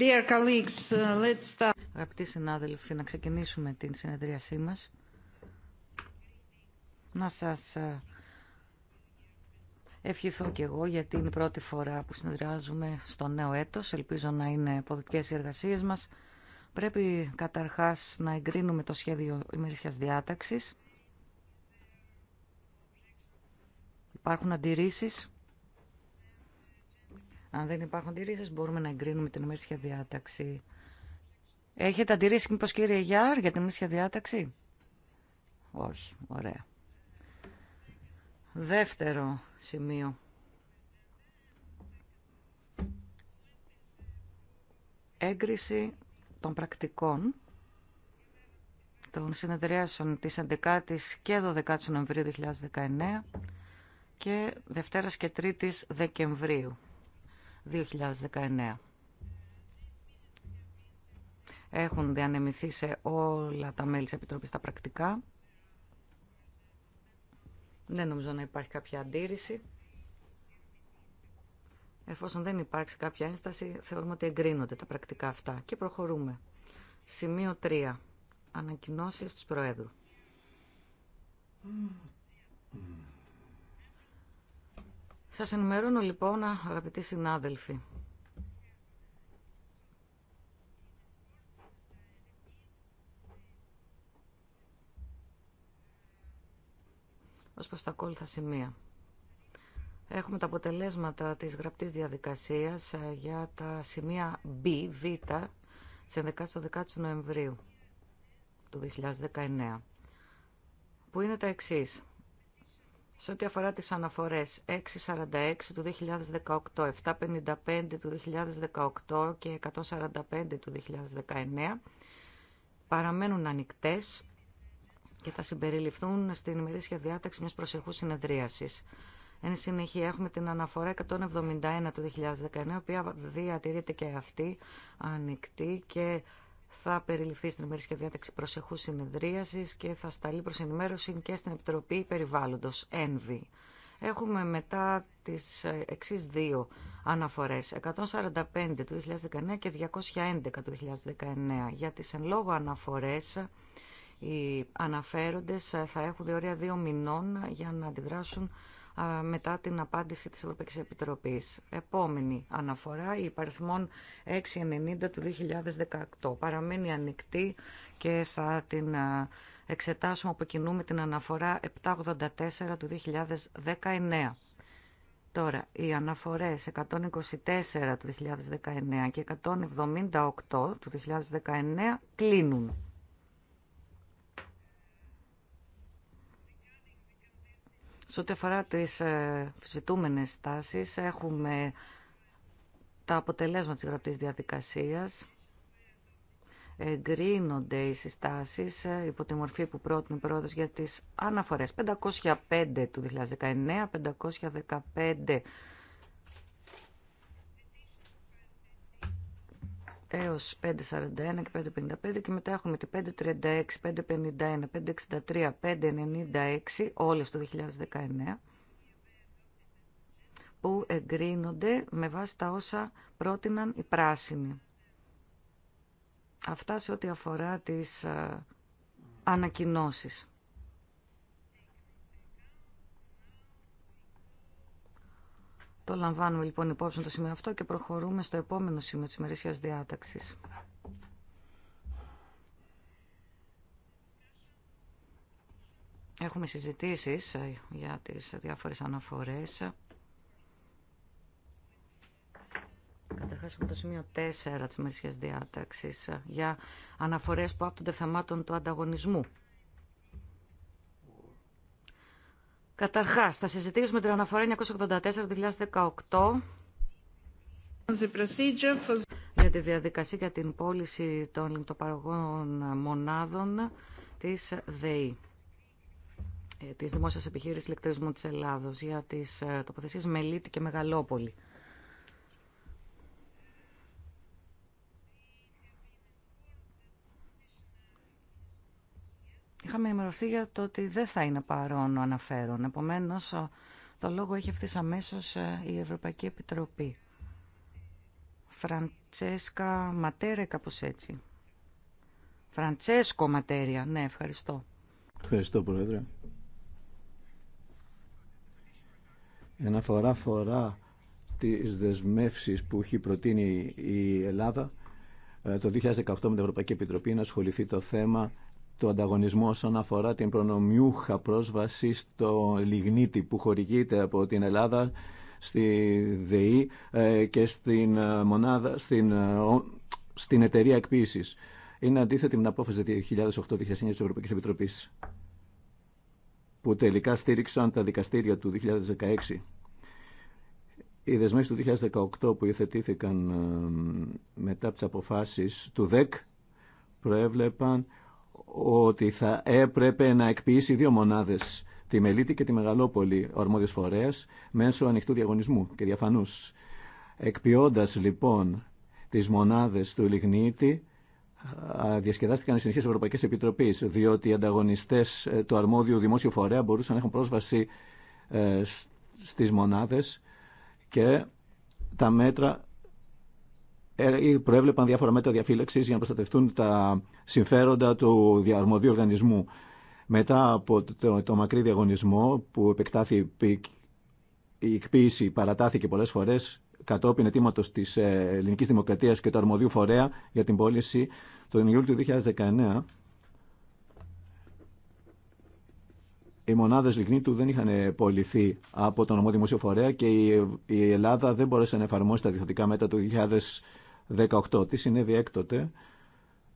Uh, Αγαπητοί συνάδελφοι, να ξεκινήσουμε την συνεδρίασή μας. Να σας ε, ευχηθώ κι εγώ γιατί είναι η πρώτη φορά που συνεδριάζουμε στο νέο έτος. Ελπίζω να είναι αποδοτικές οι εργασίες μας. Πρέπει καταρχάς να εγκρίνουμε το σχέδιο ημερήσιας διάταξης. Υπάρχουν αντιρρήσεις. Αν δεν υπάρχουν αντιρρήσει, μπορούμε να εγκρίνουμε την ημερήσια διάταξη. Έχετε αντιρρήσει, μήπω κύριε Γιάρ, για την ημερήσια διάταξη. Όχι, ωραία. Δεύτερο σημείο. Έγκριση των πρακτικών των συνεδριάσεων της 11ης και 12ης Νοεμβρίου 2019 και Δευτέρας και 3ης Δεκεμβρίου 2019. Έχουν διανεμηθεί σε όλα τα μέλη της Επιτροπής τα πρακτικά. Δεν νομίζω να υπάρχει κάποια αντίρρηση. Εφόσον δεν υπάρξει κάποια ένσταση, θεωρούμε ότι εγκρίνονται τα πρακτικά αυτά. Και προχωρούμε. Σημείο 3. Ανακοινώσεις της Προέδρου. Σας ενημερώνω λοιπόν, αγαπητοί συνάδελφοι, ως προς τα ακόλουθα σημεία. Έχουμε τα αποτελέσματα της γραπτής διαδικασίας ε, για τα σημεία B, Β, στις 11-12 Νοεμβρίου του 2019, που είναι τα εξής σε ό,τι αφορά τις αναφορές 646 του 2018, 755 του 2018 και 145 του 2019 παραμένουν ανοιχτές και θα συμπεριληφθούν στην ημερήσια διάταξη μιας προσεχούς συνεδρίασης. Εν συνεχεία έχουμε την αναφορά 171 του 2019, η οποία διατηρείται και αυτή ανοιχτή και θα περιληφθεί στην ημερήσια διάταξη προσεχού συνεδρίασης και θα σταλεί προ ενημέρωση και στην Επιτροπή Περιβάλλοντος, ΕΝΒΗ. Έχουμε μετά τις ε, εξή δύο αναφορές, 145 του 2019 και 211 του 2019. Για τι εν λόγω αναφορές, οι αναφέροντες ε, θα έχουν διορία δύο μηνών για να αντιδράσουν μετά την απάντηση της Ευρωπαϊκής Επιτροπής. Επόμενη αναφορά, η υπαριθμόν 690 του 2018. Παραμένει ανοιχτή και θα την εξετάσουμε από κοινού με την αναφορά 784 του 2019. Τώρα, οι αναφορές 124 του 2019 και 178 του 2019 κλείνουν. Σε ό,τι αφορά τι ε, φυσβητούμενε τάσει, έχουμε τα αποτελέσματα της γραπτής διαδικασίας. Εγκρίνονται οι συστάσεις ε, υπό τη μορφή που πρότεινε η για τις αναφορές. 505 του 2019, 515 έως 5.41 και 5.55 και μετά έχουμε τη 5.36, 5.51, 5.63, 5.96 όλες το 2019 που εγκρίνονται με βάση τα όσα πρότειναν οι πράσινοι. Αυτά σε ό,τι αφορά τις ε, ανακοινώσεις. Το λαμβάνουμε λοιπόν υπόψη το σημείο αυτό και προχωρούμε στο επόμενο σημείο της ημερήσιας διάταξης. Έχουμε συζητήσεις ε, για τις διάφορες αναφορές. Καταρχάς έχουμε το σημείο 4 της ημερήσιας διάταξης ε, για αναφορές που άπτονται θεμάτων του ανταγωνισμού. Καταρχά, θα συζητήσουμε την αναφορά 984-2018 για τη διαδικασία για την πώληση των λιμπτοπαραγωγών μονάδων της ΔΕΗ ε, της Δημόσιας Επιχείρησης Ελεκτρισμού της Ελλάδος για τις ε, τοποθεσίες Μελίτη και Μεγαλόπολη. είχαμε ενημερωθεί για το ότι δεν θα είναι παρόν ο αναφέρον. Επομένω, το λόγο έχει ευθύ αμέσω ε, η Ευρωπαϊκή Επιτροπή. Φραντσέσκα Ματέρε, κάπω έτσι. Φραντσέσκο Ματέρια, ναι, ευχαριστώ. Ευχαριστώ, Πρόεδρε. Ένα φορά φορά τις δεσμεύσεις που έχει προτείνει η Ελλάδα ε, το 2018 με την Ευρωπαϊκή Επιτροπή να ασχοληθεί το θέμα το ανταγωνισμό όσον αφορά την προνομιούχα πρόσβαση στο λιγνίτη που χορηγείται από την Ελλάδα στη ΔΕΗ ε, και στην, ε, μονάδα, στην, ε, στην εταιρεία εκποίησης. Είναι αντίθετη με την απόφαση 2008-2009 της Ευρωπαϊκής Επιτροπής που τελικά στήριξαν τα δικαστήρια του 2016. Οι δεσμεύσεις του 2018 που υιοθετήθηκαν μετά τις αποφάσεις του ΔΕΚ προέβλεπαν ότι θα έπρεπε να εκποιήσει δύο μονάδες, τη Μελίτη και τη Μεγαλόπολη, ο αρμόδιος φορέας, μέσω ανοιχτού διαγωνισμού και διαφανού. Εκποιώντα λοιπόν τι μονάδες του Λιγνίτη, διασκεδάστηκαν οι συνεχεί Ευρωπαϊκές Επιτροπή, διότι οι ανταγωνιστές ε, του αρμόδιου δημόσιου φορέα μπορούσαν να έχουν πρόσβαση ε, στι μονάδε και τα μέτρα ε, προέβλεπαν διάφορα μέτρα διαφύλαξη για να προστατευτούν τα συμφέροντα του διαρμοδίου οργανισμού. Μετά από το, μακρύ διαγωνισμό που επεκτάθη η εκποίηση παρατάθηκε πολλές φορές κατόπιν αιτήματο τη ε, ελληνική δημοκρατία και του αρμοδίου φορέα για την πώληση τον Ιούλιο του 2019. Οι μονάδε λιγνίτου δεν είχαν πωληθεί από τον νομό φορέα και η Ελλάδα δεν μπόρεσε να εφαρμόσει τα διεθνωτικά μέτρα του 18. Τι συνέβη έκτοτε.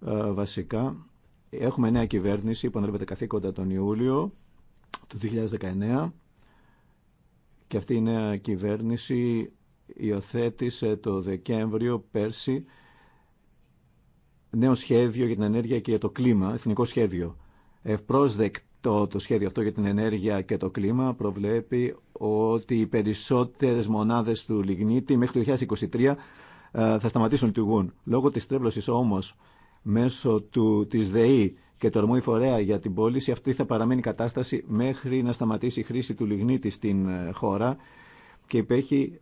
Ε, βασικά, έχουμε νέα κυβέρνηση που ανέλαβε τα καθήκοντα τον Ιούλιο του 2019 και αυτή η νέα κυβέρνηση υιοθέτησε το Δεκέμβριο πέρσι νέο σχέδιο για την ενέργεια και για το κλίμα, εθνικό σχέδιο. Ευπρόσδεκτο το σχέδιο αυτό για την ενέργεια και το κλίμα προβλέπει ότι οι περισσότερες μονάδες του Λιγνίτη μέχρι το 2023 ε, θα σταματήσουν να λειτουργούν. Λόγω τη τρέβλωση όμως μέσω του, της ΔΕΗ και του αρμόδιου φορέα για την πώληση, αυτή θα παραμένει η κατάσταση μέχρι να σταματήσει η χρήση του λιγνίτη στην ε, χώρα και υπέχει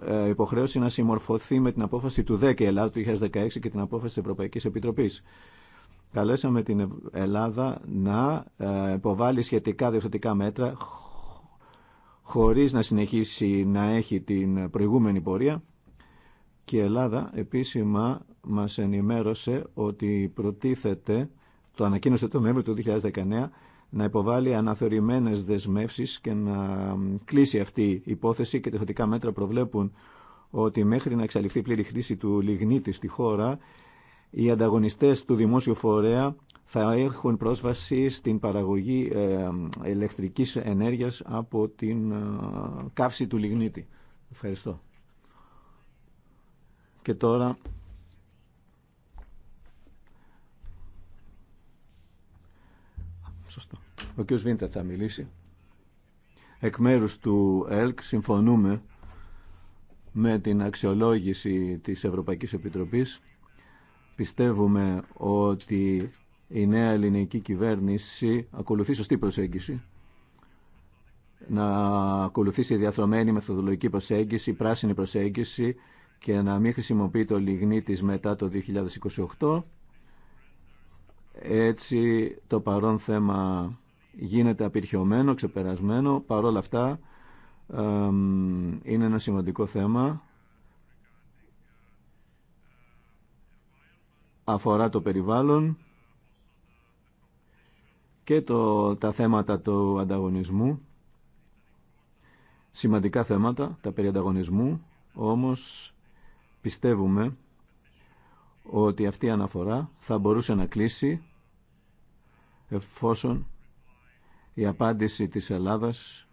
ε, υποχρέωση να συμμορφωθεί με την απόφαση του ΔΕΚ Ελλάδα του 2016 και την απόφαση της Ευρωπαϊκής Επιτροπής. Καλέσαμε την Ελλάδα να υποβάλει σχετικά διορθωτικά μέτρα χωρίς να συνεχίσει να έχει την προηγούμενη πορεία και η Ελλάδα επίσημα μας ενημέρωσε ότι προτίθεται, το ανακοίνωσε το Νοέμβριο του 2019, να υποβάλει αναθεωρημένες δεσμεύσεις και να κλείσει αυτή η υπόθεση και τεχνικά μέτρα προβλέπουν ότι μέχρι να εξαλειφθεί πλήρη χρήση του λιγνίτη στη χώρα, οι ανταγωνιστές του δημόσιου φορέα θα έχουν πρόσβαση στην παραγωγή ε, ηλεκτρικής ενέργειας από την ε, καύση του λιγνίτη. Ευχαριστώ. Και τώρα Σωστό. Ο κ. Βίντα θα μιλήσει. Εκ μέρους του ΕΛΚ συμφωνούμε με την αξιολόγηση της Ευρωπαϊκής Επιτροπής. Πιστεύουμε ότι η νέα ελληνική κυβέρνηση ακολουθεί σωστή προσέγγιση. Να ακολουθήσει διαθρωμένη μεθοδολογική προσέγγιση, πράσινη προσέγγιση και να μην χρησιμοποιεί το λιγνίτης μετά το 2028. Έτσι το παρόν θέμα γίνεται απειρχιωμένο, ξεπερασμένο. Παρ' όλα αυτά είναι ένα σημαντικό θέμα. Αφορά το περιβάλλον και το, τα θέματα του ανταγωνισμού. Σημαντικά θέματα, τα περί ανταγωνισμού, όμως Πιστεύουμε ότι αυτή η αναφορά θα μπορούσε να κλείσει εφόσον η απάντηση της Ελλάδας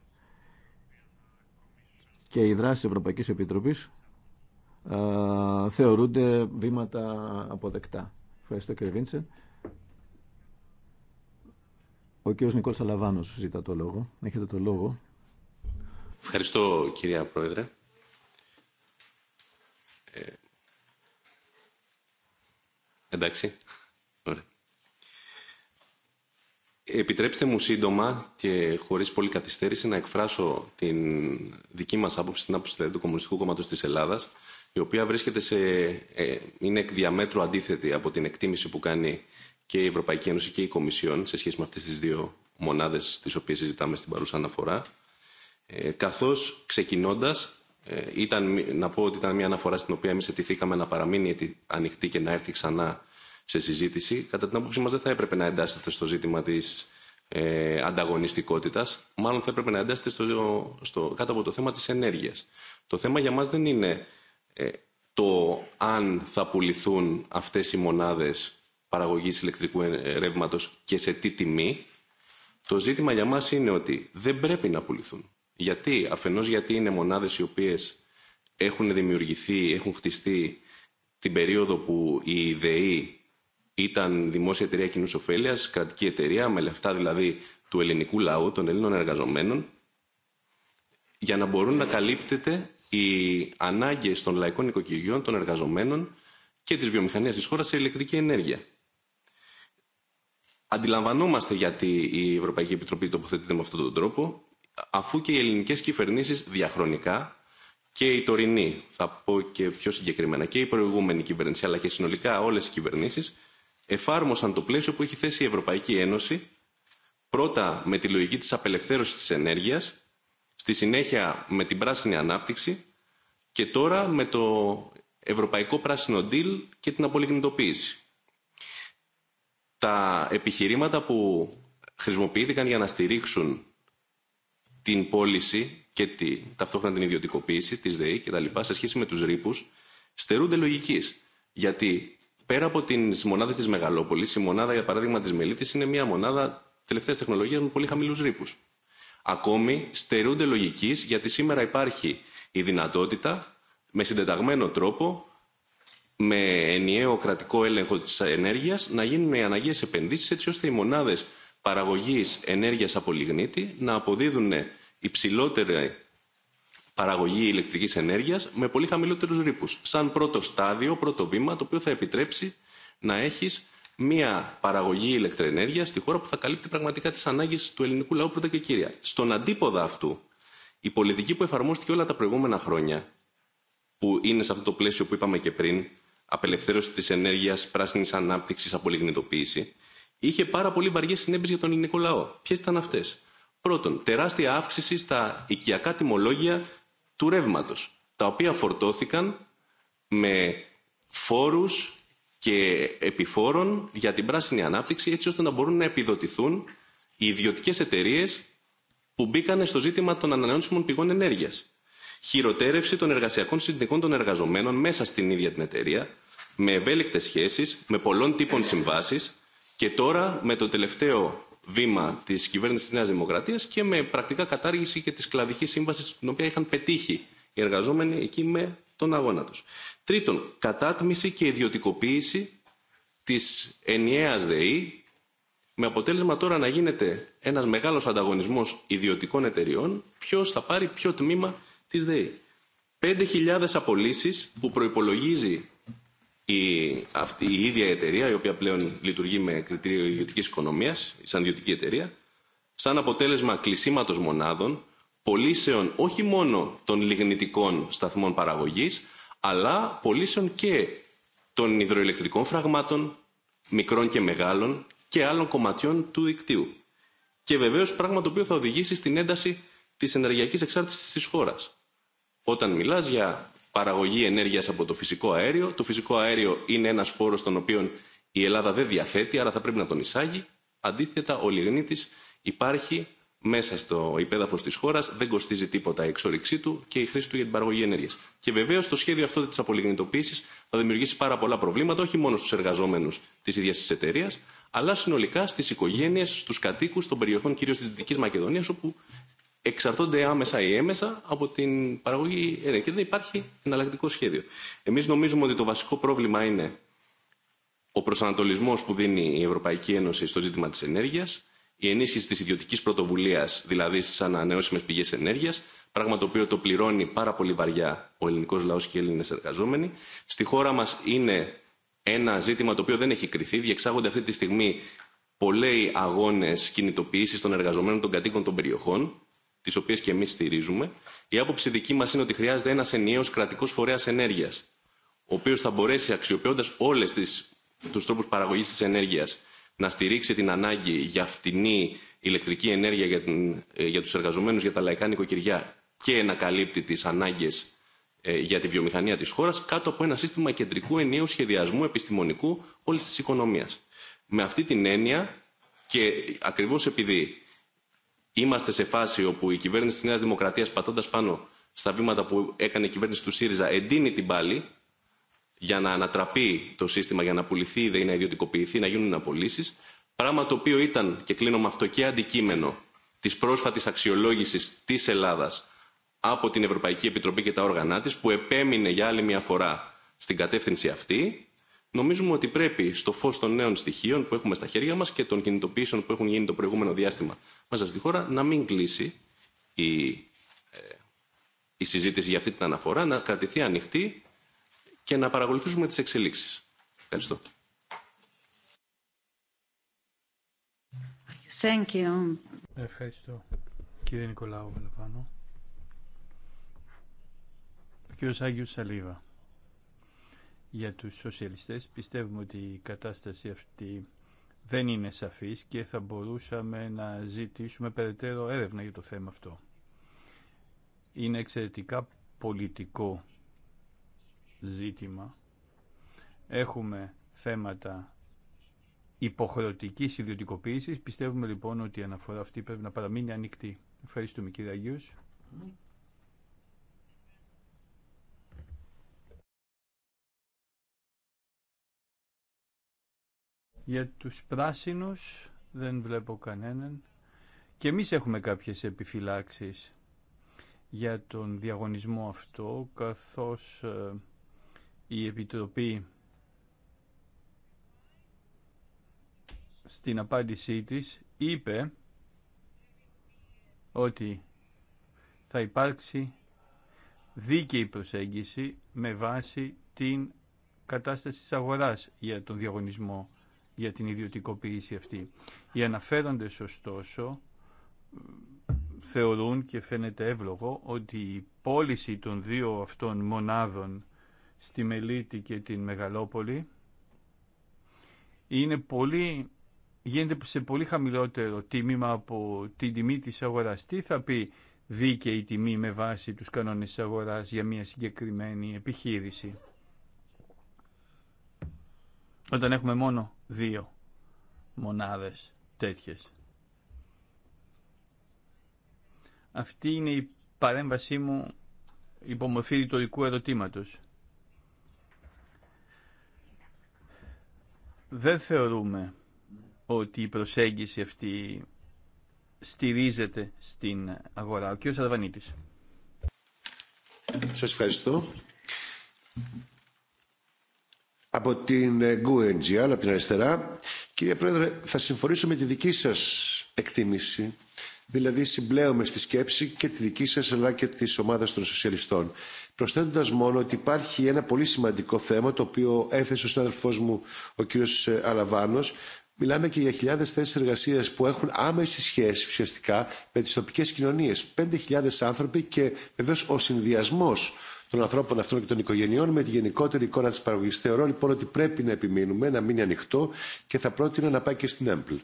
και η δράση της Ευρωπαϊκής Επιτροπής α, θεωρούνται βήματα αποδεκτά. Ευχαριστώ κύριε Βίντσεν. Ο κύριος Νικόλ Αλαβάνος ζητά το λόγο. Έχετε το λόγο. Ευχαριστώ κυρία Πρόεδρε. Εντάξει. Επιτρέψτε μου σύντομα και χωρίς πολύ καθυστέρηση να εκφράσω την δική μα άποψη, την άποψη του Κομμουνιστικού Κόμματο τη Ελλάδα, η οποία βρίσκεται σε, ε, είναι εκ διαμέτρου αντίθετη από την εκτίμηση που κάνει και η Ευρωπαϊκή Ένωση και η Κομισιόν σε σχέση με αυτές τις δύο μονάδες τι οποίες συζητάμε στην παρούσα αναφορά, ε, καθώς ε, ήταν, να πω ότι ήταν μια αναφορά στην οποία εμεί ετηθήκαμε να παραμείνει ανοιχτή και να έρθει ξανά σε συζήτηση. Κατά την άποψή μα, δεν θα έπρεπε να εντάσσεται στο ζήτημα τη ε, ανταγωνιστικότητα. Μάλλον θα έπρεπε να εντάσσεται στο, στο, κάτω από το θέμα τη ενέργεια. Το θέμα για μα δεν είναι ε, το αν θα πουληθούν αυτέ οι μονάδε παραγωγή ηλεκτρικού ε, ρεύματο και σε τι τιμή. Το ζήτημα για μα είναι ότι δεν πρέπει να πουληθούν. Γιατί, αφενός γιατί είναι μονάδες οι οποίες έχουν δημιουργηθεί, έχουν χτιστεί την περίοδο που η ΔΕΗ ήταν δημόσια εταιρεία κοινού ωφέλεια, κρατική εταιρεία, με λεφτά δηλαδή του ελληνικού λαού, των Ελλήνων εργαζομένων, για να μπορούν να καλύπτεται οι ανάγκε των λαϊκών οικοκυριών, των εργαζομένων και τη βιομηχανία τη χώρα σε ηλεκτρική ενέργεια. Αντιλαμβανόμαστε γιατί η Ευρωπαϊκή Επιτροπή τοποθετείται με αυτόν τον τρόπο αφού και οι ελληνικές κυβερνήσεις διαχρονικά και η τωρινή, θα πω και πιο συγκεκριμένα, και η προηγούμενη κυβέρνηση, αλλά και συνολικά όλες οι κυβερνήσεις, εφάρμοσαν το πλαίσιο που έχει θέσει η Ευρωπαϊκή Ένωση, πρώτα με τη λογική της απελευθέρωσης της ενέργειας, στη συνέχεια με την πράσινη ανάπτυξη και τώρα με το ευρωπαϊκό πράσινο deal και την απολιγνητοποίηση. Τα επιχειρήματα που χρησιμοποιήθηκαν για να στηρίξουν την πώληση και τη, ταυτόχρονα την ιδιωτικοποίηση τη ΔΕΗ και τα λοιπά σε σχέση με του ρήπου στερούνται λογική. Γιατί πέρα από τι μονάδε τη Μεγαλόπολη, η μονάδα για παράδειγμα τη Μελίτης είναι μια μονάδα τελευταία τεχνολογία με πολύ χαμηλού ρήπου. Ακόμη στερούνται λογική, γιατί σήμερα υπάρχει η δυνατότητα με συντεταγμένο τρόπο με ενιαίο κρατικό έλεγχο τη ενέργεια, να γίνουν οι αναγκαίε επενδύσει έτσι ώστε οι μονάδε παραγωγής ενέργειας από λιγνίτη να αποδίδουν υψηλότερη παραγωγή ηλεκτρικής ενέργειας με πολύ χαμηλότερους ρήπους. Σαν πρώτο στάδιο, πρώτο βήμα, το οποίο θα επιτρέψει να έχεις μια παραγωγή ηλεκτροενέργειας στη χώρα που θα καλύπτει πραγματικά τις ανάγκες του ελληνικού λαού πρώτα και κύρια. Στον αντίποδα αυτού, η πολιτική που εφαρμόστηκε όλα τα προηγούμενα χρόνια, που είναι σε αυτό το πλαίσιο που είπαμε και πριν, απελευθέρωση της ενέργειας, πράσινη ανάπτυξη, απολιγνητοποίηση, είχε πάρα πολύ βαριέ συνέπειε για τον ελληνικό λαό. Ποιε ήταν αυτέ. Πρώτον, τεράστια αύξηση στα οικιακά τιμολόγια του ρεύματο, τα οποία φορτώθηκαν με φόρου και επιφόρων για την πράσινη ανάπτυξη, έτσι ώστε να μπορούν να επιδοτηθούν οι ιδιωτικέ εταιρείε που μπήκαν στο ζήτημα των ανανεώσιμων πηγών ενέργεια. Χειροτέρευση των εργασιακών συνδικών των εργαζομένων μέσα στην ίδια την εταιρεία, με ευέλικτε σχέσει, με πολλών τύπων συμβάσει, και τώρα με το τελευταίο βήμα της κυβέρνηση τη Νέα Δημοκρατία και με πρακτικά κατάργηση και τη κλαδικής σύμβασης την οποία είχαν πετύχει οι εργαζόμενοι εκεί με τον αγώνα τους. Τρίτον, κατάτμιση και ιδιωτικοποίηση της ενιαία ΔΕΗ με αποτέλεσμα τώρα να γίνεται ένας μεγάλος ανταγωνισμός ιδιωτικών εταιριών ποιος θα πάρει ποιο τμήμα της ΔΕΗ. 5.000 απολύσεις που προϋπολογίζει η, αυτή, η ίδια η εταιρεία, η οποία πλέον λειτουργεί με κριτήριο ιδιωτική οικονομία, σαν ιδιωτική εταιρεία, σαν αποτέλεσμα κλεισίματο μονάδων, πωλήσεων όχι μόνο των λιγνητικών σταθμών παραγωγή, αλλά πωλήσεων και των υδροελεκτρικών φραγμάτων, μικρών και μεγάλων και άλλων κομματιών του δικτύου. Και βεβαίω πράγμα το οποίο θα οδηγήσει στην ένταση τη ενεργειακή εξάρτηση τη χώρα. Όταν μιλά για παραγωγή ενέργειας από το φυσικό αέριο. Το φυσικό αέριο είναι ένας φόρος τον οποίο η Ελλάδα δεν διαθέτει, άρα θα πρέπει να τον εισάγει. Αντίθετα, ο λιγνίτης υπάρχει μέσα στο υπέδαφο τη χώρα, δεν κοστίζει τίποτα η εξόριξή του και η χρήση του για την παραγωγή ενέργεια. Και βεβαίω το σχέδιο αυτό τη απολιγνητοποίηση θα δημιουργήσει πάρα πολλά προβλήματα, όχι μόνο στου εργαζόμενου τη ίδια τη εταιρεία, αλλά συνολικά στι οικογένειε, στου κατοίκου των περιοχών κυρίω τη Δυτική Μακεδονία, όπου εξαρτώνται άμεσα ή έμεσα από την παραγωγή ενέργεια και δεν υπάρχει εναλλακτικό σχέδιο. Εμείς νομίζουμε ότι το βασικό πρόβλημα είναι ο προσανατολισμός που δίνει η Ευρωπαϊκή Ένωση στο ζήτημα της ενέργειας, η ενίσχυση της ιδιωτικής πρωτοβουλίας, δηλαδή στις ανανεώσιμες πηγές ενέργειας, πράγμα το οποίο το πληρώνει πάρα πολύ βαριά ο ελληνικός λαός και οι Έλληνες εργαζόμενοι. Στη χώρα μας είναι ένα ζήτημα το οποίο δεν έχει κρυθεί. Διεξάγονται αυτή τη στιγμή πολλοί αγώνε κινητοποίησης των εργαζομένων των κατοίκων των περιοχών τις οποίε και εμεί στηρίζουμε, η άποψη δική μα είναι ότι χρειάζεται ένα ενιαίος κρατικό φορέα ενέργεια, ο οποίο θα μπορέσει αξιοποιώντας όλε τις, τους τρόπους παραγωγής της ενέργειας να στηρίξει την ανάγκη για φτηνή ηλεκτρική ενέργεια για, την, ε, για τους εργαζομένους για τα λαϊκά νοικοκυριά και να καλύπτει τις ανάγκες ε, για τη βιομηχανία της χώρας κάτω από ένα σύστημα κεντρικού ενιαίου σχεδιασμού επιστημονικού όλης της οικονομίας. Με αυτή την έννοια και ακριβώς επειδή είμαστε σε φάση όπου η κυβέρνηση τη Νέα Δημοκρατία, πατώντα πάνω στα βήματα που έκανε η κυβέρνηση του ΣΥΡΙΖΑ εντείνει την πάλη για να ανατραπεί το σύστημα, για να πουληθεί ή να ιδιωτικοποιηθεί, να γίνουν απολύσει. Πράγμα το οποίο ήταν, και κλείνω με αυτό, και αντικείμενο τη πρόσφατη αξιολόγηση τη Ελλάδα από την Ευρωπαϊκή Επιτροπή και τα όργανα τη, που επέμεινε για άλλη μια φορά στην κατεύθυνση αυτή Νομίζουμε ότι πρέπει στο φω των νέων στοιχείων που έχουμε στα χέρια μα και των κινητοποιήσεων που έχουν γίνει το προηγούμενο διάστημα μέσα στη χώρα να μην κλείσει η, ε, η συζήτηση για αυτή την αναφορά, να κρατηθεί ανοιχτή και να παρακολουθήσουμε τι εξελίξει. Ευχαριστώ. Thank you. Ευχαριστώ. Κύριε Νικολάου για τους σοσιαλιστές πιστεύουμε ότι η κατάσταση αυτή δεν είναι σαφής και θα μπορούσαμε να ζητήσουμε περαιτέρω έρευνα για το θέμα αυτό. Είναι εξαιρετικά πολιτικό ζήτημα. Έχουμε θέματα υποχρεωτικής ιδιωτικοποίησης. Πιστεύουμε λοιπόν ότι η αναφορά αυτή πρέπει να παραμείνει ανοιχτή. Ευχαριστούμε κύριε Αγίους. Για τους πράσινους δεν βλέπω κανέναν. Και εμείς έχουμε κάποιες επιφυλάξεις για τον διαγωνισμό αυτό, καθώς ε, η Επιτροπή στην απάντησή της είπε ότι θα υπάρξει δίκαιη προσέγγιση με βάση την κατάσταση της αγοράς για τον διαγωνισμό για την ιδιωτικοποίηση αυτή. Οι αναφέροντες ωστόσο θεωρούν και φαίνεται εύλογο ότι η πώληση των δύο αυτών μονάδων στη Μελίτη και την Μεγαλόπολη είναι πολύ, γίνεται σε πολύ χαμηλότερο τίμημα από την τιμή της αγοράς. Τι θα πει δίκαιη τιμή με βάση τους κανόνες της αγοράς για μια συγκεκριμένη επιχείρηση όταν έχουμε μόνο δύο μονάδες τέτοιες. Αυτή είναι η παρέμβασή μου υπομορφή ρητορικού ερωτήματος. Δεν θεωρούμε ότι η προσέγγιση αυτή στηρίζεται στην αγορά. Ο κ. Αρβανίτης. Σας ευχαριστώ από την ε, αλλά από την αριστερά κύριε πρόεδρε θα συμφωνήσω με τη δική σας εκτίμηση δηλαδή συμπλέομαι στη σκέψη και τη δική σας αλλά και της ομάδας των σοσιαλιστών προσθέτοντας μόνο ότι υπάρχει ένα πολύ σημαντικό θέμα το οποίο έθεσε ο συνάδελφός μου ο κύριος ε, αλαβάνος Μιλάμε και για χιλιάδε θέσει εργασία που έχουν άμεση σχέση ουσιαστικά με τι τοπικέ κοινωνίε. 5.000 άνθρωποι και βεβαίω ο συνδυασμό των ανθρώπων αυτών και των οικογενειών με τη γενικότερη εικόνα τη παραγωγή. Θεωρώ λοιπόν ότι πρέπει να επιμείνουμε, να μείνει ανοιχτό και θα πρότεινα να πάει και στην ΕΜΠΛ.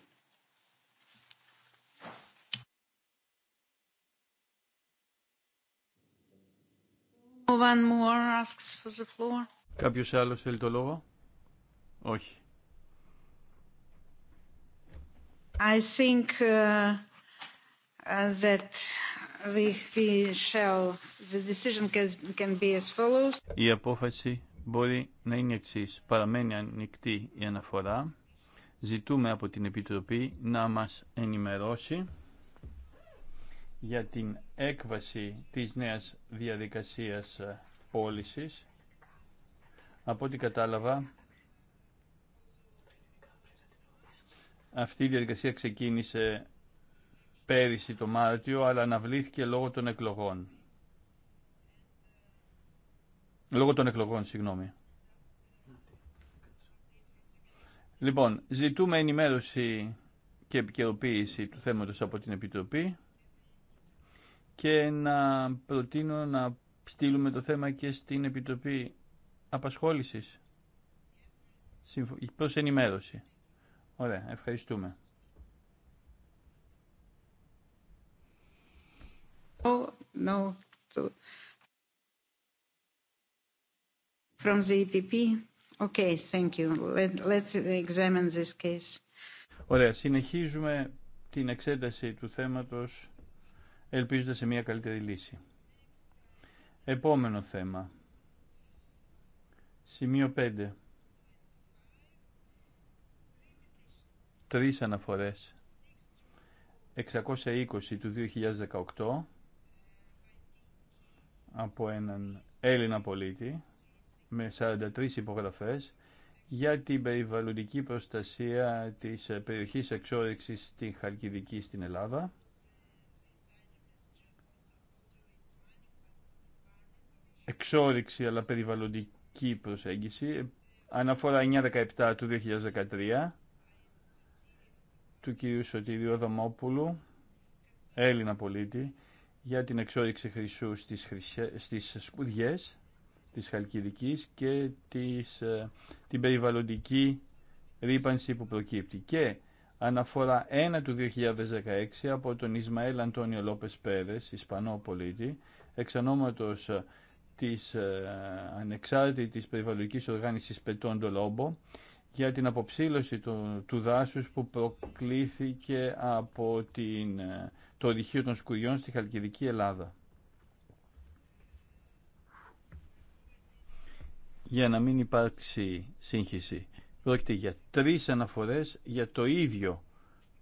Κάποιος άλλος θέλει το λόγο. Όχι. I think uh, uh, that η απόφαση μπορεί να είναι εξή. Παραμένει ανοιχτή η αναφορά. Ζητούμε από την Επιτροπή να μας ενημερώσει για την έκβαση της νέας διαδικασίας πώληση. Από ό,τι κατάλαβα, αυτή η διαδικασία ξεκίνησε πέρυσι το Μάρτιο, αλλά αναβλήθηκε λόγω των εκλογών. Λόγω των εκλογών, συγγνώμη. Λοιπόν, ζητούμε ενημέρωση και επικαιροποίηση του θέματος από την Επιτροπή και να προτείνω να στείλουμε το θέμα και στην Επιτροπή Απασχόλησης προς ενημέρωση. Ωραία, ευχαριστούμε. No. from the EPP. Okay, thank you. let's examine this case. Ωραία, συνεχίζουμε την εξέταση του θέματος ελπίζοντας σε μια καλύτερη λύση. Επόμενο θέμα. Σημείο 5. Τρεις αναφορές. 620 του 2018 από έναν Έλληνα πολίτη με 43 υπογραφές για την περιβαλλοντική προστασία της περιοχής εξόρυξης στην Χαλκιδική στην Ελλάδα. Εξόρυξη αλλά περιβαλλοντική προσέγγιση. Αναφορά 917 του 2013 του κυρίου Σωτήριου Δαμόπουλου, Έλληνα πολίτη, για την εξόριξη χρυσού στις, στις σπουδιές της Χαλκιδικής και της, ε, την περιβαλλοντική ρήπανση που προκύπτει. Και αναφορά 1 του 2016 από τον Ισμαέλ Αντώνιο Λόπες Πέρες, Ισπανό πολίτη, εξ της ε, ανεξάρτητης περιβαλλοντικής οργάνωσης Πετών Λόμπο, για την αποψήλωση του, του δάσους που προκλήθηκε από την ε, το ρηχείο των σκουριών στη Χαλκιδική Ελλάδα. Για να μην υπάρξει σύγχυση. Πρόκειται για τρεις αναφορές για το ίδιο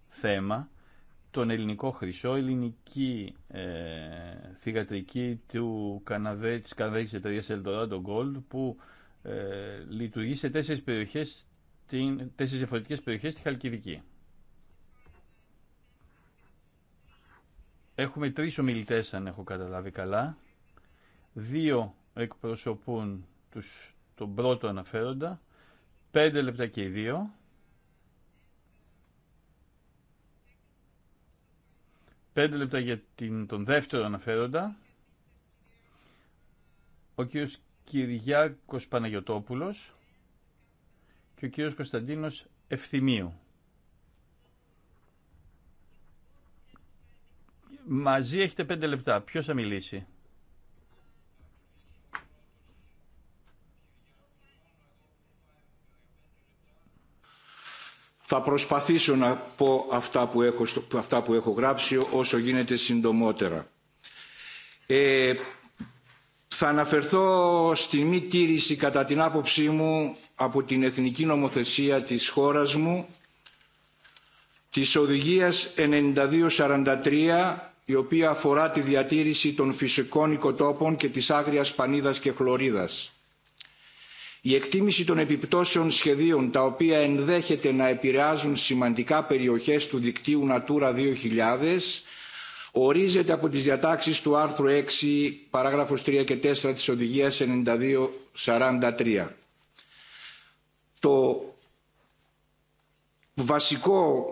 θέμα, τον ελληνικό χρυσό, ελληνική ε, θηγατρική του Καναδέ, της Καναδέης εταιρείας Eldorado Gold που ε, λειτουργεί σε τέσσερις, περιοχές, τέσσερις διαφορετικές περιοχές στη Χαλκιδική. Έχουμε τρεις ομιλητές, αν έχω καταλάβει καλά. Δύο εκπροσωπούν τους, τον πρώτο αναφέροντα. Πέντε λεπτά και οι δύο. Πέντε λεπτά για την, τον δεύτερο αναφέροντα. Ο κύριος Κυριάκος Παναγιωτόπουλος και ο κύριος Κωνσταντίνος Ευθυμίου. Μαζί έχετε πέντε λεπτά. Ποιο θα μιλήσει. Θα προσπαθήσω να πω αυτά που έχω, αυτά που έχω γράψει όσο γίνεται συντομότερα. Ε, θα αναφερθώ στη μη τήρηση κατά την άποψή μου από την εθνική νομοθεσία της χώρας μου της οδηγίας 9243 η οποία αφορά τη διατήρηση των φυσικών οικοτόπων και της άγριας πανίδας και χλωρίδας. Η εκτίμηση των επιπτώσεων σχεδίων τα οποία ενδέχεται να επηρεάζουν σημαντικά περιοχές του δικτύου Natura 2000 ορίζεται από τις διατάξεις του άρθρου 6 παράγραφος 3 και 4 της Οδηγίας 9243. Το βασικό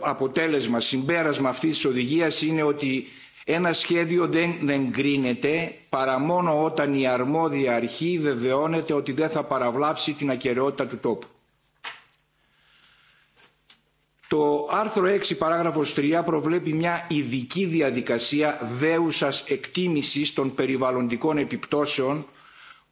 αποτέλεσμα συμπέρασμα αυτής της οδηγίας είναι ότι ένα σχέδιο δεν εγκρίνεται παρά μόνο όταν η αρμόδια αρχή βεβαιώνεται ότι δεν θα παραβλάψει την ακεραιότητα του τόπου. Το άρθρο 6 παράγραφος 3 προβλέπει μια ειδική διαδικασία δέουσας εκτίμησης των περιβαλλοντικών επιπτώσεων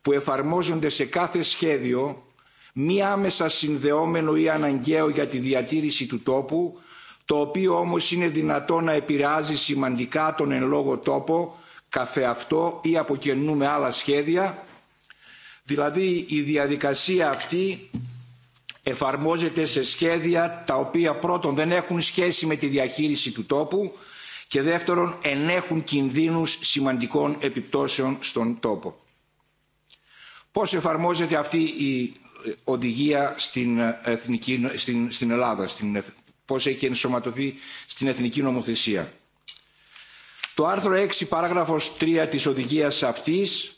που εφαρμόζονται σε κάθε σχέδιο μη άμεσα συνδεόμενο ή αναγκαίο για τη διατήρηση του τόπου, το οποίο όμως είναι δυνατό να επηρεάζει σημαντικά τον εν λόγω τόπο καθεαυτό ή από καινού με άλλα σχέδια. Δηλαδή η αποκαινουμε αλλα αυτή εφαρμόζεται σε σχέδια τα οποία πρώτον δεν έχουν σχέση με τη διαχείριση του τόπου και δεύτερον ενέχουν κινδύνους σημαντικών επιπτώσεων στον τόπο. Πώς εφαρμόζεται αυτή η οδηγία στην, ε, εθνική, στην, Ελλάδα, στην, πώς έχει ενσωματωθεί στην εθνική νομοθεσία. Το άρθρο 6 παράγραφος 3 της οδηγίας αυτής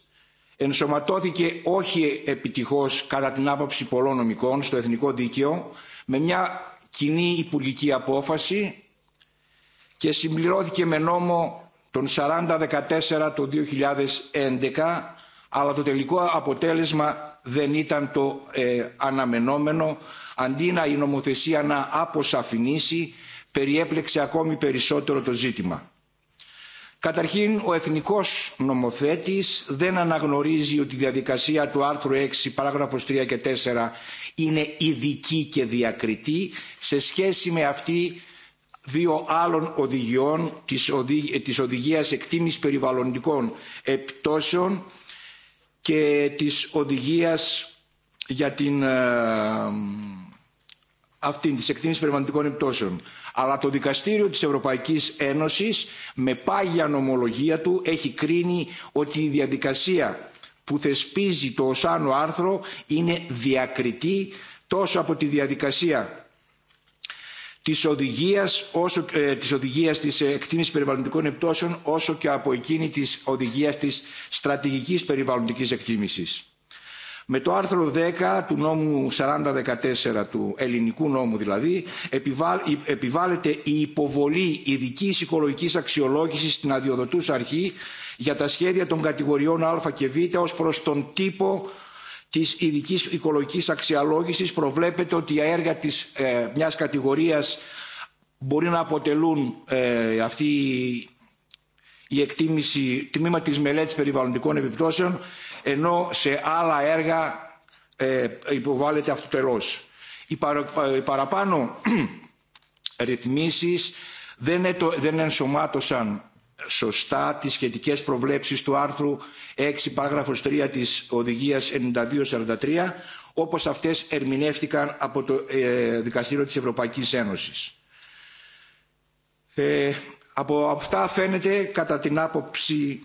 ενσωματώθηκε όχι επιτυχώς κατά την άποψη πολλών νομικών στο εθνικό δίκαιο με μια κοινή υπουργική απόφαση και συμπληρώθηκε με νόμο τον 4014 το 2011 αλλά το τελικό αποτέλεσμα δεν ήταν το ε, αναμενόμενο. Αντί να η νομοθεσία να αποσαφηνίσει, περιέπλεξε ακόμη περισσότερο το ζήτημα. Καταρχήν, ο εθνικός νομοθέτης δεν αναγνωρίζει ότι η διαδικασία του άρθρου 6, παράγραφος 3 και 4 είναι ειδική και διακριτή σε σχέση με αυτή δύο άλλων οδηγιών της, ε, οδηγίας εκτίμησης περιβαλλοντικών επιπτώσεων και της οδηγίας για την ε, εκτίμηση περιβαλλοντικών επιπτώσεων. Αλλά το Δικαστήριο της Ευρωπαϊκής Ένωσης με πάγια νομολογία του έχει κρίνει ότι η διαδικασία που θεσπίζει το ωσάνο άρθρο είναι διακριτή τόσο από τη διαδικασία της οδηγίας, όσο, ε, της, ε, εκτίμησης περιβαλλοντικών επιπτώσεων όσο και από εκείνη της οδηγίας της στρατηγικής περιβαλλοντικής εκτίμησης. Με το άρθρο 10 του νόμου 4014 του ελληνικού νόμου δηλαδή επιβάλλεται η υποβολή ειδική οικολογικής αξιολόγησης στην αδειοδοτούσα αρχή για τα σχέδια των κατηγοριών α και β ως προς τον τύπο της ειδικής οικολογικής αξιολόγησης προβλέπεται ότι οι έργα της, ε, μιας κατηγορίας μπορεί να αποτελούν ε, αυτή η εκτίμηση τμήμα της μελέτης περιβαλλοντικών επιπτώσεων ενώ σε άλλα έργα ε, υποβάλλεται αυτοτελώς. Οι, οι παραπάνω ρυθμίσεις δεν ενσωμάτωσαν σωστά τις σχετικές προβλέψεις του άρθρου 6 παράγραφος 3 της οδηγίας 9243 όπως αυτές ερμηνεύτηκαν από το ε, Δικαστήριο της Ευρωπαϊκής Ένωσης. Ε, από αυτά φαίνεται κατά την άποψη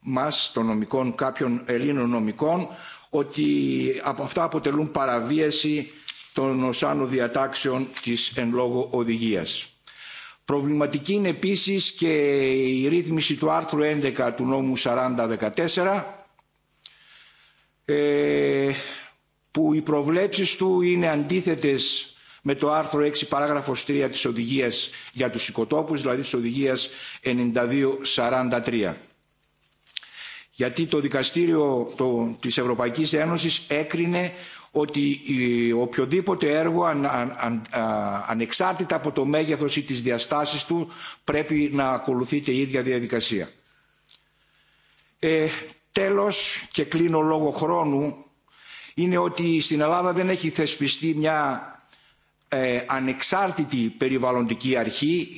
μας των νομικών κάποιων Ελλήνων νομικών ότι από αυτά αποτελούν παραβίαση των οσάνου διατάξεων της εν λόγω οδηγίας. Προβληματική είναι επίσης και η ρύθμιση του άρθρου 11 του νόμου 4014 ε, που οι προβλέψεις του είναι αντίθετες με το άρθρο 6 παράγραφος 3 της οδηγίας για τους οικοτόπους, δηλαδή της οδηγίας 92-43. Γιατί το δικαστήριο το, της Ευρωπαϊκής Ένωσης έκρινε ότι ε, οποιοδήποτε έργο ανεξάρτητα από το μέγεθος ή τις διαστάσεις του πρέπει να ακολουθείται η ίδια διαδικασία. Ε, τέλος και κλείνω λόγω χρόνου είναι ότι στην Ελλάδα δεν έχει θεσπιστεί μια ε, ανεξάρτητη περιβαλλοντική αρχή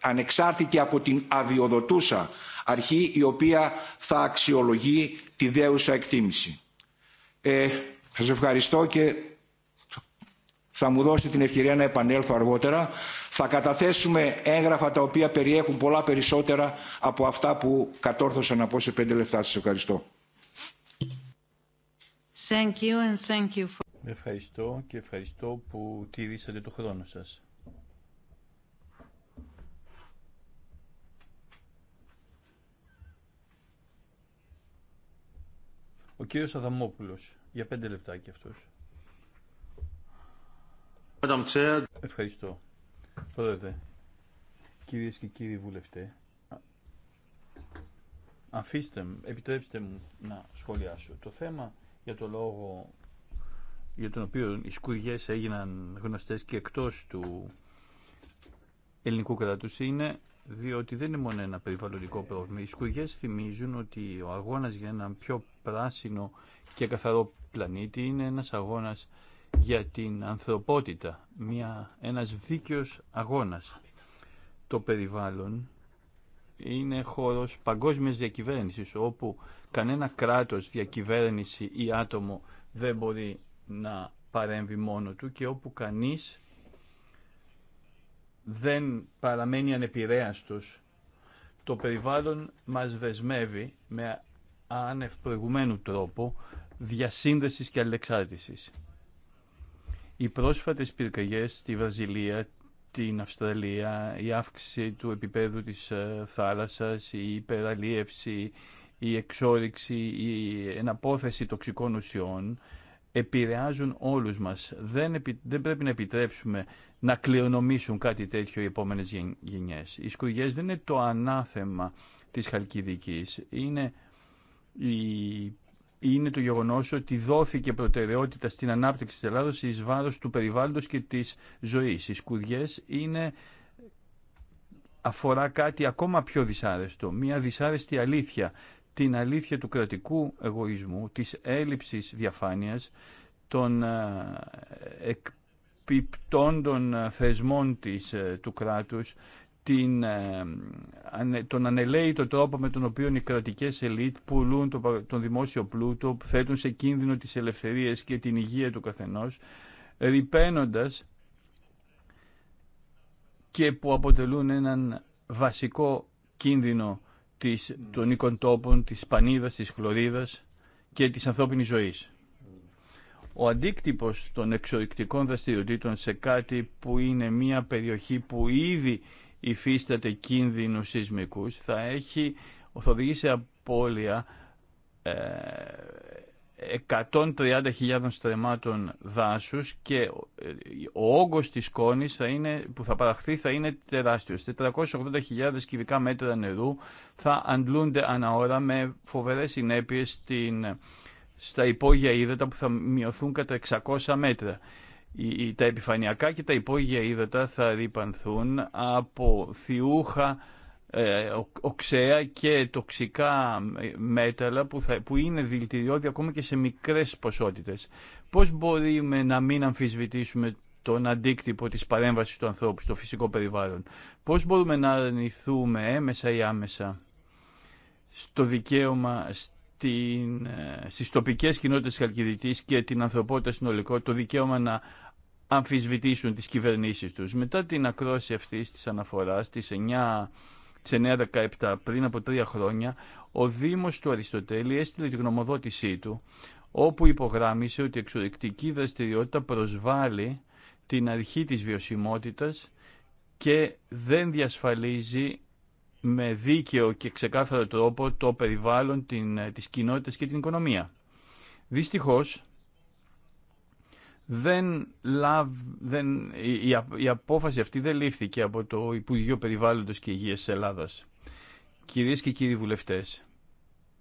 ανεξάρτητη από την αδειοδοτούσα αρχή η οποία θα αξιολογεί τη δέουσα εκτίμηση. Σας ευχαριστώ και θα μου δώσετε την ευκαιρία να επανέλθω αργότερα. Θα καταθέσουμε έγγραφα τα οποία περιέχουν πολλά περισσότερα από αυτά που κατόρθωσα να πω σε πέντε λεπτά. Σας ευχαριστώ. Ευχαριστώ και ευχαριστώ που τηρήσατε το χρόνο σας. Ο κύριος Αδαμόπουλος. Για πέντε λεπτά και αυτός. Ευχαριστώ. Πρόεδρε, κυρίες και κύριοι βουλευτέ, αφήστε μου, επιτρέψτε μου να σχολιάσω. Το θέμα για το λόγο για τον οποίο οι σκουριές έγιναν γνωστές και εκτός του ελληνικού κράτους είναι διότι δεν είναι μόνο ένα περιβαλλοντικό πρόβλημα. Οι σκουριές θυμίζουν ότι ο αγώνας για ένα πιο πράσινο και καθαρό πλανήτη είναι ένας αγώνας για την ανθρωπότητα, μια, ένας δίκαιος αγώνας. Το περιβάλλον είναι χώρος παγκόσμιας διακυβέρνησης, όπου κανένα κράτος, διακυβέρνηση ή άτομο δεν μπορεί να παρέμβει μόνο του και όπου κανείς δεν παραμένει ανεπηρέαστος. Το περιβάλλον μας δεσμεύει με άνευ προηγουμένου τρόπο διασύνδεσης και αλληλεξάρτησης. Οι πρόσφατες πυρκαγιές στη Βραζιλία, την Αυστραλία, η αύξηση του επίπεδου της ε, θάλασσας, η υπεραλίευση, η εξόριξη, η εναπόθεση τοξικών ουσιών επηρεάζουν όλους μας. Δεν, πρέπει να επιτρέψουμε να κληρονομήσουν κάτι τέτοιο οι επόμενες γενιές. Οι σκουριές δεν είναι το ανάθεμα της Χαλκιδικής, είναι η είναι το γεγονό ότι δόθηκε προτεραιότητα στην ανάπτυξη τη Ελλάδος ει βάρο του περιβάλλοντος και της ζωής. Οι σκουδιέ είναι, αφορά κάτι ακόμα πιο δυσάρεστο, μια δυσάρεστη αλήθεια, την αλήθεια του κρατικού εγωισμού, της έλλειψης διαφάνειας, των ε, εκπιπτών των ε, θεσμών της, ε, του κράτους, την, ε, τον ανελαίητο τρόπο με τον οποίο οι κρατικές ελίτ πουλούν τον δημόσιο πλούτο, που θέτουν σε κίνδυνο τις ελευθερίες και την υγεία του καθενός, ρηπαίνοντας και που αποτελούν έναν βασικό κίνδυνο της, των οικοντόπων, της πανίδας, της χλωρίδας και της ανθρώπινης ζωής. Ο αντίκτυπος των εξορυκτικών δραστηριοτήτων σε κάτι που είναι μια περιοχή που ήδη υφίσταται κίνδυνο σεισμικούς θα, έχει, θα οδηγήσει απώλεια ε, 130.000 στρεμάτων δάσους και ε, ο όγκος της σκόνης θα είναι, που θα παραχθεί θα είναι τεράστιος. 480.000 κυβικά μέτρα νερού θα αντλούνται ανά ώρα με φοβερές συνέπειες στην, στα υπόγεια ύδατα που θα μειωθούν κατά 600 μέτρα τα επιφανειακά και τα υπόγεια ύδατα θα ρηπανθούν από θιούχα ε, οξέα και τοξικά ε, μέταλλα που, θα, που είναι δηλητηριώδη ακόμα και σε μικρές ποσότητες. Πώς μπορούμε να μην αμφισβητήσουμε τον αντίκτυπο της παρέμβασης του ανθρώπου στο φυσικό περιβάλλον. Πώς μπορούμε να αρνηθούμε έμεσα ή άμεσα στο δικαίωμα την, ε, στις τοπικές κοινότητες της και την ανθρωπότητα συνολικό το δικαίωμα να αμφισβητήσουν τις κυβερνήσεις τους. Μετά την ακρόση αυτή της αναφοράς, της 9 πριν από τρία χρόνια, ο Δήμος του Αριστοτέλη έστειλε τη γνωμοδότησή του, όπου υπογράμμισε ότι η εξορρυκτική δραστηριότητα προσβάλλει την αρχή της βιωσιμότητας και δεν διασφαλίζει με δίκαιο και ξεκάθαρο τρόπο το περιβάλλον, την, ε, τις κοινότητες και την οικονομία. Δυστυχώς, δεν, λαβ, δεν η, η, απόφαση αυτή δεν λήφθηκε από το Υπουργείο Περιβάλλοντος και Υγείας της Ελλάδας. Κυρίες και κύριοι βουλευτές,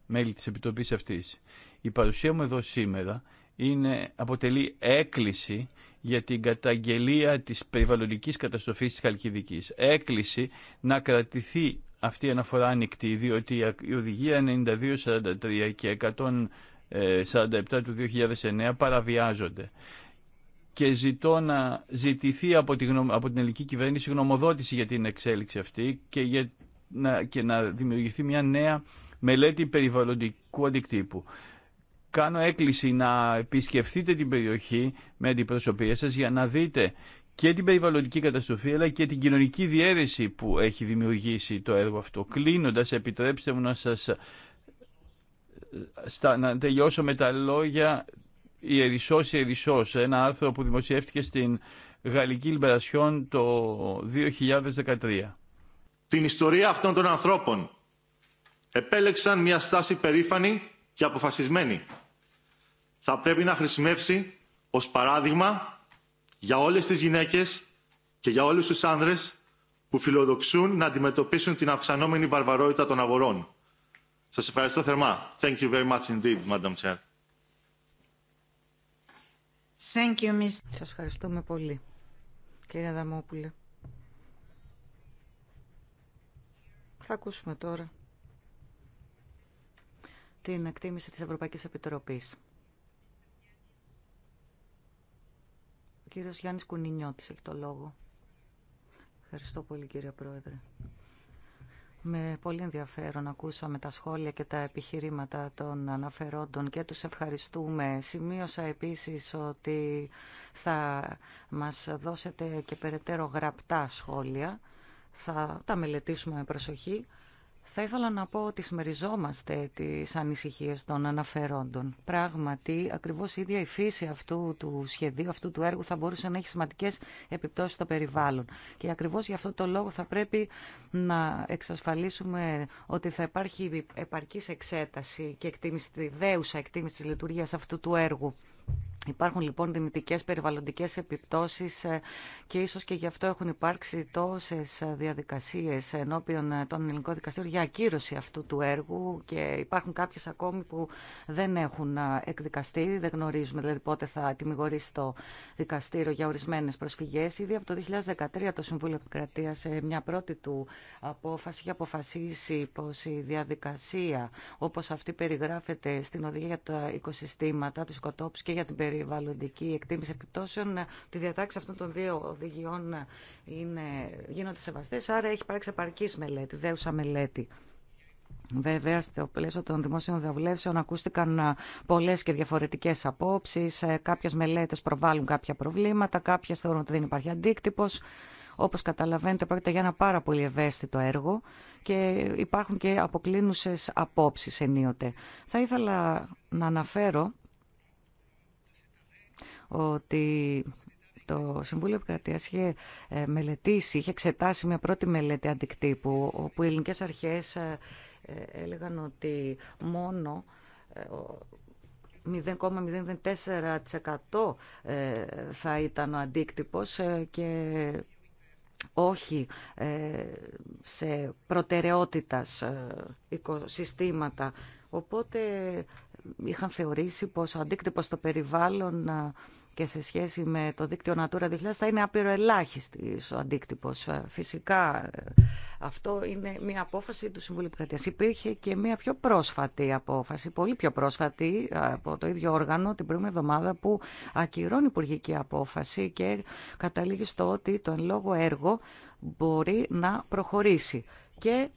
μέλη της Επιτροπής αυτής, η παρουσία μου εδώ σήμερα είναι, αποτελεί έκκληση για την καταγγελία της περιβαλλοντικής καταστροφής της Χαλκιδικής. Έκκληση να κρατηθεί αυτή η αναφορά ανοιχτή, διότι η Οδηγία 9243 και 147 του 2009 παραβιάζονται και ζητώ να ζητηθεί από την, από την ελληνική κυβέρνηση γνωμοδότηση για την εξέλιξη αυτή και, για, να, και να δημιουργηθεί μια νέα μελέτη περιβαλλοντικού αντικτύπου. Κάνω έκκληση να επισκεφθείτε την περιοχή με αντιπροσωπεία σας για να δείτε και την περιβαλλοντική καταστροφή αλλά και την κοινωνική διαίρεση που έχει δημιουργήσει το έργο αυτό. Κλείνοντας, επιτρέψτε μου να σας ε, να τελειώσω με τα λόγια η Ερυσός, η ένα άρθρο που δημοσιεύτηκε στην Γαλλική Λιμπερασιόν το 2013. Την ιστορία αυτών των ανθρώπων επέλεξαν μια στάση περήφανη και αποφασισμένη. Θα πρέπει να χρησιμεύσει ως παράδειγμα για όλες τις γυναίκες και για όλους τους άνδρες που φιλοδοξούν να αντιμετωπίσουν την αυξανόμενη βαρβαρότητα των αγορών. Σας ευχαριστώ θερμά. Thank you very much indeed, Madam Chair. Thank you, Miss. Σας ευχαριστούμε πολύ, κύριε Δαμόπουλε. Θα ακούσουμε τώρα την εκτίμηση της Ευρωπαϊκής Επιτροπής. κύριος Γιάννης Κουνινιώτης έχει το λόγο. Ευχαριστώ πολύ κύριε Πρόεδρε. Με πολύ ενδιαφέρον ακούσαμε τα σχόλια και τα επιχειρήματα των αναφερόντων και τους ευχαριστούμε. Σημείωσα επίσης ότι θα μας δώσετε και περαιτέρω γραπτά σχόλια. Θα τα μελετήσουμε με προσοχή. Θα ήθελα να πω ότι σμεριζόμαστε τις ανησυχίες των αναφερόντων. Πράγματι, ακριβώς η ίδια η φύση αυτού του σχεδίου, αυτού του έργου θα μπορούσε να έχει σημαντικές επιπτώσεις στο περιβάλλον. Και ακριβώς γι' αυτό το λόγο θα πρέπει να εξασφαλίσουμε ότι θα υπάρχει επαρκής εξέταση και εκτίμηση, δέουσα εκτίμηση της λειτουργίας αυτού του έργου Υπάρχουν λοιπόν δυνητικές περιβαλλοντικές επιπτώσεις ε, και ίσως και γι' αυτό έχουν υπάρξει τόσες ε, διαδικασίες ενώπιον ε, των ελληνικών δικαστήριων για ακύρωση αυτού του έργου και υπάρχουν κάποιες ακόμη που δεν έχουν εκδικαστεί, δεν γνωρίζουμε δηλαδή πότε θα τιμιγορήσει το δικαστήριο για ορισμένες προσφυγές. Ήδη από το 2013 το Συμβούλιο Επικρατεία σε μια πρώτη του απόφαση είχε αποφασίσει πως η διαδικασία όπως αυτή περιγράφεται στην οδηγία για τα οικοσυστήματα, του σκοτόπους και για την περιοχή περιβαλλοντική εκτίμηση επιπτώσεων, τη διατάξη αυτών των δύο οδηγιών είναι, γίνονται σεβαστέ, άρα έχει υπάρξει επαρκής μελέτη, δέουσα μελέτη. Βέβαια, στο πλαίσιο των δημόσιων διαβουλεύσεων ακούστηκαν πολλέ και διαφορετικέ απόψει. Ε, κάποιε μελέτε προβάλλουν κάποια προβλήματα, κάποιε θεωρούν ότι δεν υπάρχει αντίκτυπο. Όπω καταλαβαίνετε πρόκειται για ένα πάρα πολύ ευαίσθητο έργο και υπάρχουν και αποκλίνουσε απόψει ενίοτε. Θα ήθελα να αναφέρω ότι το Συμβούλιο Επικρατείας είχε ε, μελετήσει, είχε εξετάσει μια πρώτη μελέτη αντικτύπου, όπου οι ελληνικές αρχές ε, ε, έλεγαν ότι μόνο 0,04% θα ήταν ο αντίκτυπος και όχι σε προτεραιότητας οικοσυστήματα. Οπότε είχαν θεωρήσει πως ο αντίκτυπος στο περιβάλλον και σε σχέση με το δίκτυο Natura 2000 θα είναι απειροελάχιστη ο αντίκτυπο. Φυσικά αυτό είναι μια απόφαση του Συμβουλίου Επικρατεία. Υπήρχε και μια πιο πρόσφατη απόφαση, πολύ πιο πρόσφατη από το ίδιο όργανο την προηγούμενη εβδομάδα που ακυρώνει υπουργική απόφαση και καταλήγει στο ότι το εν λόγω έργο μπορεί να προχωρήσει. Και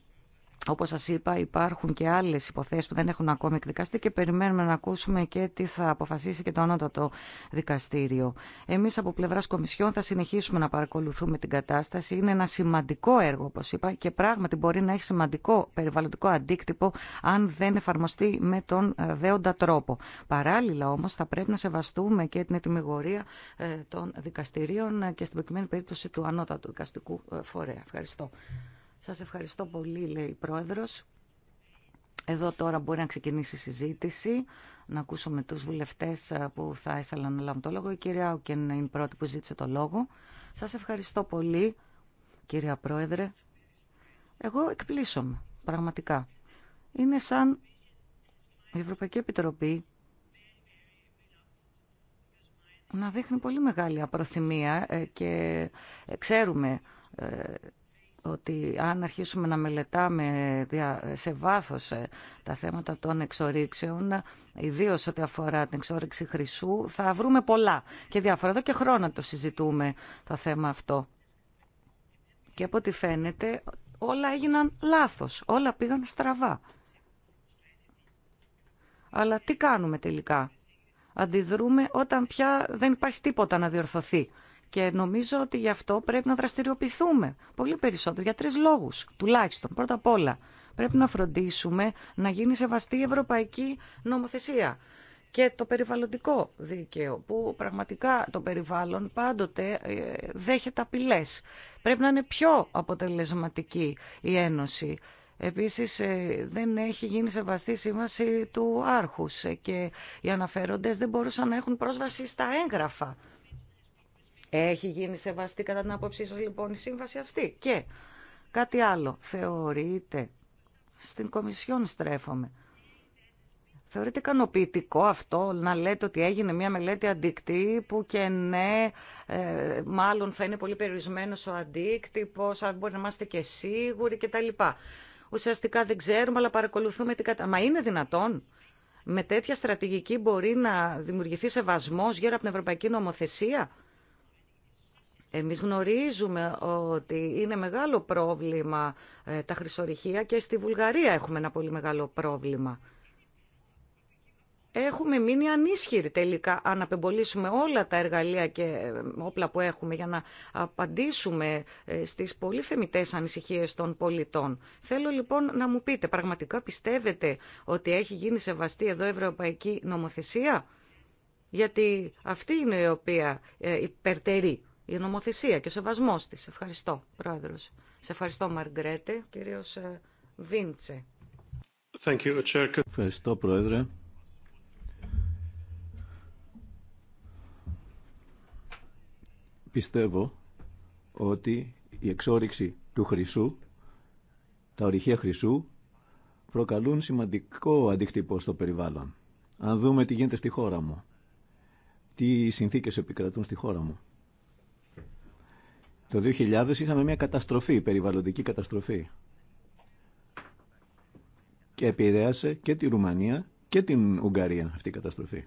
όπως σας είπα υπάρχουν και άλλες υποθέσεις που δεν έχουν ακόμη εκδικαστεί και περιμένουμε να ακούσουμε και τι θα αποφασίσει και το ανώτατο δικαστήριο. Εμείς από πλευράς Κομισιόν θα συνεχίσουμε να παρακολουθούμε την κατάσταση. Είναι ένα σημαντικό έργο όπως είπα και πράγματι μπορεί να έχει σημαντικό περιβαλλοντικό αντίκτυπο αν δεν εφαρμοστεί με τον ε, δέοντα τρόπο. Παράλληλα όμως θα πρέπει να σεβαστούμε και την ετοιμιγορία ε, των δικαστηρίων ε, και στην προκειμένη περίπτωση του ανώτατου δικαστικού φορέα. Ευχαριστώ. Σας ευχαριστώ πολύ, λέει η Πρόεδρος. Εδώ τώρα μπορεί να ξεκινήσει η συζήτηση, να ακούσουμε τους βουλευτές που θα ήθελαν να λάβουν το λόγο. Η κυρία Ουκεν είναι η πρώτη που ζήτησε το λόγο. Σας ευχαριστώ πολύ, κυρία Πρόεδρε. Εγώ εκπλήσωμαι, πραγματικά. Είναι σαν η Ευρωπαϊκή Επιτροπή να δείχνει πολύ μεγάλη απροθυμία ε, και ε, ξέρουμε ε, ότι αν αρχίσουμε να μελετάμε σε βάθος ε, τα θέματα των εξορίξεων, ιδίω ό,τι αφορά την εξόριξη χρυσού, θα βρούμε πολλά και διάφορα. Εδώ και χρόνο το συζητούμε το θέμα αυτό. Και από ό,τι φαίνεται όλα έγιναν λάθος, όλα πήγαν στραβά. Αλλά τι κάνουμε τελικά. Αντιδρούμε όταν πια δεν υπάρχει τίποτα να διορθωθεί. Και νομίζω ότι γι' αυτό πρέπει να δραστηριοποιηθούμε πολύ περισσότερο για τρεις λόγους τουλάχιστον. Πρώτα απ' όλα πρέπει να φροντίσουμε να γίνει σεβαστή η ευρωπαϊκή νομοθεσία και το περιβαλλοντικό δίκαιο, που πραγματικά το περιβάλλον πάντοτε ε, δέχεται απειλέ. Πρέπει να είναι πιο αποτελεσματική η Ένωση. Επίσης ε, δεν έχει γίνει σεβαστή σύμβαση του άρχους ε, και οι αναφέροντες δεν μπορούσαν να έχουν πρόσβαση στα έγγραφα έχει γίνει σεβαστή κατά την άποψή σας λοιπόν η σύμβαση αυτή. Και κάτι άλλο. Θεωρείτε, στην Κομισιόν στρέφομαι, θεωρείτε ικανοποιητικό αυτό να λέτε ότι έγινε μια μελέτη αντικτύπου και ναι, ε, μάλλον θα είναι πολύ περιορισμένος ο αντίκτυπος, αν μπορεί να είμαστε και σίγουροι κτλ. Ουσιαστικά δεν ξέρουμε, αλλά παρακολουθούμε την κατάσταση. Μα είναι δυνατόν. Με τέτοια στρατηγική μπορεί να δημιουργηθεί σεβασμός γύρω από την Ευρωπαϊκή Νομοθεσία. Εμείς γνωρίζουμε ότι είναι μεγάλο πρόβλημα ε, τα χρυσορυχεία και στη Βουλγαρία έχουμε ένα πολύ μεγάλο πρόβλημα. Έχουμε μείνει ανίσχυροι τελικά αν απεμπολίσουμε όλα τα εργαλεία και ε, όπλα που έχουμε για να απαντήσουμε ε, στις πολύ θεμητές ανησυχίες των πολιτών. Θέλω λοιπόν να μου πείτε, πραγματικά πιστεύετε ότι έχει γίνει σεβαστή εδώ ευρωπαϊκή νομοθεσία? Γιατί αυτή είναι η οποία υπερτερεί η νομοθεσία και ο σεβασμός της. Ευχαριστώ, πρόεδρο. Σε ευχαριστώ, Μαργκρέτε. Κύριος ε, Βίντσε. Thank you, Ευχαριστώ, Πρόεδρε. Πιστεύω ότι η εξόριξη του χρυσού, τα ορυχεία χρυσού, προκαλούν σημαντικό αντίκτυπο στο περιβάλλον. Αν δούμε τι γίνεται στη χώρα μου, τι συνθήκες επικρατούν στη χώρα μου. Το 2000 είχαμε μια καταστροφή, περιβαλλοντική καταστροφή. Και επηρέασε και τη Ρουμανία και την Ουγγαρία αυτή η καταστροφή.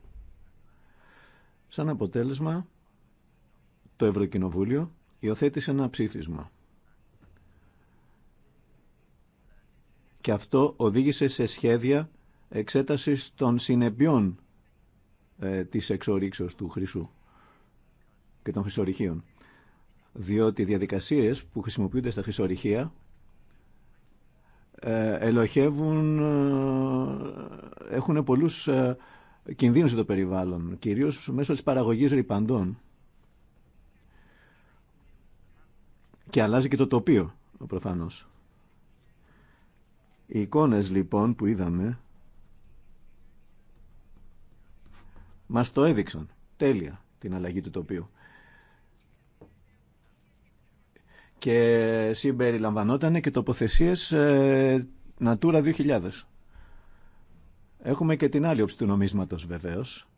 Σαν αποτέλεσμα, το Ευρωκοινοβούλιο υιοθέτησε ένα ψήφισμα. Και αυτό οδήγησε σε σχέδια εξέτασης των συνεπειών ε, της εξορίξεως του χρυσού και των χρυσορυχείων διότι οι διαδικασίες που χρησιμοποιούνται στα χρυσορυχεία ε, ελοχεύουν, ε, έχουν πολλούς ε, κινδύνους στο περιβάλλον, κυρίως μέσω της παραγωγής ρηπαντών. Και αλλάζει και το τοπίο, προφανώς. Οι εικόνες λοιπόν που είδαμε μας το έδειξαν τέλεια την αλλαγή του τοπίου. και συμπεριλαμβανόταν και τοποθεσίες ε, Natura 2000. Έχουμε και την άλλη όψη του νομίσματος βεβαίως.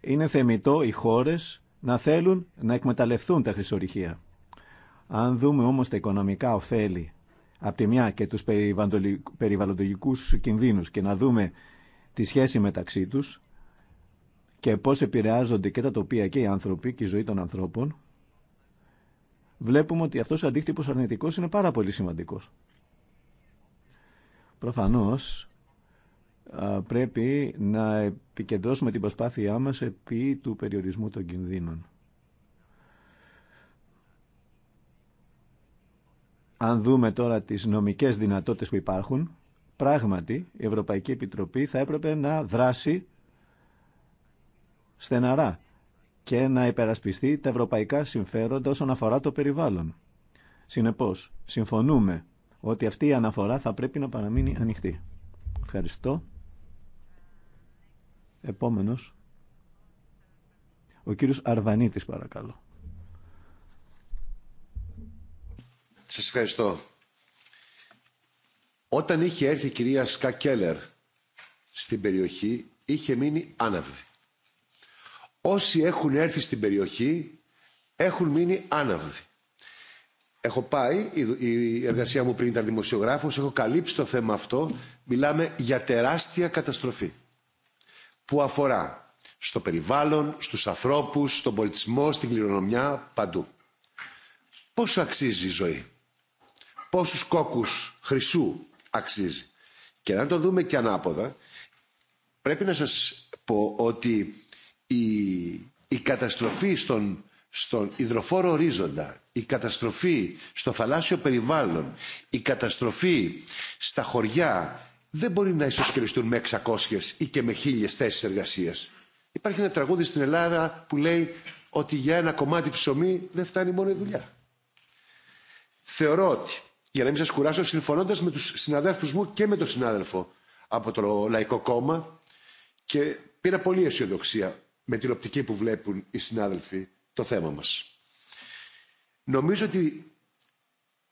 Είναι θεμητό οι χώρες να θέλουν να εκμεταλλευτούν τα χρυσορυχεία. Αν δούμε όμως τα οικονομικά ωφέλη από τη μια και τους περιβαλλοντικούς κινδύνους και να δούμε τη σχέση μεταξύ τους και πώς επηρεάζονται και τα τοπία και οι άνθρωποι και η ζωή των ανθρώπων, βλέπουμε ότι αυτός ο αντίκτυπος αρνητικός είναι πάρα πολύ σημαντικός. Προφανώς πρέπει να επικεντρώσουμε την προσπάθειά μας επί του περιορισμού των κινδύνων. Αν δούμε τώρα τις νομικές δυνατότητες που υπάρχουν, πράγματι η Ευρωπαϊκή Επιτροπή θα έπρεπε να δράσει στεναρά και να υπερασπιστεί τα ευρωπαϊκά συμφέροντα όσον αφορά το περιβάλλον. Συνεπώς, συμφωνούμε ότι αυτή η αναφορά θα πρέπει να παραμείνει ανοιχτή. Ευχαριστώ. Επόμενος, ο κύριος Αρβανίτης παρακαλώ. Σας ευχαριστώ. Όταν είχε έρθει η κυρία Σκακέλερ στην περιοχή, είχε μείνει άναυδη όσοι έχουν έρθει στην περιοχή έχουν μείνει άναυδοι. Έχω πάει, η εργασία μου πριν ήταν δημοσιογράφος, έχω καλύψει το θέμα αυτό. Μιλάμε για τεράστια καταστροφή που αφορά στο περιβάλλον, στους ανθρώπους, στον πολιτισμό, στην κληρονομιά, παντού. Πόσο αξίζει η ζωή. Πόσους κόκκους χρυσού αξίζει. Και να το δούμε και ανάποδα, πρέπει να σας πω ότι η, η καταστροφή στον, στον υδροφόρο ορίζοντα, η καταστροφή στο θαλάσσιο περιβάλλον, η καταστροφή στα χωριά δεν μπορεί να ισοσκελιστούν με 600 ή και με 1000 θέσεις εργασίας. Υπάρχει ένα τραγούδι στην Ελλάδα που λέει ότι για ένα κομμάτι ψωμί δεν φτάνει μόνο η δουλειά. Θεωρώ ότι, για να μην σας κουράσω, συμφωνώντας με τους συναδέλφους μου και με τον συνάδελφο από το Λαϊκό Κόμμα και πήρα πολύ αισιοδοξία με την οπτική που βλέπουν οι συνάδελφοι το θέμα μας. Νομίζω ότι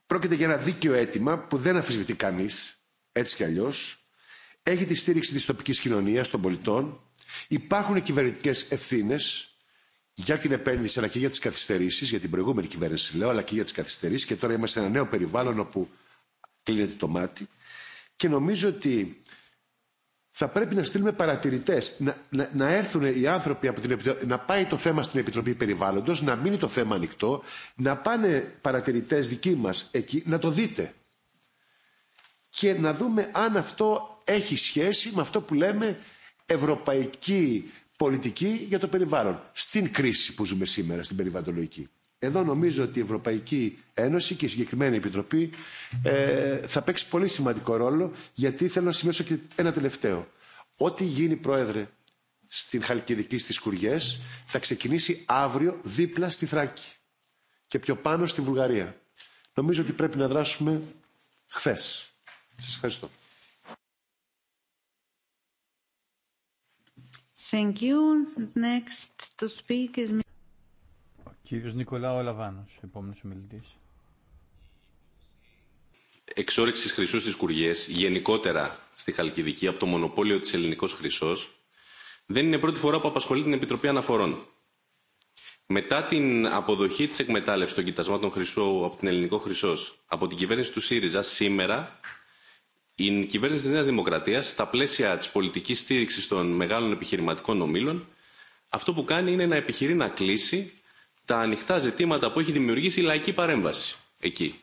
πρόκειται για ένα δίκαιο αίτημα που δεν αφισβητεί κανείς, έτσι κι αλλιώς. Έχει τη στήριξη της τοπικής κοινωνίας, των πολιτών. Υπάρχουν κυβερνητικέ ευθύνε για την επένδυση αλλά και για τις καθυστερήσεις, για την προηγούμενη κυβέρνηση λέω, αλλά και για τις καθυστερήσεις και τώρα είμαστε σε ένα νέο περιβάλλον όπου κλείνεται το μάτι. Και νομίζω ότι θα πρέπει να στείλουμε παρατηρητέ, να, να, να, έρθουν οι άνθρωποι από την να πάει το θέμα στην Επιτροπή Περιβάλλοντο, να μείνει το θέμα ανοιχτό, να πάνε παρατηρητέ δικοί μα εκεί, να το δείτε. Και να δούμε αν αυτό έχει σχέση με αυτό που λέμε ευρωπαϊκή πολιτική για το περιβάλλον. Στην κρίση που ζούμε σήμερα, στην περιβαλλοντολογική. Εδώ νομίζω ότι η Ευρωπαϊκή Ένωση και η συγκεκριμένη Επιτροπή ε, θα παίξει πολύ σημαντικό ρόλο γιατί θέλω να σημειώσω και ένα τελευταίο. Ό,τι γίνει, Πρόεδρε, στην Χαλκιδική στις Κουριές θα ξεκινήσει αύριο δίπλα στη Θράκη και πιο πάνω στη Βουλγαρία. Νομίζω ότι πρέπει να δράσουμε χθες. Σας ευχαριστώ. Thank you. Next to speak is... Κύριος Νικολάου Λαβάνος, επόμενος ομιλητής. Εξόρυξης χρυσού στις Κουριές, γενικότερα στη Χαλκιδική, από το μονοπόλιο της Ελληνικός Χρυσός, δεν είναι πρώτη φορά που απασχολεί την Επιτροπή Αναφορών. Μετά την αποδοχή της εκμετάλλευσης των κοιτασμάτων χρυσού από την Ελληνικό Χρυσός από την κυβέρνηση του ΣΥΡΙΖΑ, σήμερα η κυβέρνηση της Νέας Δημοκρατίας, στα πλαίσια της πολιτικής στήριξης των μεγάλων επιχειρηματικών ομίλων, αυτό που κάνει είναι να επιχειρεί να κλείσει τα ανοιχτά ζητήματα που έχει δημιουργήσει η λαϊκή παρέμβαση εκεί.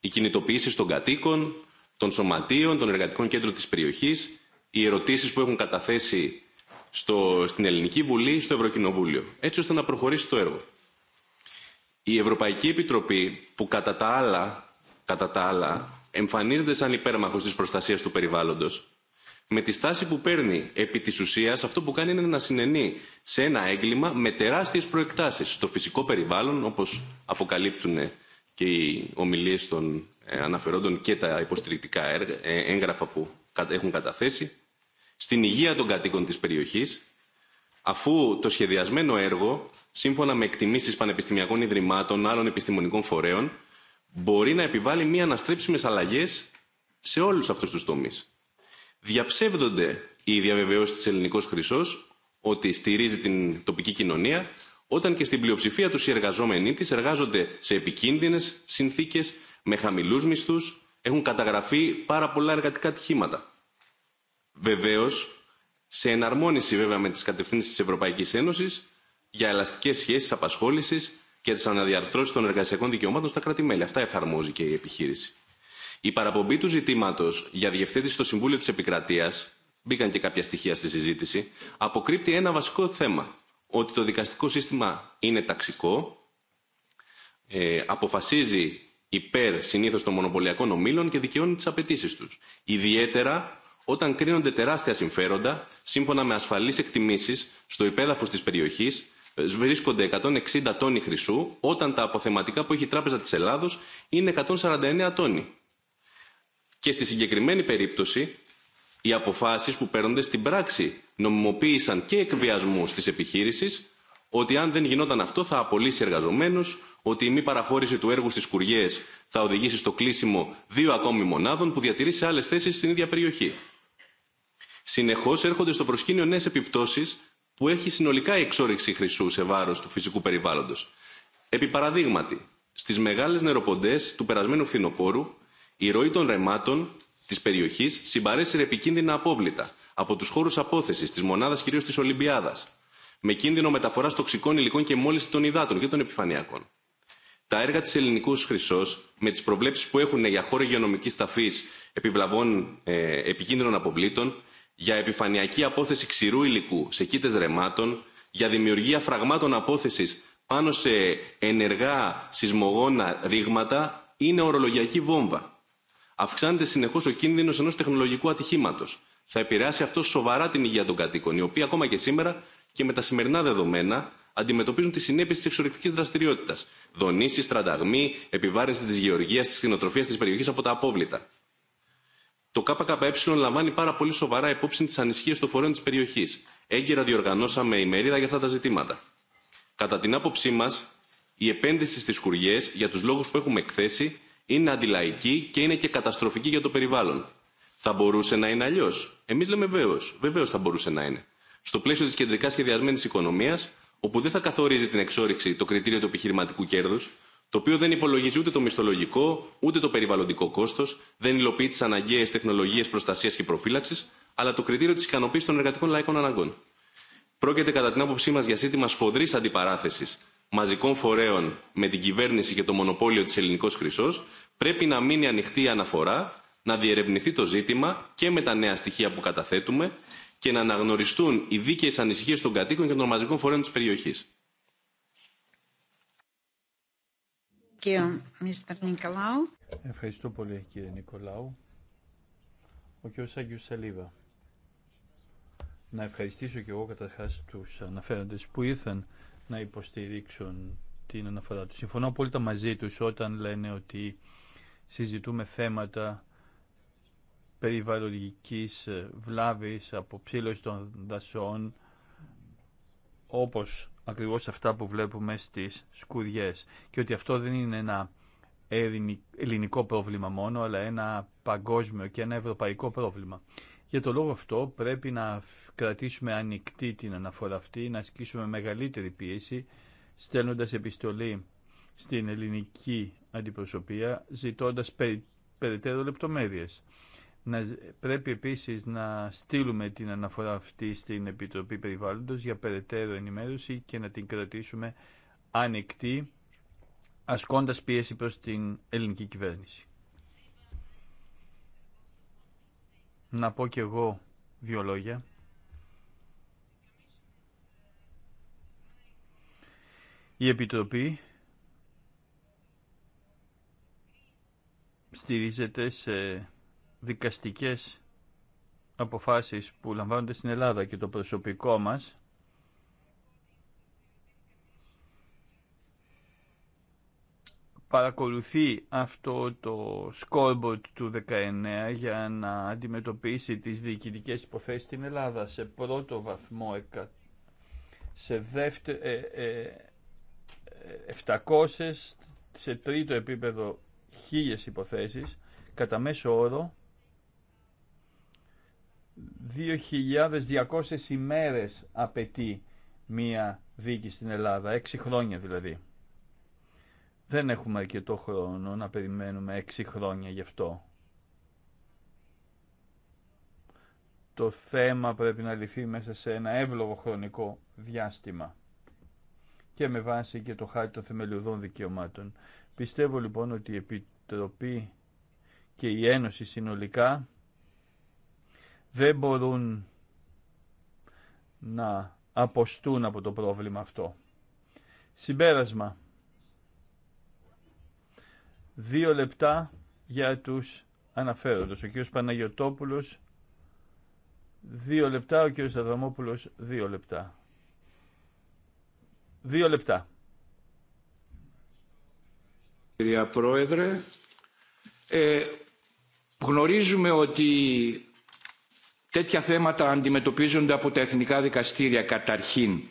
Οι κινητοποιήσει των κατοίκων, των σωματείων, των εργατικών κέντρων της περιοχής, οι ερωτήσεις που έχουν καταθέσει στο, στην Ελληνική Βουλή, στο Ευρωκοινοβούλιο, έτσι ώστε να προχωρήσει το έργο. Η Ευρωπαϊκή Επιτροπή, που κατά τα άλλα, κατά τα άλλα εμφανίζεται σαν υπέρμαχος της προστασίας του περιβάλλοντος, με τη στάση που παίρνει επί της ουσίας αυτό που κάνει είναι να συνενεί σε ένα έγκλημα με τεράστιες προεκτάσεις στο φυσικό περιβάλλον όπως αποκαλύπτουν και οι ομιλίες των ε, αναφερόντων και τα υποστηρικτικά ε, έγγραφα που έχουν καταθέσει στην υγεία των κατοίκων της περιοχής αφού το σχεδιασμένο έργο σύμφωνα με εκτιμήσεις πανεπιστημιακών ιδρυμάτων άλλων επιστημονικών φορέων μπορεί να επιβάλλει μία αναστρέψιμες αλλαγές σε όλους αυτούς τους τομείς Διαψεύδονται οι διαβεβαιώσει τη Ελληνικό Χρυσό ότι στηρίζει την τοπική κοινωνία, όταν και στην πλειοψηφία του οι εργαζόμενοι τη εργάζονται σε επικίνδυνε συνθήκε, με χαμηλού μισθού, έχουν καταγραφεί πάρα πολλά εργατικά ατυχήματα. Βεβαίω, σε εναρμόνιση βέβαια με τι κατευθύνσει τη Ευρωπαϊκή Ένωση για ελαστικέ σχέσει απασχόληση και τι αναδιαρθρώσει των εργασιακών δικαιωμάτων στα κράτη-μέλη. Αυτά εφαρμόζει και η επιχείρηση η παραπομπή του ζητήματο για διευθέτηση στο συμβούλιο τη επικρατεία μπήκαν και κάποια στοιχεία στη συζήτηση αποκρύπτει ένα βασικό θέμα ότι το δικαστικό σύστημα είναι ταξικό ε, αποφασίζει υπέρ συνήθω των μονοπωλιακών ομήλων και δικαιώνει τι απαιτήσει του. Ιδιαίτερα όταν κρίνονται τεράστια συμφέροντα, σύμφωνα με ασφαλείς εκτιμήσει στο υπέδαφο τη περιοχή, ε, βρίσκονται 160 τόνοι χρυσού, όταν τα αποθεματικά που έχει η Τράπεζα τη Ελλάδο είναι 149 τόνοι και στη συγκεκριμένη περίπτωση οι αποφάσεις που παίρνονται στην πράξη νομιμοποίησαν και εκβιασμού τη επιχείρηση, ότι αν δεν γινόταν αυτό θα απολύσει εργαζομένους, ότι η μη παραχώρηση του έργου στις Κουριές θα οδηγήσει στο κλείσιμο δύο ακόμη μονάδων που διατηρεί σε άλλες θέσεις στην ίδια περιοχή. Συνεχώς έρχονται στο προσκήνιο νέες επιπτώσεις που έχει συνολικά η εξόριξη χρυσού σε βάρος του φυσικού περιβάλλοντος. Επί παραδείγματι, στις μεγάλες νεροποντές του περασμένου φθινοπόρου η ροή των ρεμάτων τη περιοχή συμπαρέσυρε επικίνδυνα απόβλητα από του χώρου απόθεση τη μονάδα κυρίω τη Ολυμπιάδα, με κίνδυνο μεταφορά τοξικών υλικών και μόλυνση των υδάτων και των επιφανειακών. Τα έργα τη Ελληνικού Χρυσό, με τι προβλέψει που έχουν για χώρο υγειονομική ταφή επιβλαβών ε, επικίνδυνων αποβλήτων, για επιφανειακή απόθεση ξηρού υλικού σε κήτε ρεμάτων, για δημιουργία φραγμάτων απόθεση πάνω σε ενεργά σεισμογόνα ρήγματα, είναι ορολογιακή βόμβα αυξάνεται συνεχώ ο κίνδυνο ενό τεχνολογικού ατυχήματο. Θα επηρεάσει αυτό σοβαρά την υγεία των κατοίκων, οι οποίοι ακόμα και σήμερα και με τα σημερινά δεδομένα αντιμετωπίζουν τι συνέπειε τη εξορρυκτική δραστηριότητα. Δονήσει, τρανταγμοί, επιβάρυνση τη γεωργία, τη κτηνοτροφία τη περιοχή από τα απόβλητα. Το ΚΚΕ λαμβάνει πάρα πολύ σοβαρά υπόψη τι ανισχύε των φορέων τη περιοχή. Έγκαιρα διοργανώσαμε ημερίδα για αυτά τα ζητήματα. Κατά την άποψή μα, η επένδυση στι κουριέ για του λόγου που έχουμε εκθέσει, είναι αντιλαϊκή και είναι και καταστροφική για το περιβάλλον. Θα μπορούσε να είναι αλλιώ. Εμεί λέμε βεβαίω. Βεβαίω θα μπορούσε να είναι. Στο πλαίσιο τη κεντρικά σχεδιασμένη οικονομία, όπου δεν θα καθορίζει την εξόριξη το κριτήριο του επιχειρηματικού κέρδου, το οποίο δεν υπολογίζει ούτε το μισθολογικό, ούτε το περιβαλλοντικό κόστο, δεν υλοποιεί τι αναγκαίε τεχνολογίε προστασία και προφύλαξη, αλλά το κριτήριο τη ικανοποίηση των εργατικών λαϊκών αναγκών. Πρόκειται κατά την άποψή μα για σύντημα σφοδρή αντιπαράθεση μαζικών φορέων με την κυβέρνηση και το μονοπόλιο της Ελληνικός Χρυσός, πρέπει να μείνει ανοιχτή η αναφορά, να διερευνηθεί το ζήτημα και με τα νέα στοιχεία που καταθέτουμε και να αναγνωριστούν οι δίκαιες ανησυχίε των κατοίκων και των μαζικών φορέων τη περιοχής. Ευχαριστώ πολύ κύριε Νικολάου. Ο κ. Άγγιος Σαλίβα. Να ευχαριστήσω και εγώ καταρχά του αναφέροντες που ήρθαν να υποστηρίξουν την αναφορά του. Συμφωνώ απόλυτα μαζί τους όταν λένε ότι συζητούμε θέματα περιβαλλοντικής ε, βλάβης, ψήλωση των δασών, όπως ακριβώς αυτά που βλέπουμε στις σκουριές. Και ότι αυτό δεν είναι ένα ελληνικό πρόβλημα μόνο, αλλά ένα παγκόσμιο και ένα ευρωπαϊκό πρόβλημα. Για το λόγο αυτό πρέπει να κρατήσουμε ανοιχτή την αναφορά αυτή, να ασκήσουμε μεγαλύτερη πίεση, στέλνοντας επιστολή στην ελληνική αντιπροσωπεία, ζητώντας περι, λεπτομέρειες. Να, πρέπει επίσης να στείλουμε την αναφορά αυτή στην Επιτροπή Περιβάλλοντος για περαιτέρω ενημέρωση και να την κρατήσουμε ανοιχτή, ασκώντας πίεση προς την ελληνική κυβέρνηση. Να πω και εγώ δύο λόγια Η Επιτροπή στηρίζεται σε δικαστικές αποφάσεις που λαμβάνονται στην Ελλάδα και το προσωπικό μας παρακολουθεί αυτό το scoreboard του 19 για να αντιμετωπίσει τις διοικητικές υποθέσεις στην Ελλάδα σε πρώτο βαθμό σε δεύτερο, ε, ε, 700 σε τρίτο επίπεδο χίλιες υποθέσεις κατά μέσο όρο 2.200 ημέρες απαιτεί μία δίκη στην Ελλάδα, 6 χρόνια δηλαδή. Δεν έχουμε αρκετό χρόνο να περιμένουμε 6 χρόνια γι' αυτό. Το θέμα πρέπει να λυθεί μέσα σε ένα εύλογο χρονικό διάστημα και με βάση και το χάρτη των θεμελιωδών δικαιωμάτων. Πιστεύω λοιπόν ότι η Επιτροπή και η Ένωση συνολικά δεν μπορούν να αποστούν από το πρόβλημα αυτό. Συμπέρασμα. Δύο λεπτά για τους αναφέροντος. Ο κ. Παναγιωτόπουλος δύο λεπτά, ο κ. Αδαμόπουλος δύο λεπτά. Δύο λεπτά. Κυρία Πρόεδρε, ε, γνωρίζουμε ότι τέτοια θέματα αντιμετωπίζονται από τα εθνικά δικαστήρια καταρχήν.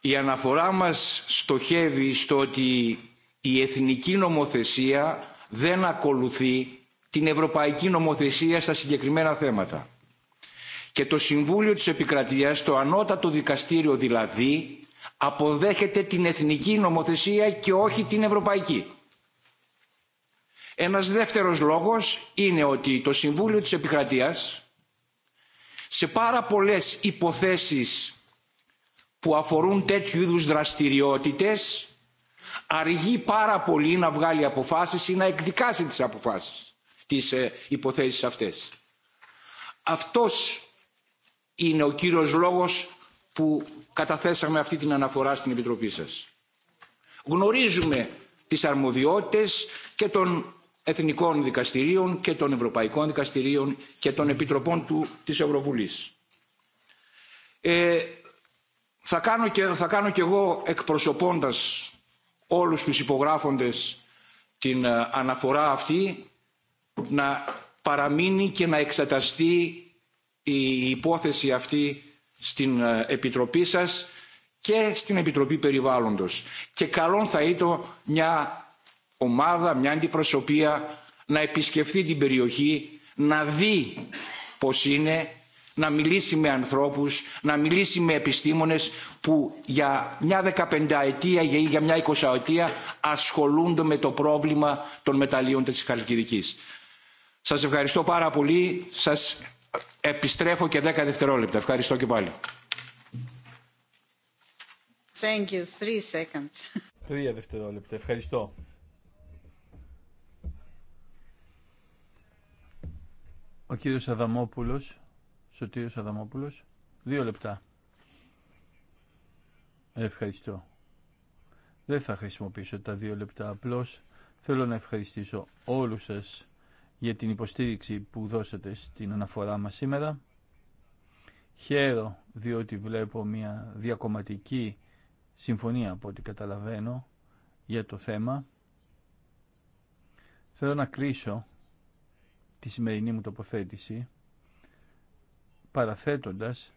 Η αναφορά μας στοχεύει στο ότι η εθνική νομοθεσία δεν ακολουθεί την ευρωπαϊκή νομοθεσία στα συγκεκριμένα θέματα. Και το Συμβούλιο της Επικρατείας, το ανώτατο δικαστήριο δηλαδή, αποδέχεται την εθνική νομοθεσία και όχι την ευρωπαϊκή. Ένας δεύτερος λόγος είναι ότι το Συμβούλιο της Επικρατείας σε πάρα πολλές υποθέσεις που αφορούν τέτοιου είδους δραστηριότητες αργεί πάρα πολύ να βγάλει αποφάσεις ή να εκδικάσει τις αποφάσεις, τις ε, υποθέσεις αυτές. Αυτός είναι ο κύριος λόγος που καταθέσαμε αυτή την αναφορά στην Επιτροπή σας. Γνωρίζουμε τις αρμοδιότητες και των εθνικών δικαστηρίων και των ευρωπαϊκών δικαστηρίων και των επιτροπών του, της Ευρωβουλής. Ε, θα, κάνω και, θα κάνω και εγώ εκπροσωπώντας όλους τους υπογράφοντες την ε, αναφορά αυτή να παραμείνει και να εξεταστεί η υπόθεση αυτή στην ε, Επιτροπή σας και στην Επιτροπή Περιβάλλοντος. Και καλό θα ήταν μια ομάδα, μια αντιπροσωπεία να επισκεφθεί την περιοχή, να δει πώς είναι, να μιλήσει με ανθρώπους, να μιλήσει με επιστήμονες που για μια δεκαπενταετία ή για μια εικοσαετία ασχολούνται με το πρόβλημα των μεταλλίων της Χαλκιδικής. Σας ευχαριστώ πάρα πολύ. Σας Επιστρέφω και 10 δευτερόλεπτα. Ευχαριστώ και πάλι. Thank you. Three seconds. Τρία δευτερόλεπτα. Ευχαριστώ. Ο κύριος Αδαμόπουλος, Σωτήριος Αδαμόπουλος, δύο λεπτά. Ευχαριστώ. Δεν θα χρησιμοποιήσω τα δύο λεπτά, απλώς θέλω να ευχαριστήσω όλους σας για την υποστήριξη που δώσατε στην αναφορά μας σήμερα. Χαίρο διότι βλέπω μια διακομματική συμφωνία από ό,τι καταλαβαίνω για το θέμα. Θέλω να κλείσω τη σημερινή μου τοποθέτηση παραθέτοντας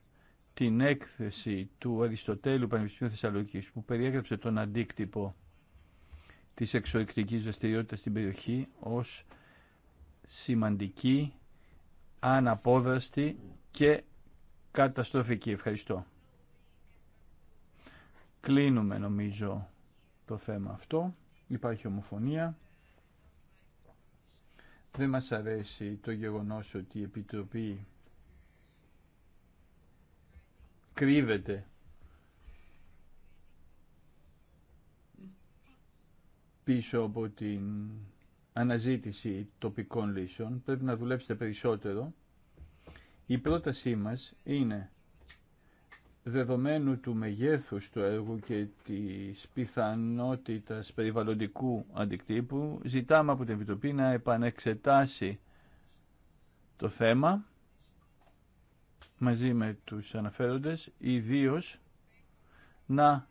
την έκθεση του Αριστοτέλου Πανεπιστημίου Θεσσαλονίκης που περιέγραψε τον αντίκτυπο της εξωεκτικής δραστηριότητα στην περιοχή ως σημαντική, αναπόδραστη και καταστροφική. Ευχαριστώ. Κλείνουμε νομίζω το θέμα αυτό. Υπάρχει ομοφωνία. Δεν μας αρέσει το γεγονός ότι η Επιτροπή κρύβεται πίσω από την αναζήτηση τοπικών λύσεων. Πρέπει να δουλέψετε περισσότερο. Η πρότασή μας είναι δεδομένου του μεγέθους του έργου και της πιθανότητας περιβαλλοντικού αντικτύπου, ζητάμε από την Επιτροπή να επανεξετάσει το θέμα μαζί με τους αναφέροντες, ιδίως να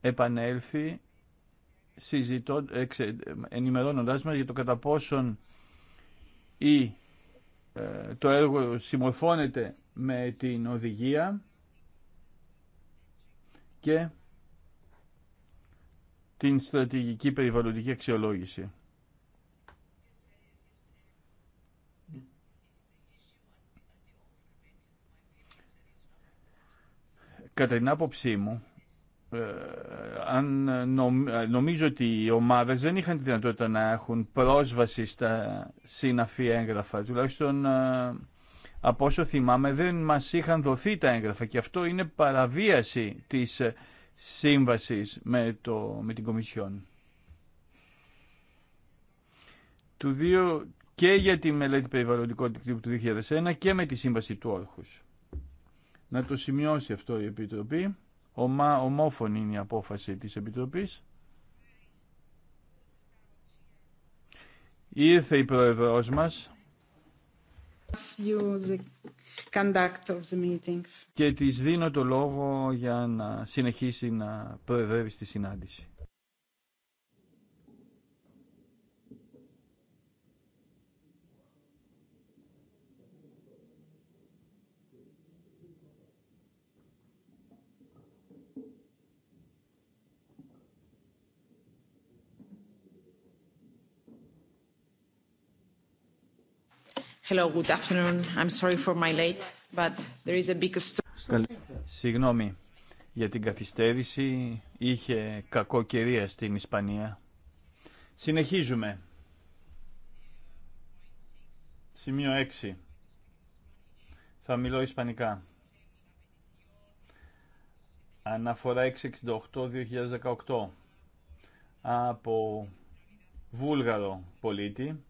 επανέλθει Ενημερώνοντα μα ενημερώνοντάς μας για το κατά πόσον ή ε, το έργο συμμορφώνεται με την οδηγία και την στρατηγική περιβαλλοντική αξιολόγηση. Κατά την άποψή μου, ε, αν ε, ε, νομίζω ότι οι ομάδες δεν είχαν τη δυνατότητα να έχουν πρόσβαση στα συναφή έγγραφα. Τουλάχιστον από όσο θυμάμαι δεν μας είχαν δοθεί τα έγγραφα και αυτό είναι παραβίαση της σύμβασης με, το, με την Κομισιόν. Του δύο και για τη μελέτη περιβαλλοντικού του 2001 και με τη σύμβαση του Όρχους. Να το σημειώσει αυτό η Επιτροπή. Ομά, ομόφωνη είναι η απόφαση της Επιτροπής. Ήρθε η πρόεδρος μας και της δίνω το λόγο για να συνεχίσει να προεδρεύει στη συνάντηση. Συγγνώμη για την καθυστέρηση. Είχε κακό καιρία στην Ισπανία. Συνεχίζουμε. Σημείο 6. Θα μιλώ Ισπανικά. Αναφορά 668-2018 από Βούλγαρο πολίτη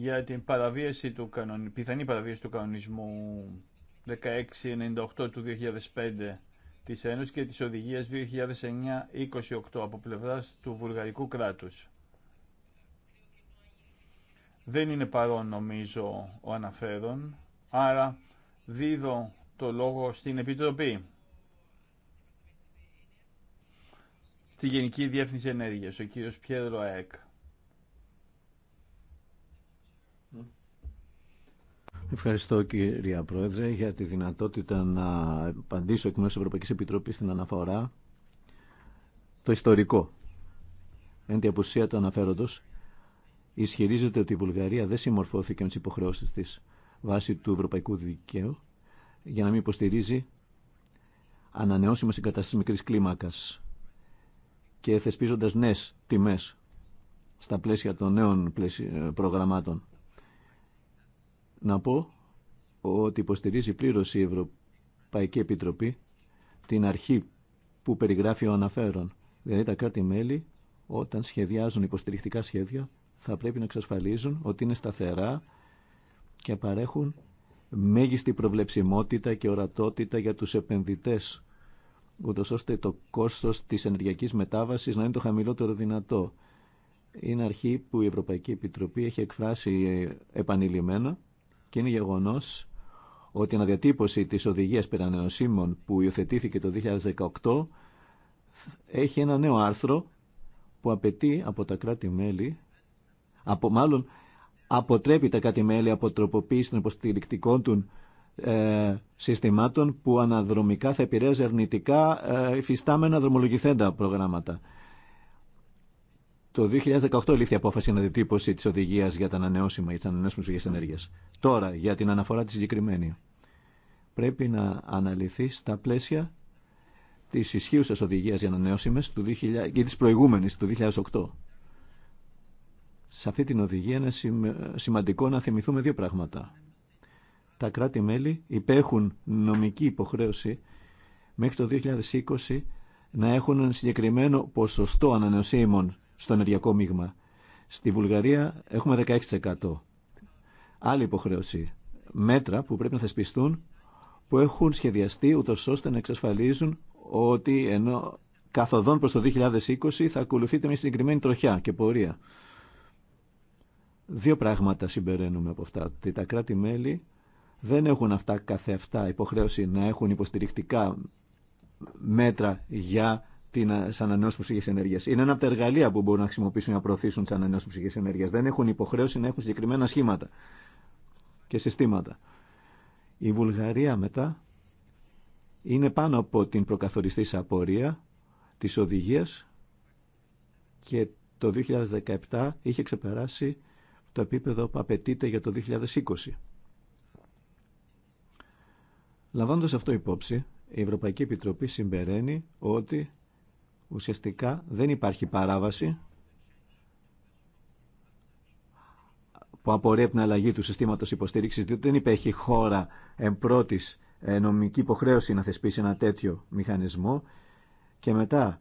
για την παραβίαση του πιθανή παραβίαση του κανονισμού 1698 του 2005 της Ένωσης και της Οδηγίας 2009-28 από πλευράς του βουλγαρικού κράτους. Δεν είναι παρόν νομίζω ο αναφέρον, άρα δίδω το λόγο στην Επιτροπή. Στη Γενική Διεύθυνση Ενέργειας, ο κύριος Πιέδρο Αέκ. Ευχαριστώ κυρία Πρόεδρε για τη δυνατότητα να απαντήσω εκ μέρους της Ευρωπαϊκής Επιτροπής στην αναφορά το ιστορικό. Εν τη απουσία του αναφέροντος ισχυρίζεται ότι η Βουλγαρία δεν συμμορφώθηκε με τις υποχρεώσεις της βάσει του ευρωπαϊκού δικαίου για να μην υποστηρίζει ανανεώσιμες εγκαταστάσεις μικρής κλίμακας και θεσπίζοντας νέες τιμές στα πλαίσια των νέων προγραμμάτων να πω ότι υποστηρίζει πλήρως η Ευρωπαϊκή Επιτροπή την αρχή που περιγράφει ο αναφέρον. Δηλαδή τα κράτη-μέλη όταν σχεδιάζουν υποστηριχτικά σχέδια θα πρέπει να εξασφαλίζουν ότι είναι σταθερά και παρέχουν μέγιστη προβλεψιμότητα και ορατότητα για τους επενδυτές ούτως ώστε το κόστος της ενεργειακής μετάβασης να είναι το χαμηλότερο δυνατό. Είναι αρχή που η Ευρωπαϊκή Επιτροπή έχει εκφράσει επανειλημμένα και είναι γεγονό ότι η αναδιατύπωση της οδηγίας περανεωσίμων που υιοθετήθηκε το 2018 έχει ένα νέο άρθρο που απαιτεί από τα κράτη-μέλη, από, μάλλον αποτρέπει τα κράτη-μέλη από τροποποίηση των υποστηρικτικών του ε, συστημάτων που αναδρομικά θα επηρέαζε αρνητικά ε, υφιστάμενα δρομολογηθέντα προγράμματα. Το 2018 λήφθη η απόφαση αντιτύπωση τη οδηγία για τα ανανεώσιμα ή τι ανανεώσιμε πηγέ ενέργεια. Τώρα, για την αναφορά τη συγκεκριμένη. Πρέπει να αναλυθεί στα πλαίσια τη ισχύουσα οδηγία για ανανεώσιμε και τη προηγούμενη του 2008. Σε αυτή την οδηγία είναι σημαντικό να θυμηθούμε δύο πράγματα. Τα κράτη-μέλη υπέχουν νομική υποχρέωση μέχρι το 2020 να έχουν ένα συγκεκριμένο ποσοστό ανανεωσίμων στο ενεργειακό μείγμα. Στη Βουλγαρία έχουμε 16%. Άλλη υποχρέωση. Μέτρα που πρέπει να θεσπιστούν που έχουν σχεδιαστεί ούτω ώστε να εξασφαλίζουν ότι ενώ καθοδόν προς το 2020 θα ακολουθείται μια συγκεκριμένη τροχιά και πορεία. Δύο πράγματα συμπεραίνουμε από αυτά. τα κράτη-μέλη δεν έχουν αυτά καθεαυτά υποχρέωση να έχουν υποστηρικτικά μέτρα για την ε, ανανεώσιμη ψυχή ενέργεια. Είναι ένα από τα εργαλεία που μπορούν να χρησιμοποιήσουν για να προωθήσουν τι ανανεώσιμε ψυχέ ενέργεια. Δεν έχουν υποχρέωση να έχουν συγκεκριμένα σχήματα και συστήματα. Η Βουλγαρία μετά είναι πάνω από την προκαθοριστή απορία της οδηγίας και το 2017 είχε ξεπεράσει το επίπεδο που απαιτείται για το 2020. Λαμβάνοντας αυτό υπόψη, η Ευρωπαϊκή Επιτροπή συμπεραίνει ότι Ουσιαστικά δεν υπάρχει παράβαση που απορρέπει την αλλαγή του συστήματος υποστήριξης, διότι δεν υπέχει χώρα πρώτης ε, νομική υποχρέωση να θεσπίσει ένα τέτοιο μηχανισμό και μετά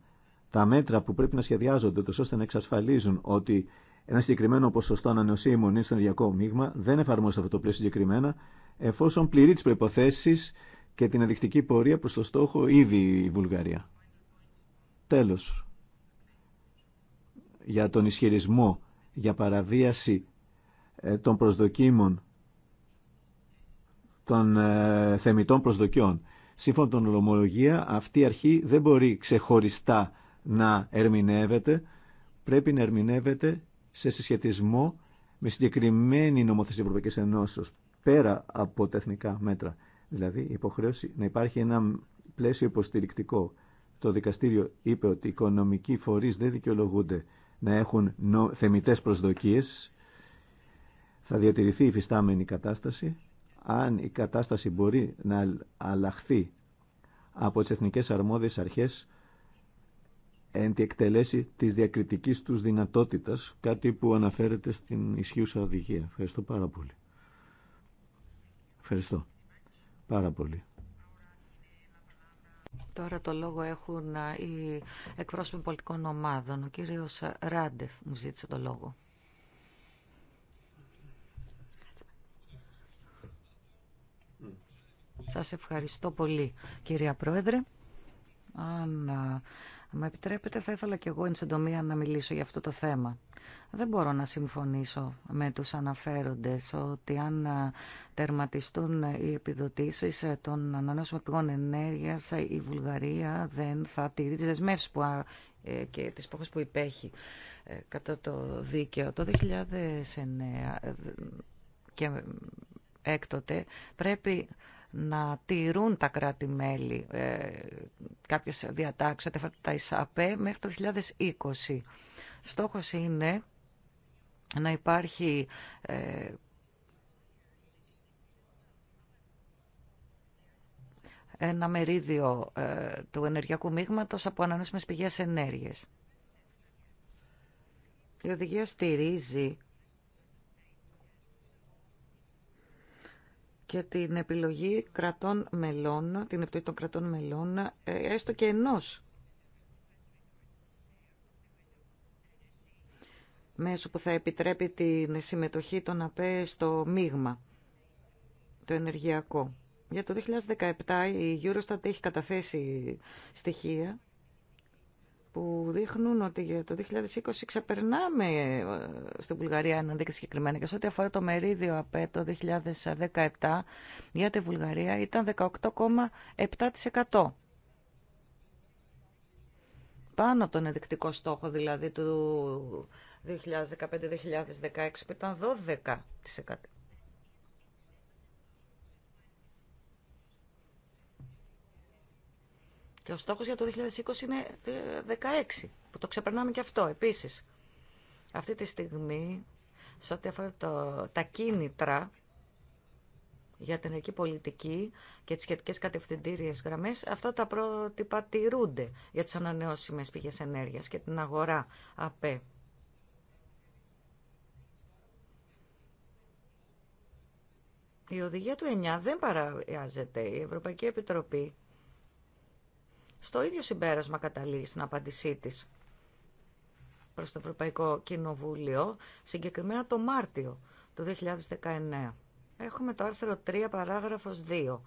τα μέτρα που πρέπει να σχεδιάζονται τόσο ώστε να εξασφαλίζουν ότι ένα συγκεκριμένο ποσοστό ανανεωσίμων είναι στο ενεργειακό μείγμα δεν εφαρμόζεται αυτό το πλαίσιο συγκεκριμένα εφόσον πληρεί τι προποθέσει και την αδεικτική πορεία προ το στόχο ήδη η Βουλγαρία. Τέλος, για τον ισχυρισμό, για παραβίαση ε, των προσδοκίμων, των ε, θεμητών προσδοκιών. Σύμφωνα με τον ομολογία, αυτή η αρχή δεν μπορεί ξεχωριστά να ερμηνεύεται, πρέπει να ερμηνεύεται σε συσχετισμό με συγκεκριμένη νομοθεσία Ευρωπαϊκής Ενώσεως, πέρα από τα εθνικά μέτρα. Δηλαδή, η υποχρέωση να υπάρχει ένα πλαίσιο υποστηρικτικό το δικαστήριο είπε ότι οι οικονομικοί φορείς δεν δικαιολογούνται να έχουν θεμητές προσδοκίες. Θα διατηρηθεί η φυστάμενη κατάσταση. Αν η κατάσταση μπορεί να αλλάχθεί από τις εθνικές αρμόδιες αρχές εν τη εκτελέση της διακριτικής τους δυνατότητας, κάτι που αναφέρεται στην ισχύουσα οδηγία. Ευχαριστώ πάρα πολύ. Ευχαριστώ πάρα πολύ. Τώρα το λόγο έχουν οι εκπρόσωποι πολιτικών ομάδων. Ο κύριος Ράντεφ μου ζήτησε το λόγο. Σας ευχαριστώ πολύ κυρία Πρόεδρε. Αν με επιτρέπετε, θα ήθελα και εγώ εν συντομία να μιλήσω για αυτό το θέμα. Δεν μπορώ να συμφωνήσω με τους αναφέροντες ότι αν ε, τερματιστούν οι επιδοτήσεις ε, των ανανεώσιμων πηγών ενέργειας ε, η Βουλγαρία δεν θα τηρεί τις δεσμεύσεις που, και τις πόχες που υπέχει κατά το δίκαιο. Το 2009 και έκτοτε πρέπει να τηρούν τα κράτη-μέλη ε, κάποιες διατάξεις, τα ΙΣΑΠΕ, μέχρι το 2020. Στόχος είναι να υπάρχει ε, ένα μερίδιο ε, του ενεργειακού μείγματος από ανανεώσιμες πηγές ενέργειας. Η οδηγία στηρίζει και την επιλογή κρατών μελών, την επιλογή των κρατών μελών, ε, έστω και ενός μέσου που θα επιτρέπει την συμμετοχή των ΑΠΕ στο μείγμα, το ενεργειακό. Για το 2017 η Eurostat έχει καταθέσει στοιχεία που δείχνουν ότι για το 2020 ξεπερνάμε ε, στην Βουλγαρία έναν δείκτη συγκεκριμένα. Και σε ό,τι αφορά το μερίδιο ΑΠΕ το 2017 για τη Βουλγαρία ήταν 18,7%. Πάνω από τον ενδεικτικό στόχο δηλαδή του 2015-2016 που ήταν 12%. Και ο στόχος για το 2020 είναι 16, που το ξεπερνάμε και αυτό επίσης. Αυτή τη στιγμή, σε ό,τι αφορά το, τα κίνητρα για την ενεργική πολιτική και τις σχετικές κατευθυντήριες γραμμές, αυτά τα πρότυπα τηρούνται για τις ανανεώσιμες πηγές ενέργειας και την αγορά ΑΠΕ. Η οδηγία του 9 δεν παραβιάζεται. Η Ευρωπαϊκή Επιτροπή στο ίδιο συμπέρασμα καταλήγει στην απάντησή της προς το Ευρωπαϊκό Κοινοβούλιο, συγκεκριμένα το Μάρτιο του 2019. Έχουμε το άρθρο 3 παράγραφος 2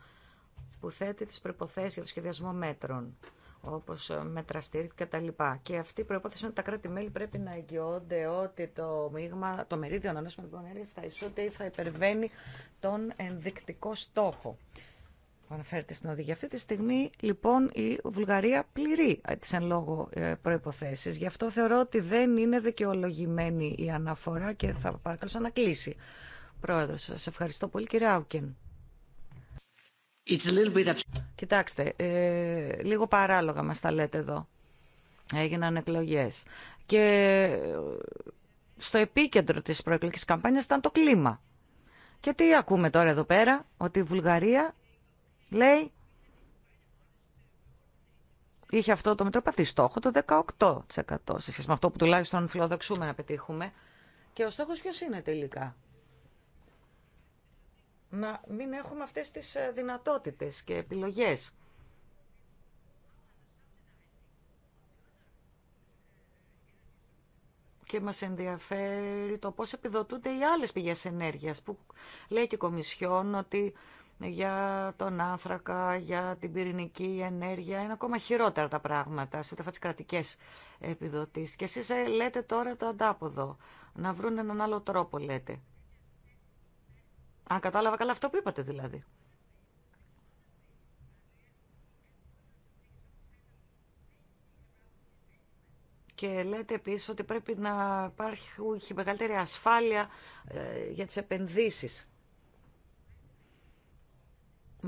που θέτει τις προϋποθέσεις για το σχεδιασμό μέτρων όπως ε, μέτρα στήριξη και Και αυτή η προπόθεση είναι ότι τα κράτη-μέλη πρέπει να εγγυώνται ότι το, μείγμα, το μερίδιο με την θα ισούται ή θα υπερβαίνει τον ενδεικτικό στόχο που αναφέρεται Αυτή τη στιγμή λοιπόν η Βουλγαρία πληρεί ε, τι εν λόγω ε, προποθέσει. Γι' αυτό θεωρώ ότι δεν είναι δικαιολογημένη η αναφορά και θα σαν να κλείσει. Πρόεδρο, σα ευχαριστώ πολύ κύριε Άουκεν. Κοιτάξτε, ε, λίγο παράλογα μας τα λέτε εδώ. Έγιναν εκλογές. Και ε, στο επίκεντρο της προεκλογικής καμπάνιας ήταν το κλίμα. Και τι ακούμε τώρα εδώ πέρα, ότι η Βουλγαρία λέει είχε αυτό το μετροπαθή στόχο το 18% σε σχέση με αυτό που τουλάχιστον φιλοδοξούμε να πετύχουμε. Και ο στόχος ποιος είναι τελικά. Να μην έχουμε αυτές τις ε, δυνατότητες και επιλογές. Και μας ενδιαφέρει το πώς επιδοτούνται οι άλλες πηγές ενέργειας που λέει και η Κομισιόν ότι για τον άνθρακα, για την πυρηνική ενέργεια. Είναι ακόμα χειρότερα τα πράγματα σε ό,τι τις Και εσεί ε, λέτε τώρα το αντάποδο. Να βρουν έναν άλλο τρόπο, λέτε. Αν κατάλαβα καλά αυτό που είπατε δηλαδή. Και λέτε επίσης ότι πρέπει να υπάρχει μεγαλύτερη ασφάλεια ε, για τις επενδύσεις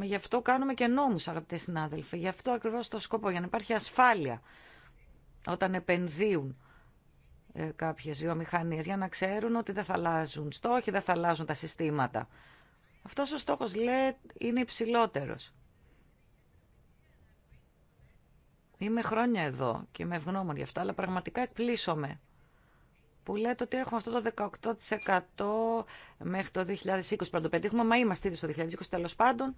Γι' αυτό κάνουμε και νόμους, αγαπητέ συνάδελφοι. Γι' αυτό ακριβώς το σκόπο, για να υπάρχει ασφάλεια όταν επενδύουν ε, κάποιες βιομηχανίες, για να ξέρουν ότι δεν θα αλλάζουν στόχοι, δεν θα αλλάζουν τα συστήματα. Αυτός ο στόχος, λέει, είναι υψηλότερος. Είμαι χρόνια εδώ και είμαι ευγνώμων γι' αυτό, αλλά πραγματικά εκπλήσωμαι που λέτε ότι έχουμε αυτό το 18% μέχρι το 2020 πριν το πετύχουμε, μα είμαστε ήδη στο 2020 τέλος πάντων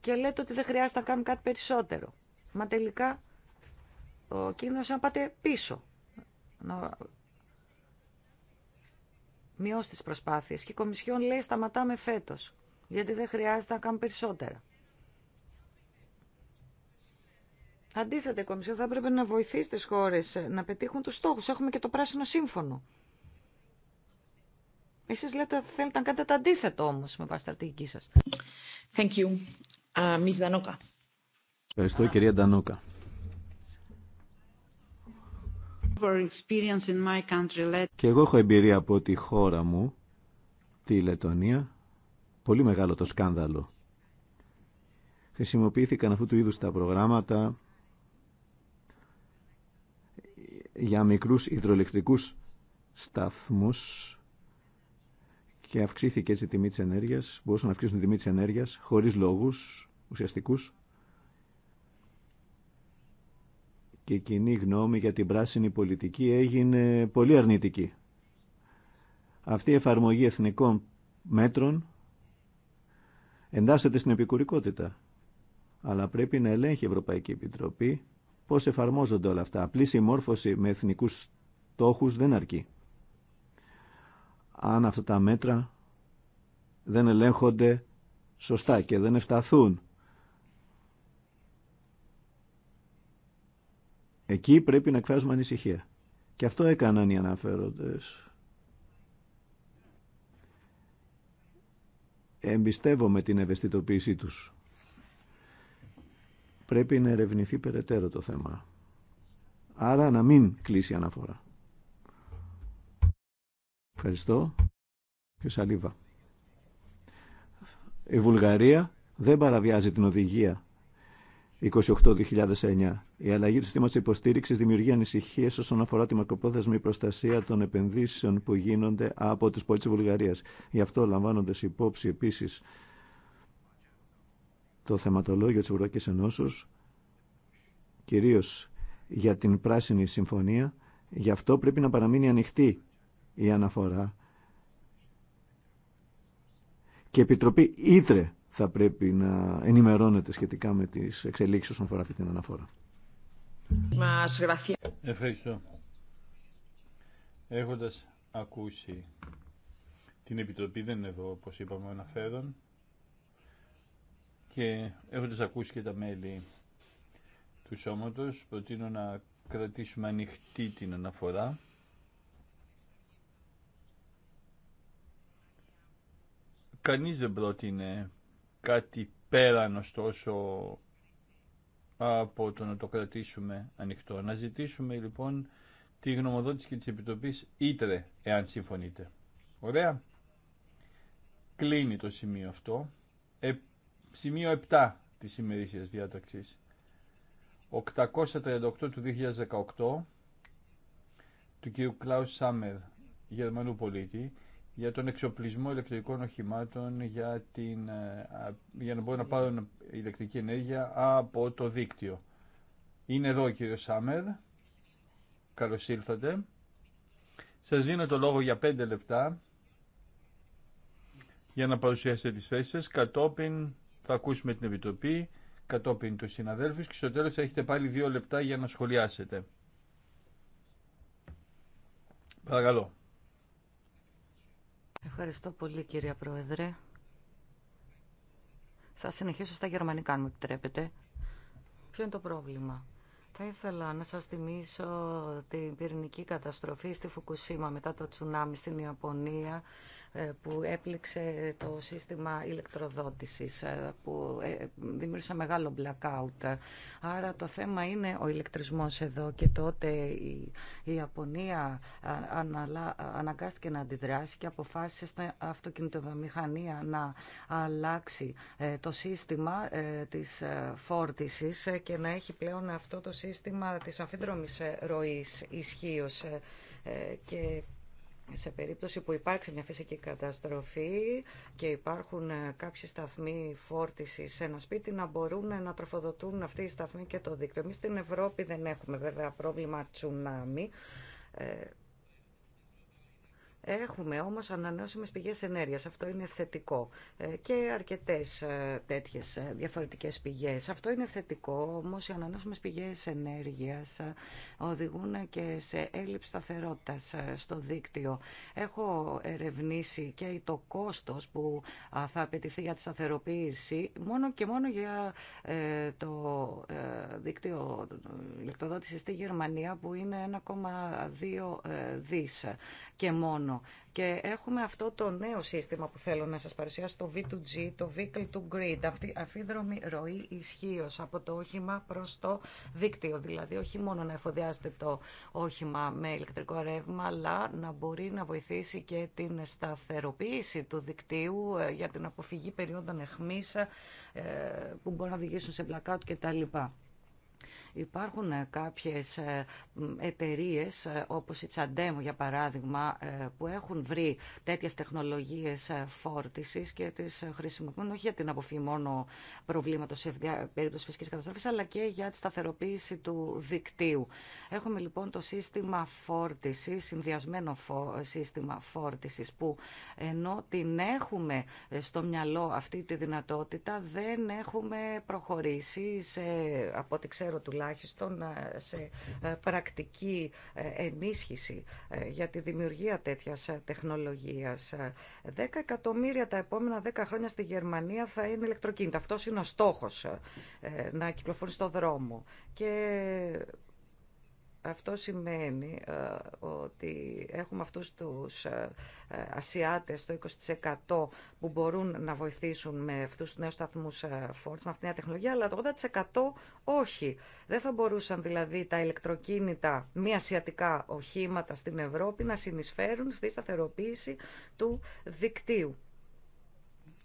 και λέτε ότι δεν χρειάζεται να κάνουμε κάτι περισσότερο. Μα τελικά ο κίνδυνος να πάτε πίσω, να Μειώστε τις προσπάθειες και η Κομισιόν λέει σταματάμε φέτος γιατί δεν χρειάζεται να κάνουμε περισσότερα. Αντίθετα, η Κομισιόν θα έπρεπε να βοηθήσει τις χώρες να πετύχουν τους στόχους. Έχουμε και το πράσινο σύμφωνο. Εσείς λέτε θέλετε να κάνετε το αντίθετο όμως με βάση στρατηγική σας. Thank you. Uh, Danoka. Ευχαριστώ κυρία Ντανόκα. Και εγώ έχω εμπειρία από τη χώρα μου, τη Λετωνία. Πολύ μεγάλο το σκάνδαλο. Χρησιμοποιήθηκαν αυτού του είδους τα προγράμματα για μικρούς υδροελεκτρικούς σταθμούς και αυξήθηκε έτσι η τιμή της ενέργειας, μπορούσαν να αυξήσουν τη τιμή της ενέργειας χωρίς λόγους ουσιαστικούς και η κοινή γνώμη για την πράσινη πολιτική έγινε πολύ αρνητική. Αυτή η εφαρμογή εθνικών μέτρων εντάσσεται στην επικουρικότητα αλλά πρέπει να ελέγχει η Ευρωπαϊκή Επιτροπή Πώς εφαρμόζονται όλα αυτά. Απλή συμμόρφωση με εθνικούς στόχους δεν αρκεί. Αν αυτά τα μέτρα δεν ελέγχονται σωστά και δεν ευσταθούν. Εκεί πρέπει να εκφράζουμε ανησυχία. Και αυτό έκαναν οι αναφέροντες. Εμπιστεύομαι την ευαισθητοποίησή τους πρέπει να ερευνηθεί περαιτέρω το θέμα. Άρα να μην κλείσει η αναφορά. Ευχαριστώ. Και Σαλίβα. Η Βουλγαρία δεν παραβιάζει την οδηγία 28-2009. Η αλλαγή του στήματος υποστήριξη δημιουργεί ανησυχίε όσον αφορά τη μακροπρόθεσμη προστασία των επενδύσεων που γίνονται από τους πολίτες τη Βουλγαρία. Γι' αυτό λαμβάνονται υπόψη επίσης το θεματολόγιο της Ευρωπαϊκής Ενώσεως, κυρίως για την Πράσινη Συμφωνία, γι' αυτό πρέπει να παραμείνει ανοιχτή η αναφορά. Και η Επιτροπή Ήτρε θα πρέπει να ενημερώνεται σχετικά με τις εξελίξεις όσον αφορά αυτή την αναφορά. Μας Ευχαριστώ. Έχοντας ακούσει την Επιτροπή δεν είναι εδώ, όπως είπαμε, αναφέρον και έχοντας ακούσει και τα μέλη του σώματος προτείνω να κρατήσουμε ανοιχτή την αναφορά κανείς δεν πρότεινε κάτι πέραν ωστόσο από το να το κρατήσουμε ανοιχτό. Να ζητήσουμε λοιπόν τη γνωμοδότηση και τη επιτροπή Ήτρε, εάν συμφωνείτε. Ωραία. Κλείνει το σημείο αυτό. Ε, Σημείο 7 της ημερήσιας διάταξης. 838 του 2018 του κ. Κλάους Σάμερ, Γερμανού πολίτη, για τον εξοπλισμό ηλεκτρικών οχημάτων για, την, ε, για να μπορούν να πάρουν ηλεκτρική ενέργεια από το δίκτυο. Είναι εδώ ο κ. Σάμερ. Καλώς ήλθατε. Σας δίνω το λόγο για 5 λεπτά για να παρουσιάσετε τις θέσεις σας. Κατόπιν θα ακούσουμε την Επιτροπή, κατόπιν του συναδέλφου και στο τέλο έχετε πάλι δύο λεπτά για να σχολιάσετε. Παρακαλώ. Ευχαριστώ πολύ κύριε Πρόεδρε. Θα συνεχίσω στα γερμανικά αν μου επιτρέπετε. Ποιο είναι το πρόβλημα. Θα ήθελα να σας θυμίσω την πυρηνική καταστροφή στη Φουκουσίμα μετά το τσουνάμι στην Ιαπωνία ε, που έπληξε το σύστημα ηλεκτροδότησης, ε, που ε, δημιούργησε μεγάλο blackout. Άρα το θέμα είναι ο ηλεκτρισμός εδώ και τότε η Ιαπωνία αναγκάστηκε να αντιδράσει και αποφάσισε στην αυτοκινητοβιομηχανία να αλλάξει το σύστημα της φόρτισης και να έχει πλέον αυτό το σύστημα της αμφίδρομης ροής ισχύω και σε περίπτωση που υπάρξει μια φυσική καταστροφή και υπάρχουν ε, κάποιοι σταθμοί φόρτιση σε ένα σπίτι να μπορούν ε, να τροφοδοτούν αυτοί οι σταθμοί και το δίκτυο. Εμεί στην Ευρώπη δεν έχουμε βέβαια πρόβλημα τσουνάμι. Ε, Έχουμε όμως ανανεώσιμες πηγές ενέργειας, αυτό είναι θετικό ε, και αρκετές ε, τέτοιες ε, διαφορετικές πηγές. Αυτό είναι θετικό, όμως οι ανανεώσιμες πηγές ενέργειας οδηγούν και σε έλλειψη σταθερότητας στο δίκτυο. Έχω ερευνήσει και το κόστος που θα απαιτηθεί για τη σταθεροποίηση μόνο και μόνο για το δίκτυο ηλεκτροδότησης στη Γερμανία που είναι 1,2 δις και μόνο και έχουμε αυτό το νέο σύστημα που θέλω να σας παρουσιάσω, το V2G, το Vehicle to Grid, αυτή αφίδρομη ροή ισχύω από το όχημα προς το δίκτυο. Δηλαδή όχι μόνο να εφοδιάζεται το όχημα με ηλεκτρικό ρεύμα, αλλά να μπορεί να βοηθήσει και την σταθεροποίηση του δικτύου ε, για την αποφυγή περίοδων εχμής ε, που μπορεί να οδηγήσουν σε blackout κτλ. Υπάρχουν ε, κάποιες ε, εταιρείε, ε, όπως η Τσαντέμου για παράδειγμα, που έχουν βρει τέτοιες τεχνολογίες φόρτισης και τις χρησιμοποιούν όχι για την αποφυγή μόνο προβλήματος σε περίπτωση φυσικής καταστροφής, αλλά και για τη σταθεροποίηση του δικτύου. Έχουμε λοιπόν το σύστημα φόρτισης, συνδυασμένο σύστημα φόρτισης, που ενώ την έχουμε στο μυαλό αυτή τη δυνατότητα, δεν έχουμε προχωρήσει, σε, από ό,τι ξέρω τουλάχιστον, τουλάχιστον ε, σε ε, πρακτική ε, ενίσχυση για τη δημιουργία τέτοιας τεχνολογίας. 10 εκατομμύρια τα επόμενα 10 χρόνια στη Γερμανία θα είναι ηλεκτροκίνητα. Αυτός είναι ο στόχος να κυκλοφορεί στο δρόμο. Και αυτό σημαίνει ε, ότι έχουμε αυτούς τους ε, Ασιάτες το 20% που μπορούν να βοηθήσουν με αυτούς τους νέους σταθμούς ε, φόρτς, με αυτήν την τεχνολογία, αλλά το 80% όχι. Δεν θα μπορούσαν δηλαδή τα ηλεκτροκίνητα μη ασιατικά οχήματα στην Ευρώπη να συνεισφέρουν στη σταθεροποίηση του δικτύου.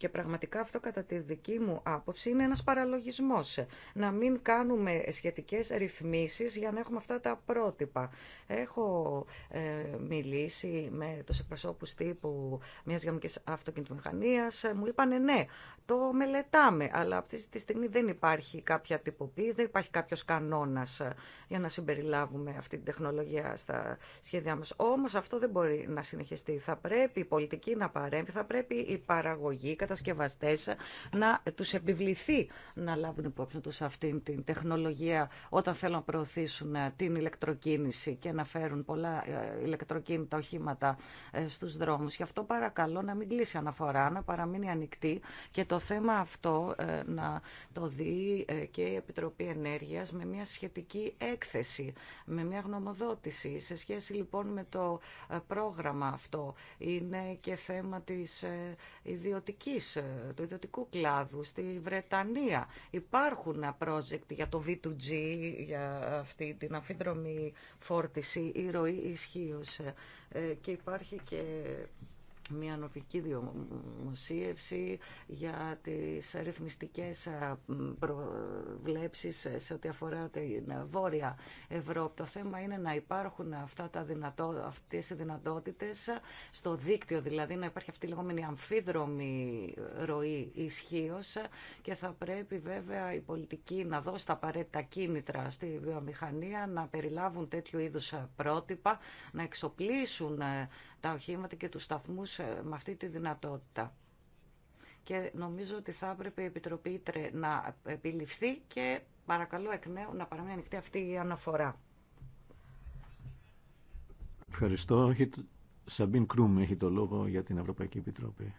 Και πραγματικά αυτό κατά τη δική μου άποψη είναι ένας παραλογισμός. Να μην κάνουμε σχετικές ρυθμίσεις για να έχουμε αυτά τα πρότυπα. Έχω ε, μιλήσει με τους εκπροσώπους τύπου μιας γαμικής αυτοκινητομηχανίας. Μου είπανε ναι, το μελετάμε, αλλά αυτή τη στιγμή δεν υπάρχει κάποια τυποποίηση, δεν υπάρχει κάποιος κανόνας για να συμπεριλάβουμε αυτή την τεχνολογία στα σχέδιά μας. Όμως αυτό δεν μπορεί να συνεχιστεί. Θα πρέπει η πολιτική να παρέμβει, θα πρέπει η παραγωγή να τους επιβληθεί να λάβουν υπόψη τους αυτήν την τεχνολογία όταν θέλουν να προωθήσουν ε, την ηλεκτροκίνηση και να φέρουν πολλά ε, ηλεκτροκίνητα οχήματα ε, στους δρόμους. Γι' αυτό παρακαλώ να μην κλείσει αναφορά, να παραμείνει ανοιχτή και το θέμα αυτό να το δει και η Επιτροπή Ενέργειας με μια σχετική έκθεση, με μια γνωμοδότηση σε σχέση λοιπόν με το πρόγραμμα αυτό. Είναι και θέμα της ιδιωτική ε, του ιδιωτικού κλάδου. Στη Βρετανία υπάρχουν project για το V2G, για αυτή την αφίδρομη φόρτιση ή ροή ε, Και υπάρχει και μια νοπική δημοσίευση για τις αριθμιστικές προβλέψεις σε ό,τι αφορά την Βόρεια Ευρώπη. Το θέμα είναι να υπάρχουν αυτά τα δυνατό, αυτές οι δυνατότητες στο δίκτυο, δηλαδή να υπάρχει αυτή η λεγόμενη αμφίδρομη ροή ισχύω και θα πρέπει βέβαια η πολιτική να δώσει τα απαραίτητα κίνητρα στη βιομηχανία να περιλάβουν τέτοιου είδους πρότυπα, να εξοπλίσουν ε, τα οχήματα και τους σταθμούς ε, με αυτή τη δυνατότητα. Και νομίζω ότι θα έπρεπε η Επιτροπή να επιληφθεί και παρακαλώ εκ νέου να παραμείνει ανοιχτή αυτή η αναφορά. Ευχαριστώ. Σαμπίν Κρούμ έχει το λόγο για την Ευρωπαϊκή Επιτροπή.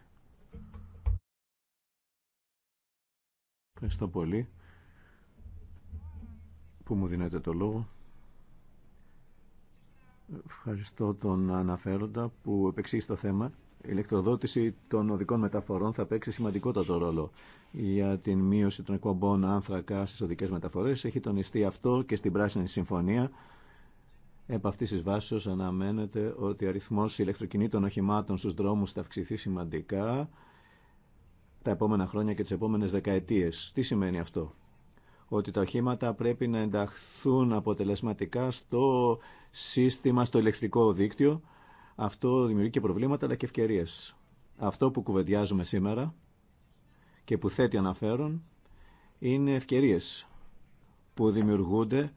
Ευχαριστώ πολύ που μου δίνετε το λόγο. Ευχαριστώ τον αναφέροντα που επεξήγησε το θέμα. Η ηλεκτροδότηση των οδικών μεταφορών θα παίξει σημαντικότατο ρόλο για την μείωση των εκπομπών άνθρακα στι οδικέ μεταφορέ, Έχει τονιστεί αυτό και στην Πράσινη Συμφωνία. Επ' αυτής της βάσης αναμένεται ότι ο αριθμό ηλεκτροκινήτων οχημάτων στου δρόμου θα αυξηθεί σημαντικά τα επόμενα χρόνια και τι επόμενε δεκαετίες. Τι σημαίνει αυτό? Ότι τα οχήματα πρέπει να ενταχθούν αποτελεσματικά στο σύστημα στο ηλεκτρικό δίκτυο. Αυτό δημιουργεί και προβλήματα αλλά και ευκαιρίε. Αυτό που κουβεντιάζουμε σήμερα και που θέτει αναφέρον είναι ευκαιρίε που δημιουργούνται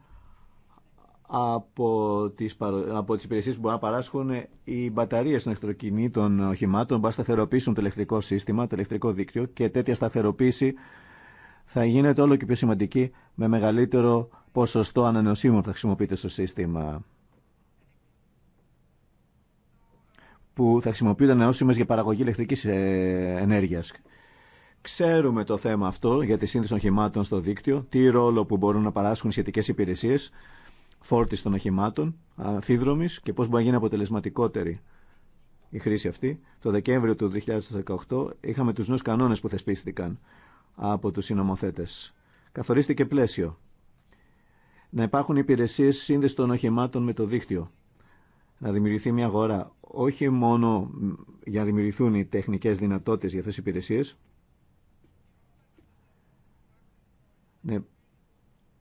από τις, από τις υπηρεσίες που μπορούν να παράσχουν οι μπαταρίες των ηλεκτροκινήτων οχημάτων που σταθεροποιήσουν το ηλεκτρικό σύστημα, το ηλεκτρικό δίκτυο και τέτοια σταθεροποίηση θα γίνεται όλο και πιο σημαντική με μεγαλύτερο ποσοστό ανανεωσίμων που θα χρησιμοποιείται στο σύστημα. που θα χρησιμοποιούνται ανανεώσιμε για παραγωγή ηλεκτρική ε, ενέργεια. Ξέρουμε το θέμα αυτό για τη σύνδεση των οχημάτων στο δίκτυο, τι ρόλο που μπορούν να παράσχουν σχετικέ υπηρεσίε φόρτιση των οχημάτων αμφίδρομη και πώ μπορεί να γίνει αποτελεσματικότερη η χρήση αυτή. Το Δεκέμβριο του 2018 είχαμε του νέου κανόνε που θεσπίστηκαν από του συνομοθέτε. Καθορίστηκε πλαίσιο. Να υπάρχουν υπηρεσίε σύνδεση των οχημάτων με το δίκτυο. Να δημιουργηθεί μια αγορά όχι μόνο για να δημιουργηθούν οι τεχνικές δυνατότητες για αυτές τις υπηρεσίες, ναι,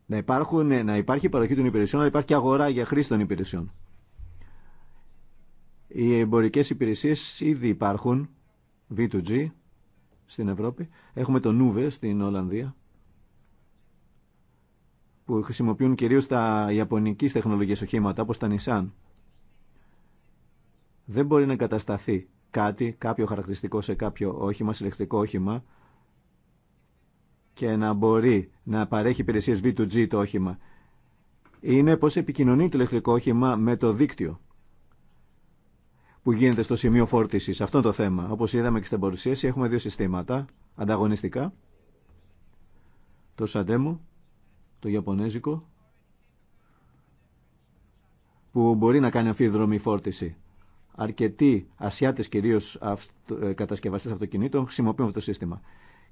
να, υπάρχουν, να υπάρχει παροχή των υπηρεσιών, αλλά υπάρχει και αγορά για χρήση των υπηρεσιών. Οι εμπορικές υπηρεσίες ήδη υπάρχουν, V2G, στην Ευρώπη. Έχουμε το NUVE στην Ολλανδία, που χρησιμοποιούν κυρίως τα ιαπωνικής τεχνολογίας οχήματα, όπως τα Nissan. Δεν μπορεί να εγκατασταθεί κάτι, κάποιο χαρακτηριστικό σε κάποιο όχημα, ηλεκτρικό όχημα και να μπορεί να παρεχει υπηρεσιε υπηρεσίες V2G το όχημα. Είναι πώς επικοινωνεί το ηλεκτρικό όχημα με το δίκτυο που γίνεται στο σημείο φόρτισης. Αυτό είναι το θέμα. Όπω είδαμε και στην παρουσίαση έχουμε δύο συστήματα ανταγωνιστικά. Το Σαντέμο, το Ιαπωνέζικο, που μπορεί να κάνει αμφιδρομή φόρτιση αρκετοί Ασιάτες κυρίως αυτο, ε, κατασκευαστές αυτοκινήτων χρησιμοποιούν αυτό το σύστημα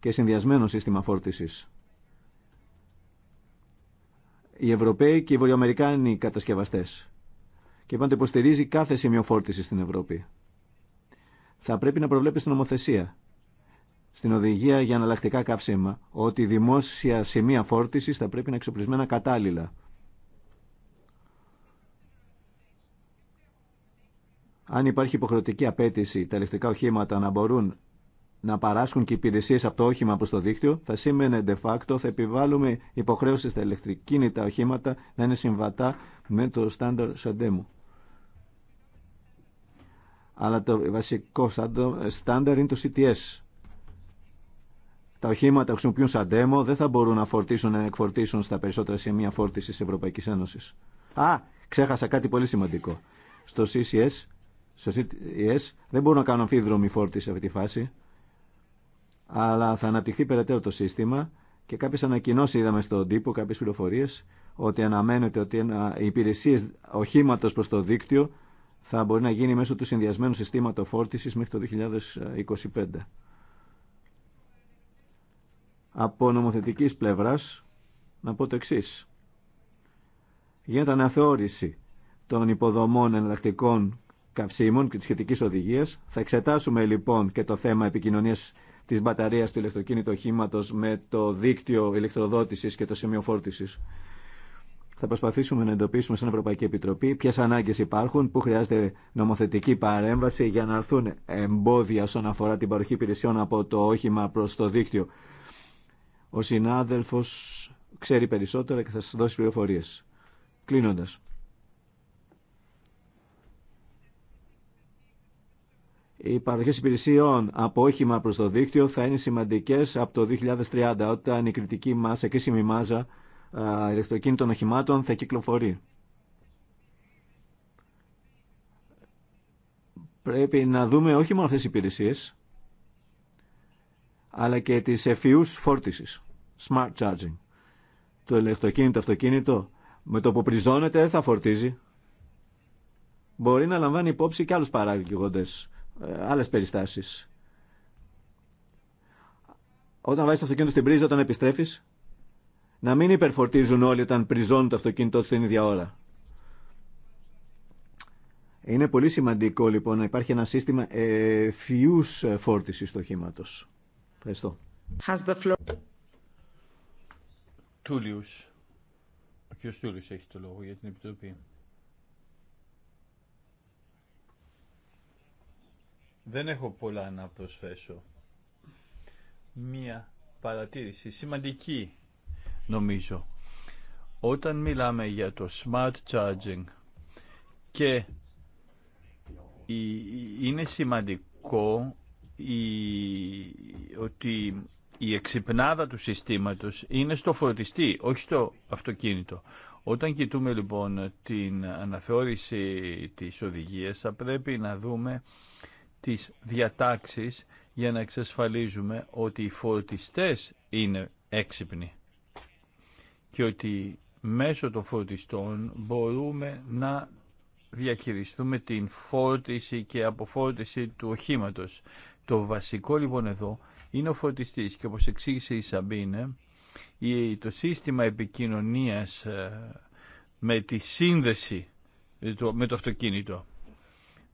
και συνδυασμένο σύστημα φόρτισης. Οι Ευρωπαίοι και οι Βορειοαμερικάνοι κατασκευαστές και πάντα υποστηρίζει κάθε σημείο φόρτιση στην Ευρώπη. Θα πρέπει να προβλέπει στην νομοθεσία, στην οδηγία για αναλλακτικά καύσιμα, ότι δημόσια σημεία φόρτιση θα πρέπει να εξοπλισμένα κατάλληλα. Αν υπάρχει υποχρεωτική απέτηση τα ηλεκτρικά οχήματα να μπορούν να παράσχουν και υπηρεσίε από το όχημα προ το δίκτυο, θα σήμαινε de facto θα επιβάλλουμε υποχρέωση στα ηλεκτρικίνητα οχήματα να είναι συμβατά με το στάνταρ σαντέμου. Αλλά το βασικό στάνταρ είναι το CTS. Τα οχήματα που χρησιμοποιούν Σαντέμου δεν θα μπορούν να φορτίσουν να εκφορτίσουν στα περισσότερα σημεία φόρτιση Ευρωπαϊκής Ευρωπαϊκή Ένωση. Α, ξέχασα κάτι πολύ σημαντικό. Στο CCS στο CTS δεν μπορούν να κάνουν αμφίδρομη φόρτιση σε αυτή τη φάση, αλλά θα αναπτυχθεί περαιτέρω το σύστημα και κάποιες ανακοινώσει είδαμε στον τύπο, κάποιε πληροφορίες, ότι αναμένεται ότι η οι υπηρεσίε οχήματος προς το δίκτυο θα μπορεί να γίνει μέσω του συνδυασμένου συστήματος φόρτισης μέχρι το 2025. Από νομοθετική πλευράς, να πω το εξή. Γίνεται αναθεώρηση των υποδομών εναλλακτικών καυσίμων και τη σχετική οδηγία. Θα εξετάσουμε λοιπόν και το θέμα επικοινωνία τη μπαταρία του ηλεκτροκίνητου οχήματο με το δίκτυο ηλεκτροδότηση και το σημείο φόρτιση. Θα προσπαθήσουμε να εντοπίσουμε στην Ευρωπαϊκή Επιτροπή ποιε ανάγκε υπάρχουν, που χρειάζεται νομοθετική παρέμβαση για να έρθουν εμπόδια όσον αφορά την παροχή υπηρεσιών από το όχημα προ το δίκτυο. Ο συνάδελφο ξέρει περισσότερα και θα σα δώσει πληροφορίε. Κλείνοντα. Οι παροχέ υπηρεσιών από όχημα προς το δίκτυο θα είναι σημαντικές από το 2030 όταν η κριτική μάζα, η κρίσιμη μάζα ηλεκτροκίνητων οχημάτων θα κυκλοφορεί. Πρέπει να δούμε όχι μόνο αυτές τις υπηρεσίες, αλλά και τις εφιούς φόρτισης, smart charging. Το ηλεκτροκίνητο αυτοκίνητο με το που πριζώνεται δεν θα φορτίζει. Μπορεί να λαμβάνει υπόψη και άλλους παράγοντες ε, Άλλε περιστάσεις. Όταν βάζεις το αυτοκίνητο στην πρίζα, όταν επιστρέφεις, να μην υπερφορτίζουν όλοι όταν πριζώνουν το αυτοκίνητό του την ίδια ώρα. Είναι πολύ σημαντικό λοιπόν να υπάρχει ένα σύστημα ε, φιούς ε, φόρτισης του οχήματος. Ευχαριστώ. Has the floor. Τούλιους. Ο κ. Τούλιους έχει το λόγο για την Επιτροπή. Δεν έχω πολλά να προσθέσω. Μία παρατήρηση σημαντική νομίζω. Όταν μιλάμε για το smart charging και είναι σημαντικό η, ότι η εξυπνάδα του συστήματος είναι στο φορτιστή, όχι στο αυτοκίνητο. Όταν κοιτούμε λοιπόν την αναθεώρηση της οδηγίας θα πρέπει να δούμε τις διατάξεις για να εξασφαλίζουμε ότι οι φορτιστές είναι έξυπνοι και ότι μέσω των φορτιστών μπορούμε να διαχειριστούμε την φόρτιση και αποφόρτιση του οχήματος. Το βασικό λοιπόν εδώ είναι ο φωτιστής και όπως εξήγησε η Σαμπίνε, το σύστημα επικοινωνίας ε, με τη σύνδεση ε, με το αυτοκίνητο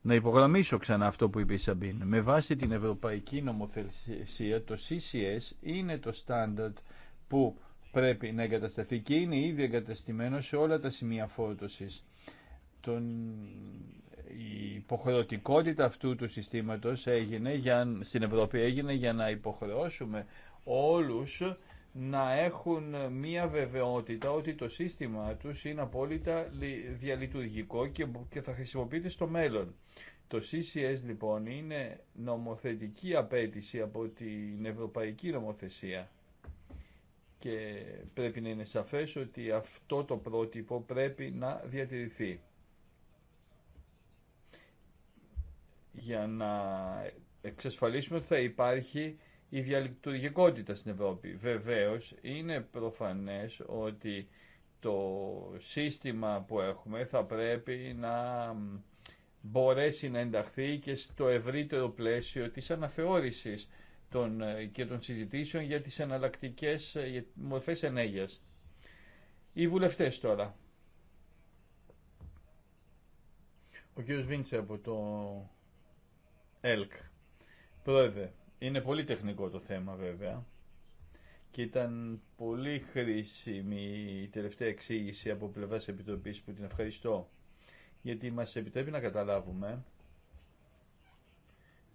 να υπογραμμίσω ξανά αυτό που είπε η Σαμπίν. Με βάση την ευρωπαϊκή νομοθεσία, το CCS είναι το στάνταρτ που πρέπει να εγκατασταθεί και είναι ήδη εγκαταστημένο σε όλα τα σημεία φόρτωσης. Τον... Η υποχρεωτικότητα αυτού του συστήματος έγινε για... στην Ευρώπη έγινε για να υποχρεώσουμε όλους να έχουν μία βεβαιότητα ότι το σύστημα τους είναι απόλυτα διαλειτουργικό και θα χρησιμοποιείται στο μέλλον. Το CCS λοιπόν είναι νομοθετική απέτηση από την Ευρωπαϊκή Νομοθεσία και πρέπει να είναι σαφές ότι αυτό το πρότυπο πρέπει να διατηρηθεί. Για να εξασφαλίσουμε ότι θα υπάρχει η διαλειτουργικότητα στην Ευρώπη. Βεβαίως είναι προφανές ότι το σύστημα που έχουμε θα πρέπει να μπορέσει να ενταχθεί και στο ευρύτερο πλαίσιο της αναθεώρησης των, και των συζητήσεων για τις εναλλακτικέ μορφές ενέργειας. Οι βουλευτές τώρα. Ο κύριος Βίντσε από το ΕΛΚ. Πρόεδρε, είναι πολύ τεχνικό το θέμα βέβαια και ήταν πολύ χρήσιμη η τελευταία εξήγηση από πλευράς Επιτροπής που την ευχαριστώ γιατί μας επιτρέπει να καταλάβουμε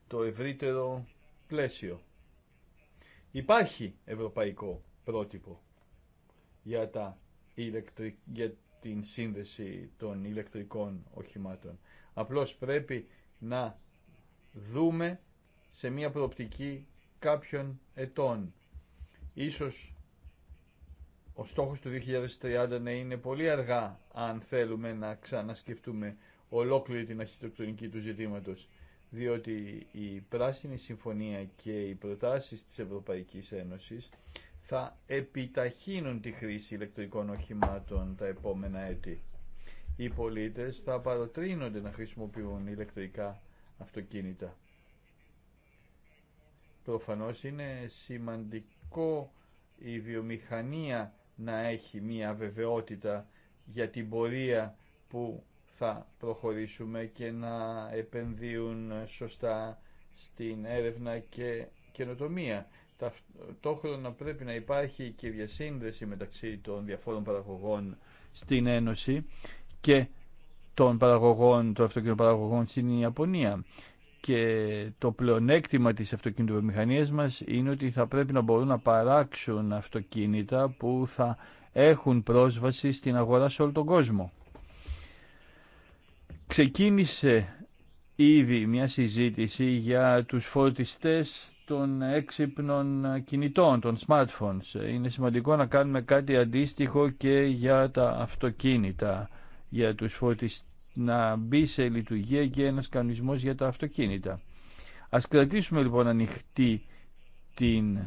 το ευρύτερο πλαίσιο. Υπάρχει ευρωπαϊκό πρότυπο για, τα για την σύνδεση των ηλεκτρικών οχημάτων. Απλώς πρέπει να δούμε σε μια προοπτική κάποιων ετών. Ίσως ο στόχος του 2030 να είναι πολύ αργά αν θέλουμε να ξανασκεφτούμε ολόκληρη την αρχιτεκτονική του ζητήματος διότι η Πράσινη Συμφωνία και οι προτάσεις της Ευρωπαϊκής Ένωσης θα επιταχύνουν τη χρήση ηλεκτρικών οχημάτων τα επόμενα έτη. Οι πολίτες θα παροτρύνονται να χρησιμοποιούν ηλεκτρικά αυτοκίνητα. Προφανώς είναι σημαντικό η βιομηχανία να έχει μία βεβαιότητα για την πορεία που θα προχωρήσουμε και να επενδύουν σωστά στην έρευνα και καινοτομία. Ταυτόχρονα πρέπει να υπάρχει και διασύνδεση μεταξύ των διαφόρων παραγωγών στην Ένωση και των παραγωγών, των στην Ιαπωνία. Και το πλεονέκτημα της αυτοκινητοβιομηχανίας μας είναι ότι θα πρέπει να μπορούν να παράξουν αυτοκίνητα που θα έχουν πρόσβαση στην αγορά σε όλο τον κόσμο. Ξεκίνησε ήδη μια συζήτηση για τους φορτιστές των έξυπνων κινητών, των smartphones. Είναι σημαντικό να κάνουμε κάτι αντίστοιχο και για τα αυτοκίνητα, για τους φορτιστές να μπει σε λειτουργία και ένας κανονισμός για τα αυτοκίνητα. Ας κρατήσουμε λοιπόν ανοιχτή την ε,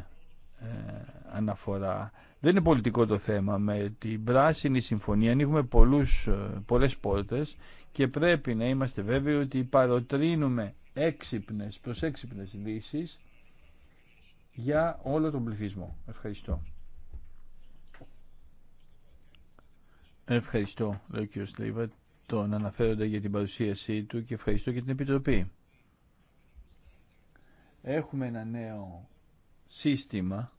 αναφορά. Δεν είναι πολιτικό το θέμα. Με την πράσινη συμφωνία ανοίγουμε πολλούς, ε, πολλές πόρτες και πρέπει να είμαστε βέβαιοι ότι παροτρύνουμε έξυπνες προς έξυπνες λύσεις για όλο τον πληθυσμό. Ευχαριστώ. Ευχαριστώ, λέει ο τον αναφέροντα για την παρουσίασή του και ευχαριστώ και την Επιτροπή. Έχουμε ένα νέο σύστημα,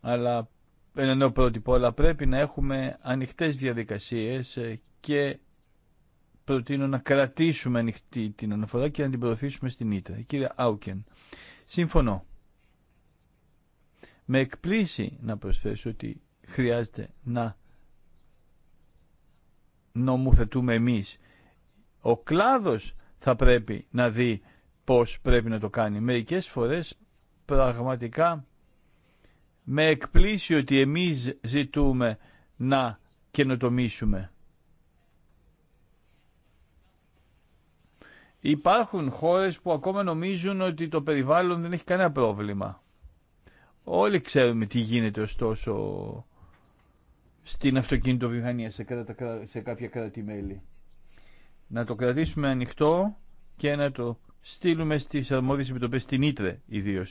αλλά ένα νέο πρότυπο, αλλά πρέπει να έχουμε ανοιχτές διαδικασίες και προτείνω να κρατήσουμε ανοιχτή την αναφορά και να την προωθήσουμε στην Ήτρα. Κύριε Άουκεν, συμφωνώ. Με εκπλήσει να προσθέσω ότι χρειάζεται να νομοθετούμε εμείς. Ο κλάδος θα πρέπει να δει πώς πρέπει να το κάνει. Μερικές φορές πραγματικά με εκπλήσει ότι εμείς ζητούμε να καινοτομήσουμε. Υπάρχουν χώρες που ακόμα νομίζουν ότι το περιβάλλον δεν έχει κανένα πρόβλημα. Όλοι ξέρουμε τι γίνεται ωστόσο στην αυτοκινητοβιομηχανία σε, σε κάποια κράτη-μέλη. Να το κρατήσουμε ανοιχτό και να το στείλουμε στις αρμόδιες επιτροπές στην Ήτρε ιδίω.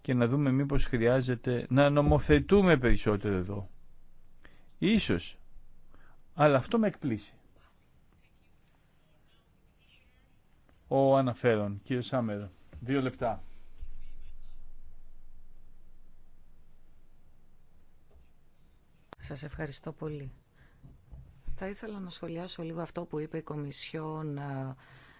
και να δούμε μήπως χρειάζεται να νομοθετούμε περισσότερο εδώ. Ίσως. Αλλά αυτό με εκπλήσει. Ο αναφέρον, κύριε Σάμερ, Δύο λεπτά. Σας ευχαριστώ πολύ. Θα ήθελα να σχολιάσω λίγο αυτό που είπε η Κομισιόν ε,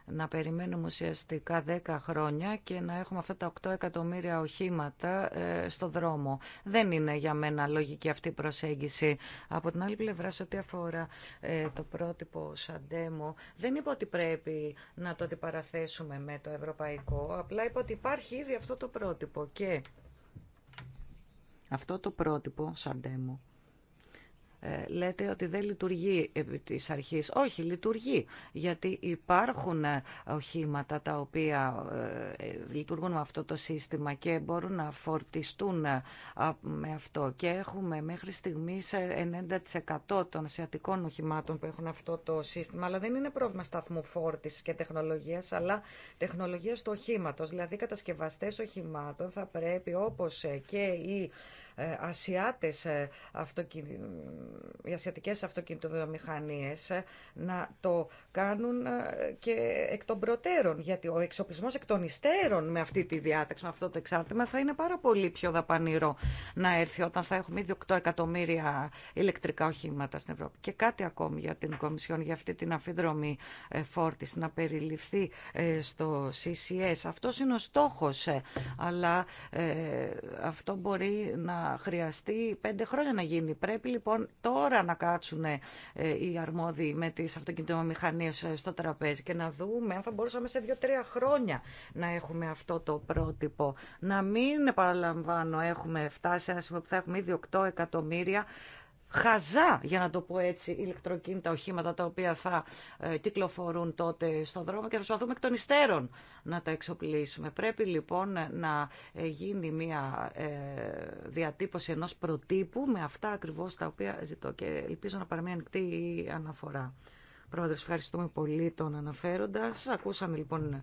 να περιμένουμε ουσιαστικά 10 χρόνια και να έχουμε αυτά τα 8 εκατομμύρια οχήματα ε, στο δρόμο. Δεν είναι για μένα λογική αυτή η προσέγγιση. Από την άλλη πλευρά, σε ό,τι αφορά ε, το πρότυπο Σαντέμο, δεν είπα ότι πρέπει να το αντιπαραθέσουμε με το ευρωπαϊκό. Απλά είπα ότι υπάρχει ήδη αυτό το πρότυπο και αυτό το πρότυπο Σαντέμο ε, λέτε ότι δεν λειτουργεί επί της αρχής. Όχι, λειτουργεί, γιατί υπάρχουν ε, οχήματα τα οποία ε, λειτουργούν με αυτό το σύστημα και μπορούν να φορτιστούν με αυτό. Και έχουμε μέχρι στιγμής 90% των ασιατικών οχημάτων που έχουν αυτό το σύστημα, αλλά δεν είναι πρόβλημα σταθμού φόρτισης και τεχνολογίας, αλλά τεχνολογίας του οχήματος. Δηλαδή, οι κατασκευαστές οχημάτων θα πρέπει, όπως και οι ε, ασιάτες, ε, αυτοκι... οι ασιατικές αυτοκινητοβιομηχανίες ε, να το κάνουν και εκ των προτέρων, γιατί ο εξοπλισμός εκ των υστέρων με αυτή τη διάταξη, με αυτό το εξάρτημα, θα είναι πάρα πολύ πιο δαπανηρό να έρθει όταν θα έχουμε ήδη 8 εκατομμύρια ηλεκτρικά οχήματα στην Ευρώπη. Και κάτι ακόμη για την Κομισιόν, για αυτή την αφιδρομή φόρτιση, να περιληφθεί στο CCS. Αυτός είναι ο στόχος, αλλά αυτό μπορεί να χρειαστεί πέντε χρόνια να γίνει. Πρέπει λοιπόν τώρα να κάτσουν ε, οι αρμόδιοι με τις αυτοκινητομηχανίες ε, στο τραπέζι και να δούμε αν θα μπορούσαμε σε δύο-τρία χρόνια να έχουμε αυτό το πρότυπο. Να μην, παραλαμβάνω, έχουμε φτάσει σε ένα σημείο που θα έχουμε ήδη 8 εκατομμύρια χαζά, για να το πω έτσι, ηλεκτροκίνητα οχήματα τα οποία θα ε, κυκλοφορούν τότε στον δρόμο και προσπαθούμε εκ των υστέρων να τα εξοπλίσουμε. Πρέπει λοιπόν ε, να ε, γίνει μια ε, διατύπωση ενός προτύπου με αυτά ακριβώς τα οποία ζητώ και ελπίζω να παραμείνει ανοιχτή η αναφορά. Πρόεδρε, ευχαριστούμε πολύ τον αναφέροντα. Ακούσαμε λοιπόν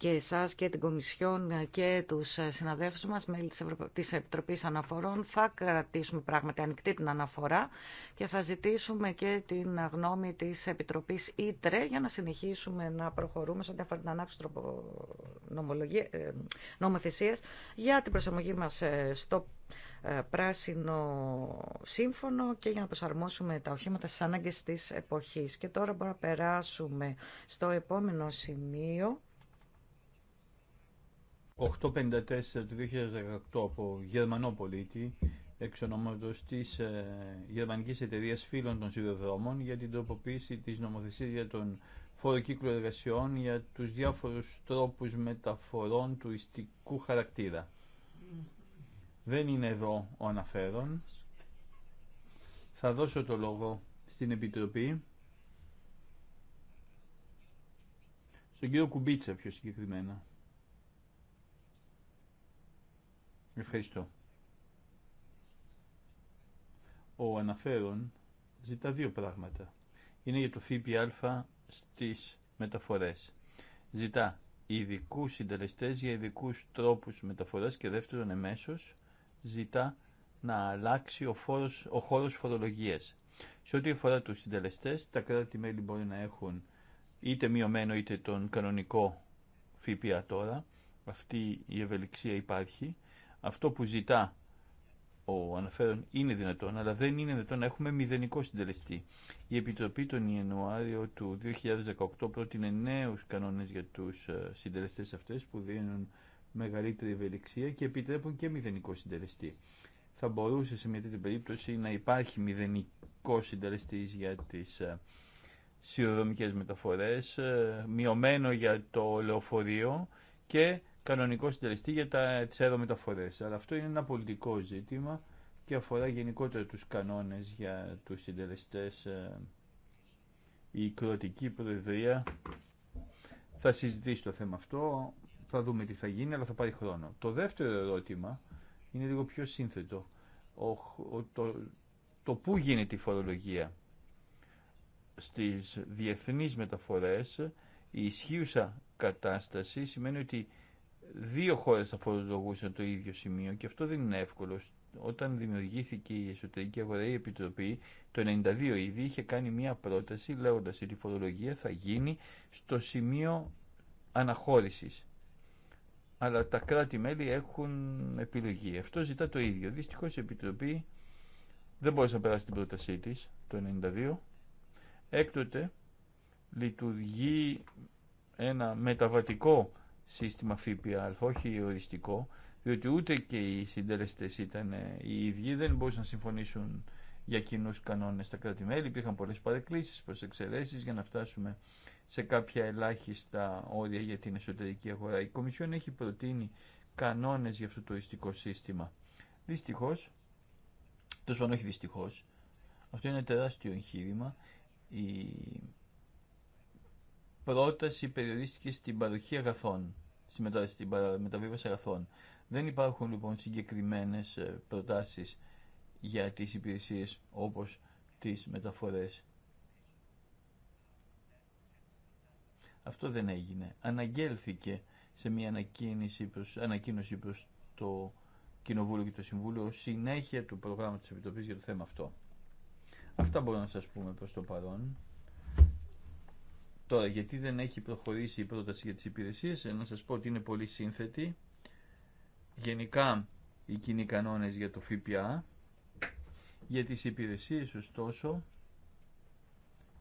και εσάς και την Κομισιόν και τους συναδέλφους μας, μέλη της, Αναφορών. Θα κρατήσουμε πράγματι ανοιχτή την αναφορά και θα ζητήσουμε και την γνώμη της Επιτροπής Ήτρε για να συνεχίσουμε να προχωρούμε σε αφορά την ανάπτυξη τροπο... Ε, νομοθεσίας για την προσαρμογή μας ε, στο ε, πράσινο σύμφωνο και για να προσαρμόσουμε τα οχήματα στις ανάγκες της εποχής. Και τώρα μπορούμε να περάσουμε στο επόμενο σημείο 854 του 2018 από Γερμανό πολίτη εξ ονόματος της ε, Γερμανικής Εταιρείας Φίλων των Σιδηροδρόμων για την τροποποίηση της νομοθεσίας για τον φόρο εργασιών για τους διάφορους τρόπους μεταφορών τουριστικού χαρακτήρα. Δεν είναι εδώ ο αναφέρον. Θα δώσω το λόγο στην Επιτροπή. Στον κύριο Κουμπίτσα πιο συγκεκριμένα. Ευχαριστώ. Ο αναφέρον ζητά δύο πράγματα. Είναι για το ΦΠΑ στις μεταφορές. Ζητά ειδικού συντελεστέ για ειδικού τρόπους μεταφοράς και δεύτερον εμέσως ζητά να αλλάξει ο, φόρος, ο χώρος φορολογίας. Σε ό,τι αφορά τους συντελεστέ. τα κράτη-μέλη μπορεί να έχουν είτε μειωμένο είτε τον κανονικό ΦΠΑ τώρα. Αυτή η ευελιξία υπάρχει αυτό που ζητά ο αναφέρον είναι δυνατόν, αλλά δεν είναι δυνατόν να έχουμε μηδενικό συντελεστή. Η Επιτροπή τον Ιανουάριο του 2018 πρότεινε νέου κανόνες για τους ε, συντελεστές αυτέ που δίνουν μεγαλύτερη ευελιξία και επιτρέπουν και μηδενικό συντελεστή. Θα μπορούσε σε μια τέτοια περίπτωση να υπάρχει μηδενικό συντελεστή για τις ε, σιωδρομικές μεταφορές, ε, μειωμένο για το λεωφορείο και κανονικό συντελεστή για τα, τις αερομεταφορές. Αλλά αυτό είναι ένα πολιτικό ζήτημα και αφορά γενικότερα τους κανόνες για τους συντελέστέ. Ε, η κροτική Προεδρία θα συζητήσει το θέμα αυτό, θα δούμε τι θα γίνει, αλλά θα πάρει χρόνο. Το δεύτερο ερώτημα είναι λίγο πιο σύνθετο. Ο, το, το πού γίνεται η φορολογία στις διεθνείς μεταφορές η ισχύουσα κατάσταση σημαίνει ότι δύο χώρες φορολογούσαν το ίδιο σημείο και αυτό δεν είναι εύκολο. Όταν δημιουργήθηκε η εσωτερική αγορά η Επιτροπή, το 1992 ήδη είχε κάνει μία πρόταση λέγοντας ότι η φορολογία θα γίνει στο σημείο αναχώρησης. Αλλά τα κράτη-μέλη έχουν επιλογή. Αυτό ζητά το ίδιο. Δυστυχώ η Επιτροπή δεν μπορούσε να περάσει την πρότασή τη το 1992. Έκτοτε λειτουργεί ένα μεταβατικό σύστημα ΦΠΑ, όχι οριστικό, διότι ούτε και οι συντελεστέ ήταν οι ίδιοι, δεν μπορούσαν να συμφωνήσουν για κοινού κανόνε στα κράτη-μέλη. Υπήρχαν πολλέ παρεκκλήσει προ εξαιρέσει για να φτάσουμε σε κάποια ελάχιστα όρια για την εσωτερική αγορά. Η Κομισιόν έχει προτείνει κανόνε για αυτό το οριστικό σύστημα. Δυστυχώ, τόσο όχι δυστυχώ, αυτό είναι τεράστιο εγχείρημα. Η πρόταση περιορίστηκε στην παροχή αγαθών, στην μεταβίβαση αγαθών. Δεν υπάρχουν λοιπόν συγκεκριμένες ε, προτάσεις για τις υπηρεσίες όπως τις μεταφορές. Αυτό δεν έγινε. Αναγγέλθηκε σε μια ανακοίνωση προς, ανακοίνωση προς το Κοινοβούλιο και το Συμβούλιο συνέχεια του προγράμματος της Επιτροπής για το θέμα αυτό. Αυτά μπορώ να σας πούμε προς το παρόν. Τώρα, γιατί δεν έχει προχωρήσει η πρόταση για τις υπηρεσίες, ε, να σας πω ότι είναι πολύ σύνθετη. Γενικά, οι κοινοί κανόνες για το ΦΠΑ, για τις υπηρεσίες, ωστόσο,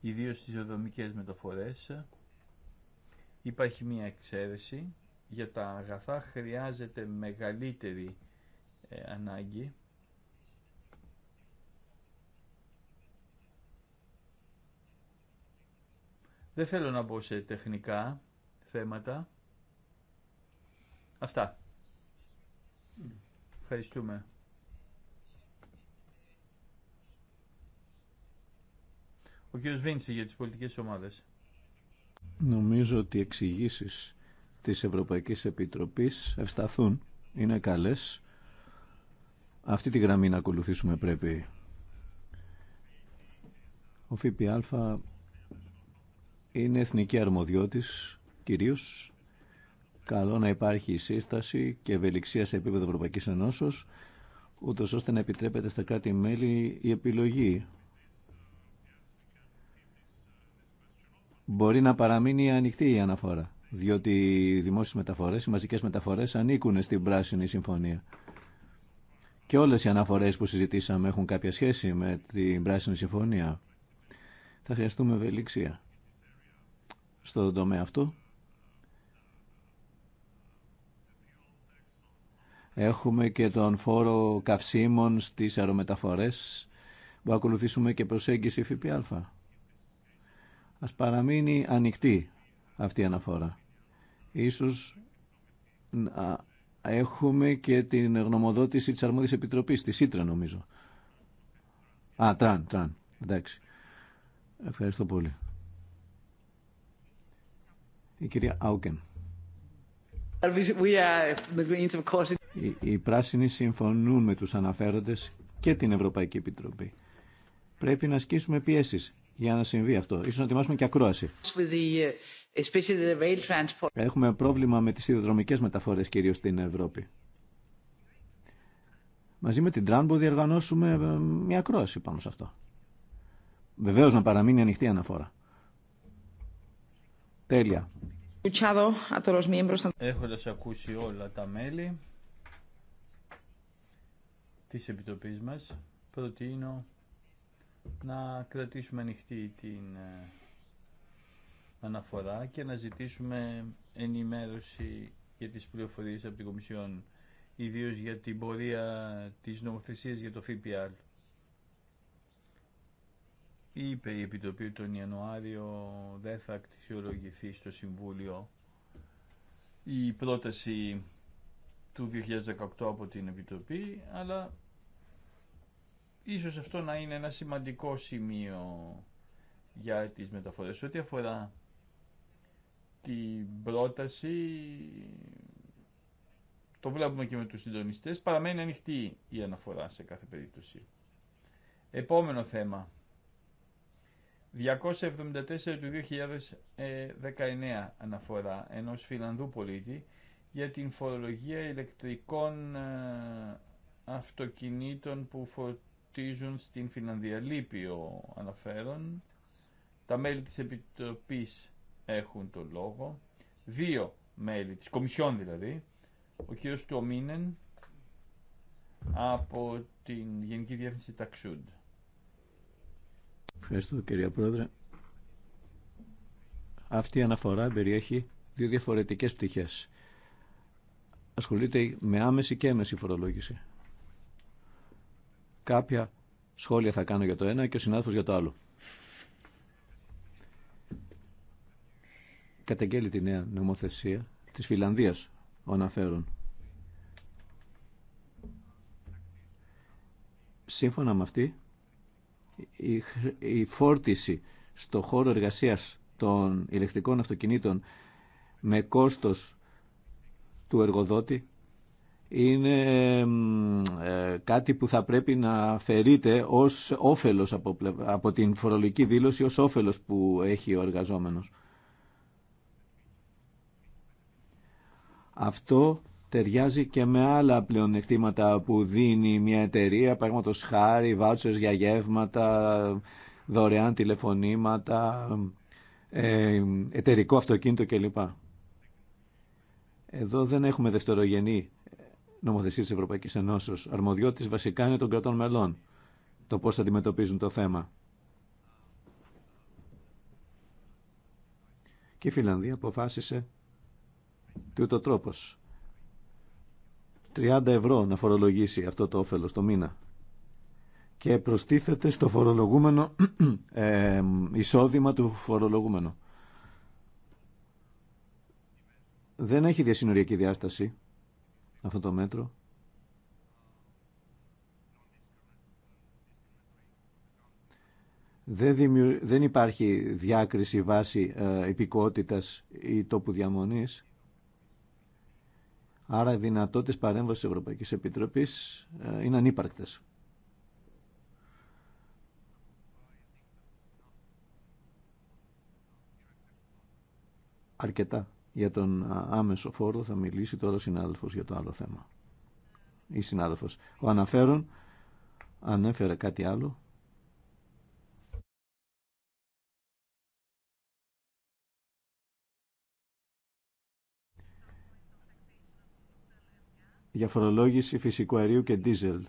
ιδίως στις οδομικές μεταφορές, υπάρχει μία εξαίρεση. Για τα αγαθά χρειάζεται μεγαλύτερη ε, ανάγκη Δεν θέλω να μπω σε τεχνικά θέματα. Αυτά. Ευχαριστούμε. Ο κ. Βίντσι για τις πολιτικές ομάδες. Νομίζω ότι οι εξηγήσει της Ευρωπαϊκής Επιτροπής ευσταθούν. Είναι καλές. Αυτή τη γραμμή να ακολουθήσουμε πρέπει. Ο ΦΠΑ είναι εθνική αρμοδιότης κυρίως. Καλό να υπάρχει η σύσταση και ευελιξία σε επίπεδο Ευρωπαϊκής Ενώσεως, ούτω ώστε να επιτρέπεται στα κράτη-μέλη η επιλογή. Μπορεί να παραμείνει ανοιχτή η αναφορά, διότι οι δημόσιες μεταφορές, οι μαζικές μεταφορές ανήκουν στην Πράσινη Συμφωνία. Και όλες οι αναφορές που συζητήσαμε έχουν κάποια σχέση με την Πράσινη Συμφωνία. Θα χρειαστούμε ευελιξία στο τομέα αυτό. Έχουμε και τον φόρο καυσίμων στις αερομεταφορές που ακολουθήσουμε και προσέγγιση ΦΠΑ. Ας παραμείνει ανοιχτή αυτή η αναφορά. Ίσως έχουμε και την γνωμοδότηση της Αρμόδιας Επιτροπής, της Ήτρα νομίζω. Α, τραν, τραν. Εντάξει. Ευχαριστώ πολύ. Η κυρία Άουκεν. Οι, πράσινοι συμφωνούν με τους αναφέροντες και την Ευρωπαϊκή Επιτροπή. Πρέπει να ασκήσουμε πιέσεις για να συμβεί αυτό. Ίσως να ετοιμάσουμε και ακρόαση. Uh, Έχουμε πρόβλημα με τις σιδηροδρομικές μεταφορές κυρίως στην Ευρώπη. Μαζί με την Τράμπο διοργανώσουμε ε, μια ακρόαση πάνω σε αυτό. Βεβαίως να παραμείνει ανοιχτή αναφορά. Τέλεια. Έχοντας ακούσει όλα τα μέλη της Επιτροπής μας, προτείνω να κρατήσουμε ανοιχτή την ε, αναφορά και να ζητήσουμε ενημέρωση για τις πληροφορίες από την Κομισιόν, ιδίως για την πορεία της νομοθεσίας για το ΦΠΑ είπε η Επιτροπή τον Ιανουάριο δεν θα αξιολογηθεί στο Συμβούλιο η πρόταση του 2018 από την Επιτροπή, αλλά ίσως αυτό να είναι ένα σημαντικό σημείο για τις μεταφορές. Ό,τι αφορά την πρόταση, το βλέπουμε και με τους συντονιστές, παραμένει ανοιχτή η αναφορά σε κάθε περίπτωση. Επόμενο θέμα 274 του 2019 αναφορά ενός Φιλανδού πολίτη για την φορολογία ηλεκτρικών ε, αυτοκινήτων που φορτίζουν στην Φιλανδία. Λείπει αναφέρον. Τα μέλη της Επιτροπής έχουν το λόγο. Δύο μέλη, της Κομισιόν δηλαδή. Ο κύριος Τουομίνεν από την Γενική Διεύθυνση Ταξούντ. Ευχαριστώ κύριε Πρόεδρε. Αυτή η αναφορά περιέχει δύο διαφορετικές πτυχές. Ασχολείται με άμεση και έμεση φορολόγηση. Κάποια σχόλια θα κάνω για το ένα και ο συνάδελφος για το άλλο. Καταγγέλει τη νέα νομοθεσία της Φιλανδίας, ο αναφέρον. Σύμφωνα με αυτή, η φόρτιση στο χώρο εργασίας των ηλεκτρικών αυτοκινήτων με κόστος του εργοδότη είναι ε, κάτι που θα πρέπει να φερείται ως όφελος από, την φορολογική δήλωση ως όφελος που έχει ο εργαζόμενος. Αυτό ταιριάζει και με άλλα πλεονεκτήματα που δίνει μια εταιρεία, παραδείγματο χάρη, βάτσες για γεύματα, δωρεάν τηλεφωνήματα, ε, εταιρικό αυτοκίνητο κλπ. Εδώ δεν έχουμε δευτερογενή νομοθεσία τη Ευρωπαϊκής Ενώσεω. Αρμοδιότητες βασικά είναι των κρατών μελών το πώς αντιμετωπίζουν το θέμα. Και η Φιλανδία αποφάσισε τούτο τρόπος 30 ευρώ να φορολογήσει αυτό το όφελο το μήνα και προστίθεται στο φορολογούμενο ε, εισόδημα του φορολογούμενου. Δεν έχει διασυνοριακή διάσταση αυτό το μέτρο. Δεν, υπάρχει διάκριση βάση ε, ή τόπου διαμονής. Άρα οι δυνατότητες παρέμβασης της Ευρωπαϊκής Επιτροπής ε, είναι ανύπαρκτες. Αρκετά για τον άμεσο φόρο θα μιλήσει τώρα ο συνάδελφος για το άλλο θέμα. Ή συνάδελφος. Ο αναφέρον ανέφερε κάτι άλλο. για φορολόγηση φυσικού αερίου και δίζελ.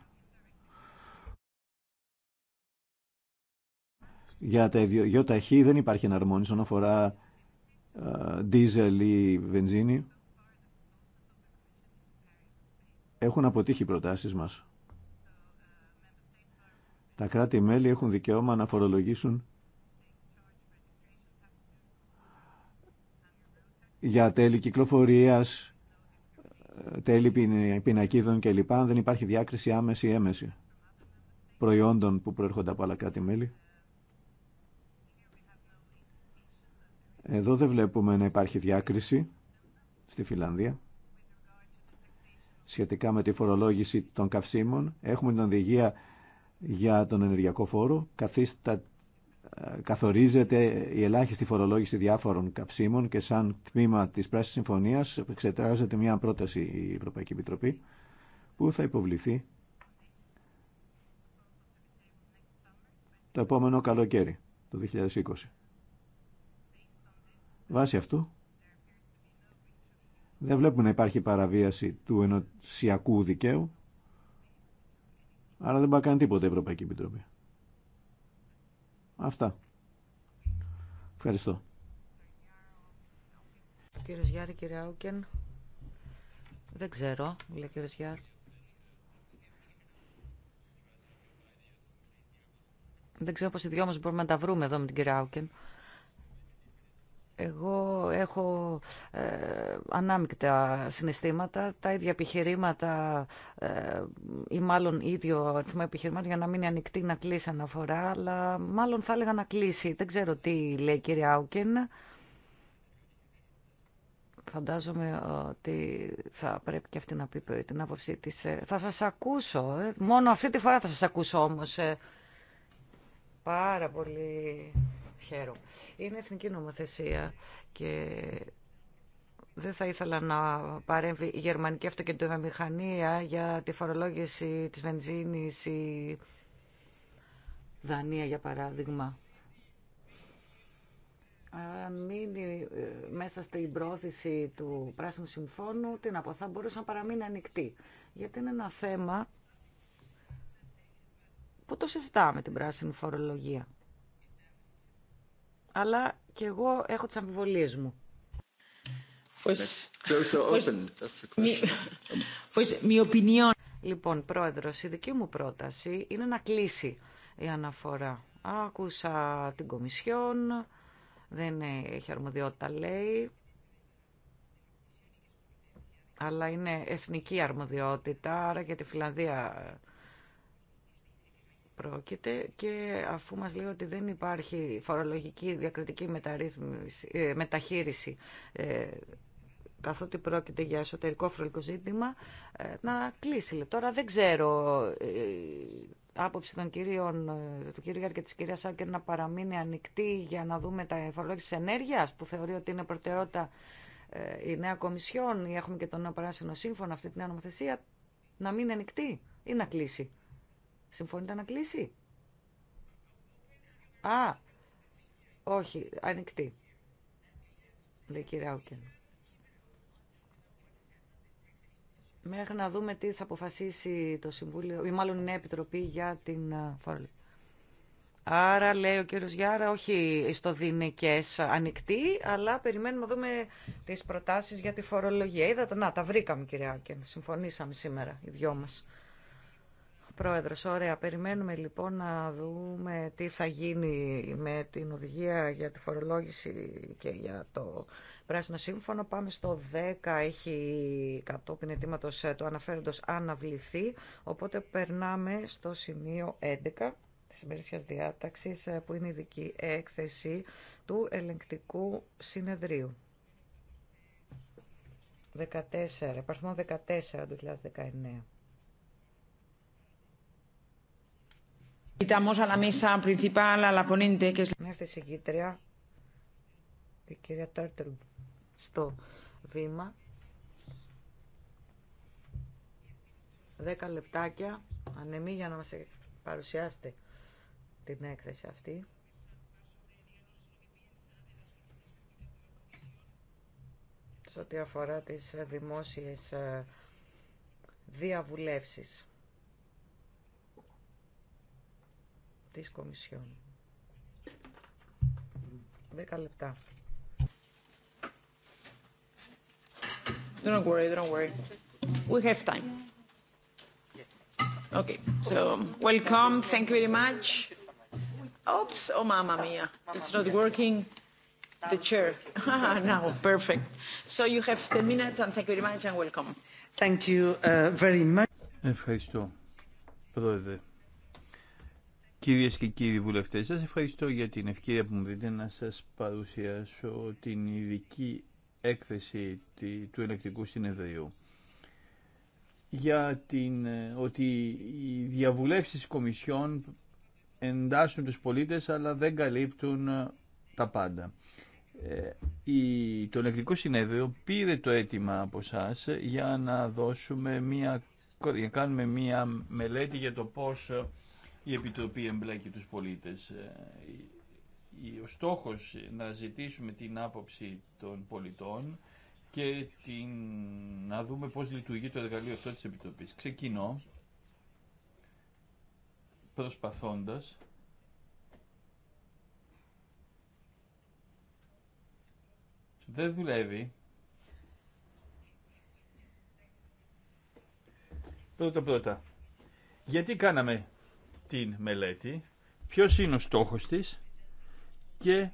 Για τα ιδιοταχή δεν υπάρχει εναρμόνιση όσον αφορά δίζελ ή βενζίνη. Έχουν αποτύχει οι προτάσεις μας. Τα κράτη-μέλη έχουν δικαίωμα να φορολογήσουν για τέλη κυκλοφορίας, τέλη πινακίδων κλπ. Αν δεν υπάρχει διάκριση άμεση έμεση προϊόντων που προέρχονται από άλλα κράτη-μέλη. Εδώ δεν βλέπουμε να υπάρχει διάκριση στη Φιλανδία. Σχετικά με τη φορολόγηση των καυσίμων, έχουμε την οδηγία για τον ενεργειακό φόρο, καθορίζεται η ελάχιστη φορολόγηση διάφορων καψίμων και σαν τμήμα της Πράσινης Συμφωνίας εξετάζεται μια πρόταση η Ευρωπαϊκή Επιτροπή που θα υποβληθεί το επόμενο καλοκαίρι το 2020. Βάσει αυτού δεν βλέπουμε να υπάρχει παραβίαση του ενωσιακού δικαίου άρα δεν πάει καν τίποτα η Ευρωπαϊκή Επιτροπή. Αυτά. Ευχαριστώ. Κύριε Γιάρη, κύριε Άουκεν. Δεν ξέρω, λέει κύριε Γιάρη. Δεν ξέρω πώς οι δυο μας μπορούμε να τα βρούμε εδώ με την κυρία Άουκεν. Εγώ έχω ε, ανάμεικτα συναισθήματα, τα ίδια επιχειρήματα ε, ή μάλλον ίδιο αριθμό επιχειρημάτων για να μην είναι ανοιχτή να κλείσει αναφορά, αλλά μάλλον θα έλεγα να κλείσει. Δεν ξέρω τι λέει η κυρία Άουκεν. Φαντάζομαι ότι θα πρέπει και αυτή να πει την άποψή της. Ε, θα σας ακούσω, ε. μόνο αυτή τη φορά θα σας ακούσω όμως. Ε. Πάρα πολύ είναι εθνική νομοθεσία και δεν θα ήθελα να παρέμβει η γερμανική μηχανία για τη φορολόγηση της βενζίνης η Δανία για παράδειγμα. Αν μείνει ε, μέσα στην πρόθεση του Πράσινου Συμφώνου, την από θα μπορούσε να παραμείνει ανοιχτή. Γιατί είναι ένα θέμα που το συζητάμε την πράσινη φορολογία αλλά και εγώ έχω τις αμφιβολίες μου. Λοιπόν, πρόεδρος, η δική μου πρόταση είναι να κλείσει η αναφορά. Άκουσα την Κομισιόν, δεν έχει αρμοδιότητα λέει, αλλά είναι εθνική αρμοδιότητα, άρα για τη Φιλανδία πρόκειται και αφού μας λέει ότι δεν υπάρχει φορολογική διακριτική μεταρρύθμιση, ε, μεταχείριση ε, καθότι πρόκειται για εσωτερικό φορολογικό ζήτημα, ε, να κλείσει. Τώρα δεν ξέρω άποψη των κυρίων, του κύριου Γιάννη και της κυρίας Άκερ να παραμείνει ανοιχτή για να δούμε τα της ενέργειας που θεωρεί ότι είναι προτεραιότητα η νέα Κομισιόν ή έχουμε και τον νέο παράσινο σύμφωνο αυτή την νομοθεσία να μην είναι ανοιχτή ή να κλείσει. Συμφωνείτε να κλείσει. Α, όχι, ανοιχτή. Λέει κυρία Όκεν. Μέχρι να δούμε τι θα αποφασίσει το Συμβούλιο, ή μάλλον η Νέα επιτροπη για την φορολογία. Άρα λέει ο κύριο Γιάρα, όχι στο δίνεκε ανοιχτή, αλλά περιμένουμε να δούμε τις προτάσεις για τη φορολογία. Είδατε, να τα βρήκαμε κυρία Όκεν, συμφωνήσαμε σήμερα οι δυο μα. Πρόεδρος, ωραία. Περιμένουμε λοιπόν να δούμε τι θα γίνει με την οδηγία για τη φορολόγηση και για το πράσινο σύμφωνο. Πάμε στο 10, έχει κατόπιν αιτήματος ε, του αναφέροντος αναβληθεί, οπότε περνάμε στο σημείο 11 της ημερήσιας διάταξης ε, που είναι η δική έκθεση του ελεγκτικού συνεδρίου. 14, παρθμό 14 του 2019. Είμαστε αυτή η η κυρία Τάρτερ, στο βήμα. Δέκα λεπτάκια, ανεμή, για να μας παρουσιάσετε την έκθεση αυτή. Σε ό,τι αφορά τις δημόσιες ε, διαβουλεύσεις. της Κομισιόν. 10 λεπτά. Don't worry, don't worry. We have time. Okay, so welcome. Thank you very much. Oops, oh mamma mia, it's not working. The chair. now, perfect. So you have 10 minutes and thank you very much and welcome. Thank you uh, very much. Ευχαριστώ, Πρόεδρε. Κυρίες και κύριοι βουλευτές, σας ευχαριστώ για την ευκαιρία που μου δίνετε να σας παρουσιάσω την ειδική έκθεση του Ελεκτικού Συνεδρίου για την, ε, ότι οι διαβουλεύσεις κομισιών εντάσσουν τους πολίτες αλλά δεν καλύπτουν ε, τα πάντα. Ε, η, το Ελεκτικό Συνέδριο πήρε το αίτημα από εσά για να δώσουμε μία, για κάνουμε μία μελέτη για το πώς η Επιτροπή εμπλέκει τους πολίτες. Ε, ο στόχος να ζητήσουμε την άποψη των πολιτών και την... να δούμε πώς λειτουργεί το εργαλείο αυτό της Επιτροπής. Ξεκινώ προσπαθώντας δεν δουλεύει πρώτα πρώτα γιατί κάναμε την μελέτη, ποιος είναι ο στόχος της και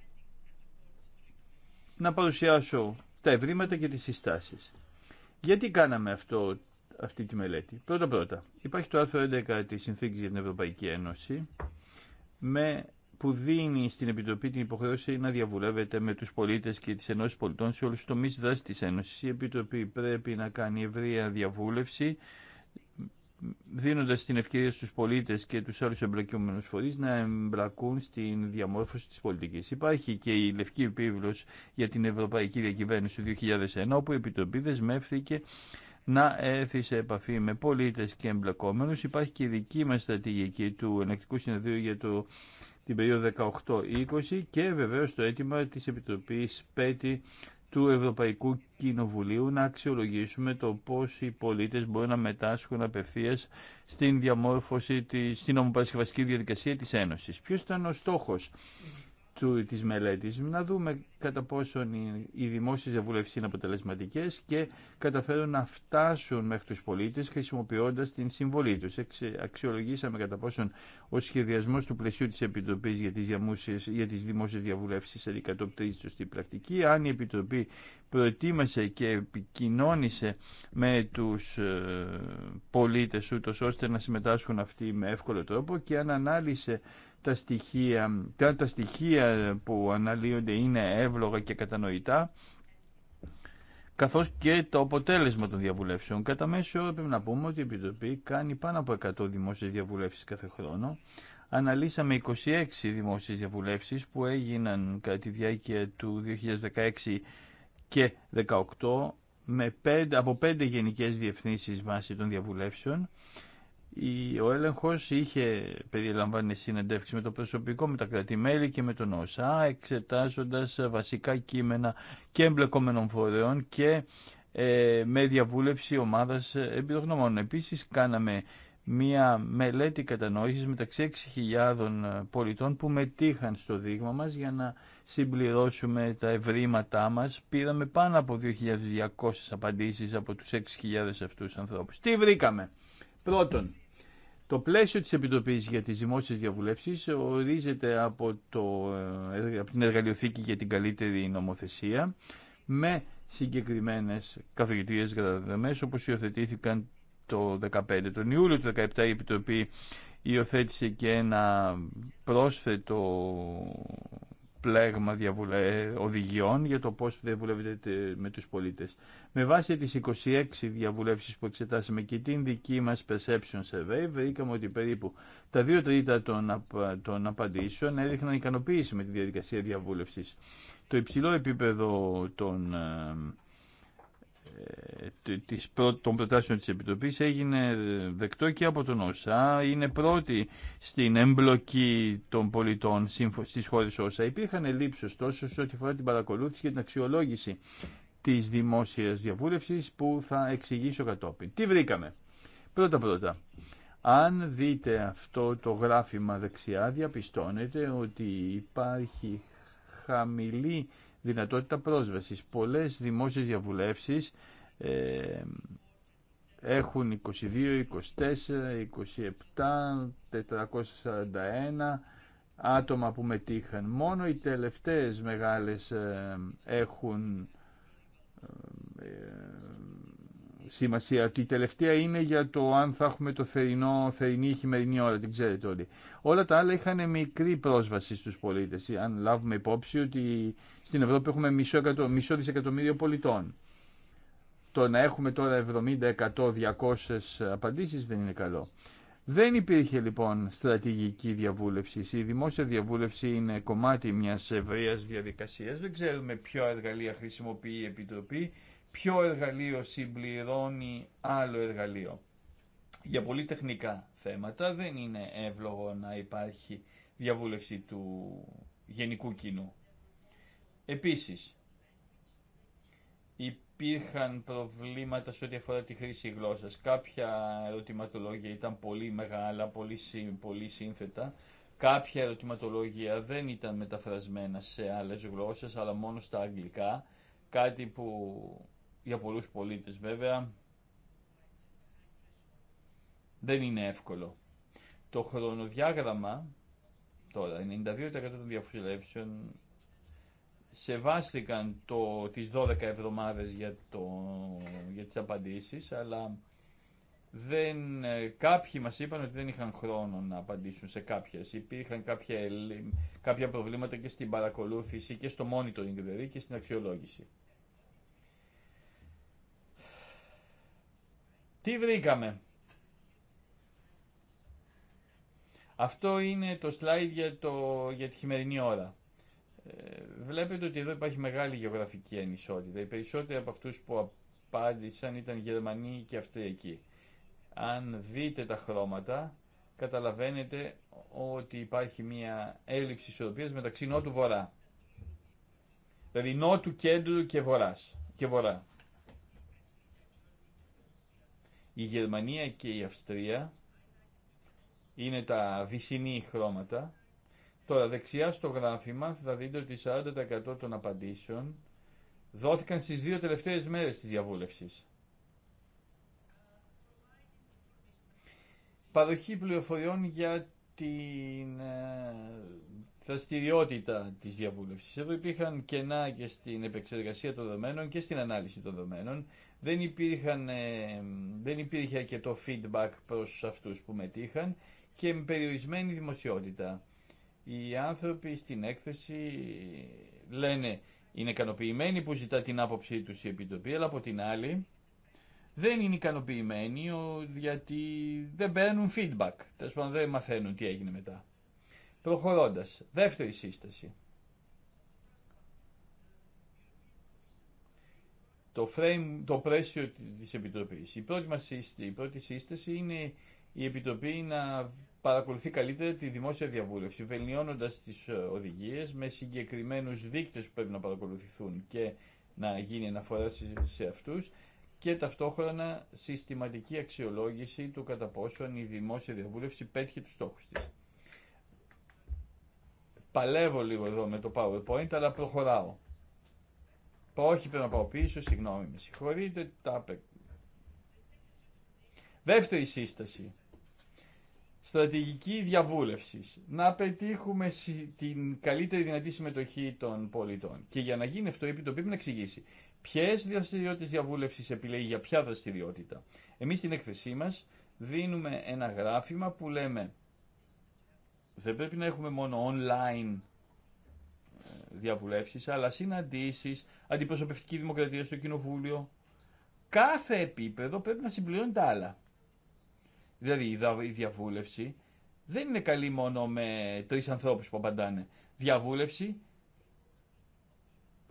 να παρουσιάσω τα ευρήματα και τις συστάσεις. Γιατί κάναμε αυτό, αυτή τη μελέτη. Πρώτα πρώτα, υπάρχει το άρθρο 11 της Συνθήκης για την Ευρωπαϊκή Ένωση με, που δίνει στην Επιτροπή την υποχρέωση να διαβουλεύεται με τους πολίτες και τις ενώσεις πολιτών σε όλους τους τομείς δράσης της Ένωσης. Η Επιτροπή πρέπει να κάνει ευρεία διαβούλευση δίνοντας την ευκαιρία στους πολίτες και τους άλλους εμπλεκόμενους φορείς να εμπλακούν στην διαμόρφωση της πολιτικής. Υπάρχει και η Λευκή Επίβλος για την Ευρωπαϊκή Διακυβέρνηση του 2001, όπου η Επιτροπή δεσμεύθηκε να έρθει σε επαφή με πολίτες και εμπλεκόμενους. Υπάρχει και η δική μας στρατηγική του Ενεκτικού Συνεδρίου για την περίοδο 18-20 και βεβαίως το αίτημα της Επιτροπής ΠΕΤΗ του Ευρωπαϊκού Κοινοβουλίου να αξιολογήσουμε το πώς οι πολίτες μπορούν να μετάσχουν απευθείας στην διαμόρφωση, της, στην ομοπαρασκευαστική διαδικασία της Ένωσης. Ποιος ήταν ο στόχος του, της μελέτης να δούμε κατά πόσον οι, οι δημόσιες διαβουλεύσεις είναι αποτελεσματικές και καταφέρουν να φτάσουν μέχρι τους πολίτες χρησιμοποιώντας την συμβολή τους. Αξιολογήσαμε κατά πόσον ο σχεδιασμός του πλαισίου της Επιτροπής για τις, διαμούσεις, για τις δημόσιες διαβουλεύσεις αντικατοπτρίζει σωστή πρακτική, αν η Επιτροπή προετοίμασε και επικοινώνησε με τους ε, πολίτες ούτως ώστε να συμμετάσχουν αυτοί με εύκολο τρόπο και αν ανάλυσε τα στοιχεία, τα, τα στοιχεία που αναλύονται είναι εύλογα και κατανοητά, καθώς και το αποτέλεσμα των διαβουλεύσεων. Κατά μέσο πρέπει να πούμε ότι η Επιτροπή κάνει πάνω από 100 δημόσιες διαβουλεύσεις κάθε χρόνο. Αναλύσαμε 26 δημόσιες διαβουλεύσεις που έγιναν κατά τη διάρκεια του 2016 και 2018 με 5, από 5 γενικές διευθύνσεις βάσει των διαβουλεύσεων ο έλεγχο είχε περιλαμβάνει συνεντεύξεις με το προσωπικό, με τα κρατημέλη και με τον ΩΣΑ, εξετάζοντα βασικά κείμενα και εμπλεκόμενων φορέων και ε, με διαβούλευση ομάδας εμπειρογνωμών. Επίση κάναμε μία μελέτη κατανόηση μεταξύ 6.000 πολιτών που μετήχαν στο δείγμα μα για να συμπληρώσουμε τα ευρήματά μας. Πήραμε πάνω από 2.200 απαντήσεις από τους 6.000 αυτούς ανθρώπους. Τι βρήκαμε. Πρώτον, το πλαίσιο της Επιτροπής για τις δημόσιες διαβουλεύσεις ορίζεται από, το, ε, από την εργαλειοθήκη για την καλύτερη νομοθεσία με συγκεκριμένες καθοδητήριες γραμμές όπως υιοθετήθηκαν το 2015. Τον Ιούλιο του 2017 η Επιτροπή υιοθέτησε και ένα πρόσθετο πλέγμα διαβουλε... οδηγιών για το πώς διαβουλεύεται με τους πολίτες. Με βάση τις 26 διαβουλεύσεις που εξετάσαμε και την δική μας perception survey, βρήκαμε ότι περίπου τα δύο τρίτα των, των απαντήσεων έδειχναν ικανοποίηση με τη διαδικασία διαβούλευσης. Το υψηλό επίπεδο των ε, ε, ε, των προτάσεων της Επιτροπής έγινε ε, δεκτό και από τον ΩΣΑ. Είναι πρώτη στην εμπλοκή των πολιτών στις χώρες ΩΣΑ. Υπήρχαν ελλείψεις τόσο σε ό,τι φορά την παρακολούθηση και την αξιολόγηση της δημόσιας διαβούλευσης που θα εξηγήσω κατόπιν. Τι βρήκαμε. Πρώτα πρώτα. Αν δείτε αυτό το γράφημα δεξιά διαπιστώνετε ότι υπάρχει χαμηλή δυνατότητα πρόσβασης. Πολλές δημόσιες διαβουλεύσεις ε, έχουν 22, 24, 27, 441 άτομα που μετήχαν. Μόνο οι τελευταίες μεγάλες ε, έχουν ε, ε, σημασία ότι η τελευταία είναι για το αν θα έχουμε το θερινό, θερινή ή χειμερινή ώρα, την ξέρετε όλοι. Όλα τα άλλα είχαν μικρή πρόσβαση στους πολίτες, αν λάβουμε υπόψη ότι στην Ευρώπη έχουμε μισό, εκατο, μισό δισεκατομμύριο πολιτών. Το να έχουμε τώρα 70, 100, 200 απαντήσεις δεν είναι καλό. Δεν υπήρχε λοιπόν στρατηγική διαβούλευση. Η δημόσια διαβούλευση είναι κομμάτι μιας ευρείας διαδικασίας. Δεν ξέρουμε ποια εργαλεία χρησιμοποιεί η Επιτροπή ποιο εργαλείο συμπληρώνει άλλο εργαλείο. Για πολύ τεχνικά θέματα δεν είναι εύλογο να υπάρχει διαβούλευση του γενικού κοινού. Επίσης, υπήρχαν προβλήματα σε ό,τι αφορά τη χρήση γλώσσας. Κάποια ερωτηματολόγια ήταν πολύ μεγάλα, πολύ, πολύ σύνθετα. Κάποια ερωτηματολόγια δεν ήταν μεταφρασμένα σε άλλες γλώσσες, αλλά μόνο στα αγγλικά. Κάτι που για πολλούς πολίτες βέβαια δεν είναι εύκολο. Το χρονοδιάγραμμα τώρα, 92% των διαφυλεύσεων σεβάστηκαν το, τις 12 εβδομάδες για, το, για τις απαντήσεις, αλλά δεν, ε, κάποιοι μας είπαν ότι δεν είχαν χρόνο να απαντήσουν σε κάποιες. Υπήρχαν κάποια, κάποια προβλήματα και στην παρακολούθηση και στο monitoring δηλαδή και στην αξιολόγηση. Τι βρήκαμε. Αυτό είναι το slide για, το, τη χειμερινή ώρα. Ε, βλέπετε ότι εδώ υπάρχει μεγάλη γεωγραφική ανισότητα. Οι περισσότεροι από αυτούς που απάντησαν ήταν Γερμανοί και Αυστριακοί. Αν δείτε τα χρώματα, καταλαβαίνετε ότι υπάρχει μια έλλειψη ισορροπίας μεταξύ νότου-βορρά. Δηλαδή νότου, κέντρου και βορράς. Και βορρά. Η Γερμανία και η Αυστρία είναι τα βυσινή χρώματα. Τώρα δεξιά στο γράφημα θα δείτε ότι 40% των απαντήσεων δόθηκαν στις δύο τελευταίες μέρες της διαβούλευσης. Παροχή πληροφοριών για την δραστηριότητα ε, της διαβούλευσης. Εδώ υπήρχαν κενά και στην επεξεργασία των δεδομένων και στην ανάλυση των δεδομένων δεν, υπήρχαν, ε, δεν υπήρχε το feedback προς αυτούς που μετήχαν και με περιορισμένη δημοσιότητα. Οι άνθρωποι στην έκθεση λένε είναι ικανοποιημένοι που ζητά την άποψή τους η Επιτροπή, αλλά από την άλλη δεν είναι ικανοποιημένοι γιατί δεν παίρνουν feedback. τέλος πάντων δεν μαθαίνουν τι έγινε μετά. Προχωρώντας, δεύτερη σύσταση. το, frame, το πλαίσιο της Επιτροπής. Η πρώτη, μας η πρώτη σύσταση είναι η Επιτροπή να παρακολουθεί καλύτερα τη δημόσια διαβούλευση, βελτιώνοντας τις ε, οδηγίες με συγκεκριμένους δείκτες που πρέπει να παρακολουθηθούν και να γίνει αναφορά σε αυτούς και ταυτόχρονα συστηματική αξιολόγηση του κατά πόσο η δημόσια διαβούλευση πέτυχε τους στόχους της. Παλεύω λίγο εδώ με το PowerPoint, αλλά προχωράω. Όχι, πρέπει να πάω πίσω, συγγνώμη, με συγχωρείτε, τα Δεύτερη σύσταση. Στρατηγική διαβούλευση. Να πετύχουμε την καλύτερη δυνατή συμμετοχή των πολιτών. Και για να γίνει αυτό, το πρέπει να εξηγήσει ποιε δραστηριότητε διαβούλευση επιλέγει για ποια δραστηριότητα. Εμεί στην έκθεσή μα δίνουμε ένα γράφημα που λέμε δεν πρέπει να έχουμε μόνο online αλλά συναντήσει αντιπροσωπευτική δημοκρατία στο κοινοβούλιο. Κάθε επίπεδο πρέπει να συμπληρώνει τα άλλα. Δηλαδή η διαβούλευση δεν είναι καλή μόνο με τρει ανθρώπου που απαντάνε. Διαβούλευση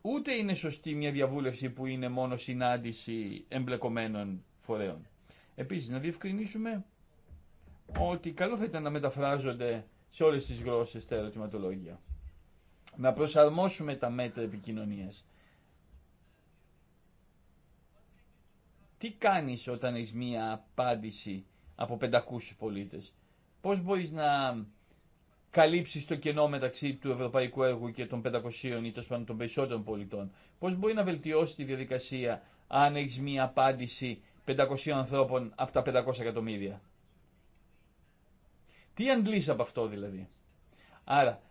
ούτε είναι σωστή μια διαβούλευση που είναι μόνο συνάντηση εμπλεκομένων φορέων. Επίσης να διευκρινίσουμε ότι καλό θα ήταν να μεταφράζονται σε όλες τις γλώσσες τα ερωτηματολόγια να προσαρμόσουμε τα μέτρα επικοινωνίας. Τι κάνεις όταν έχεις μία απάντηση από 500 πολίτες. Πώς μπορείς να καλύψεις το κενό μεταξύ του ευρωπαϊκού έργου και των 500 ή των, περισσότερων πολιτών. Πώς μπορεί να βελτιώσει τη διαδικασία αν έχει μία απάντηση 500 ανθρώπων από τα 500 εκατομμύρια. Τι αντλείς από αυτό δηλαδή. Άρα,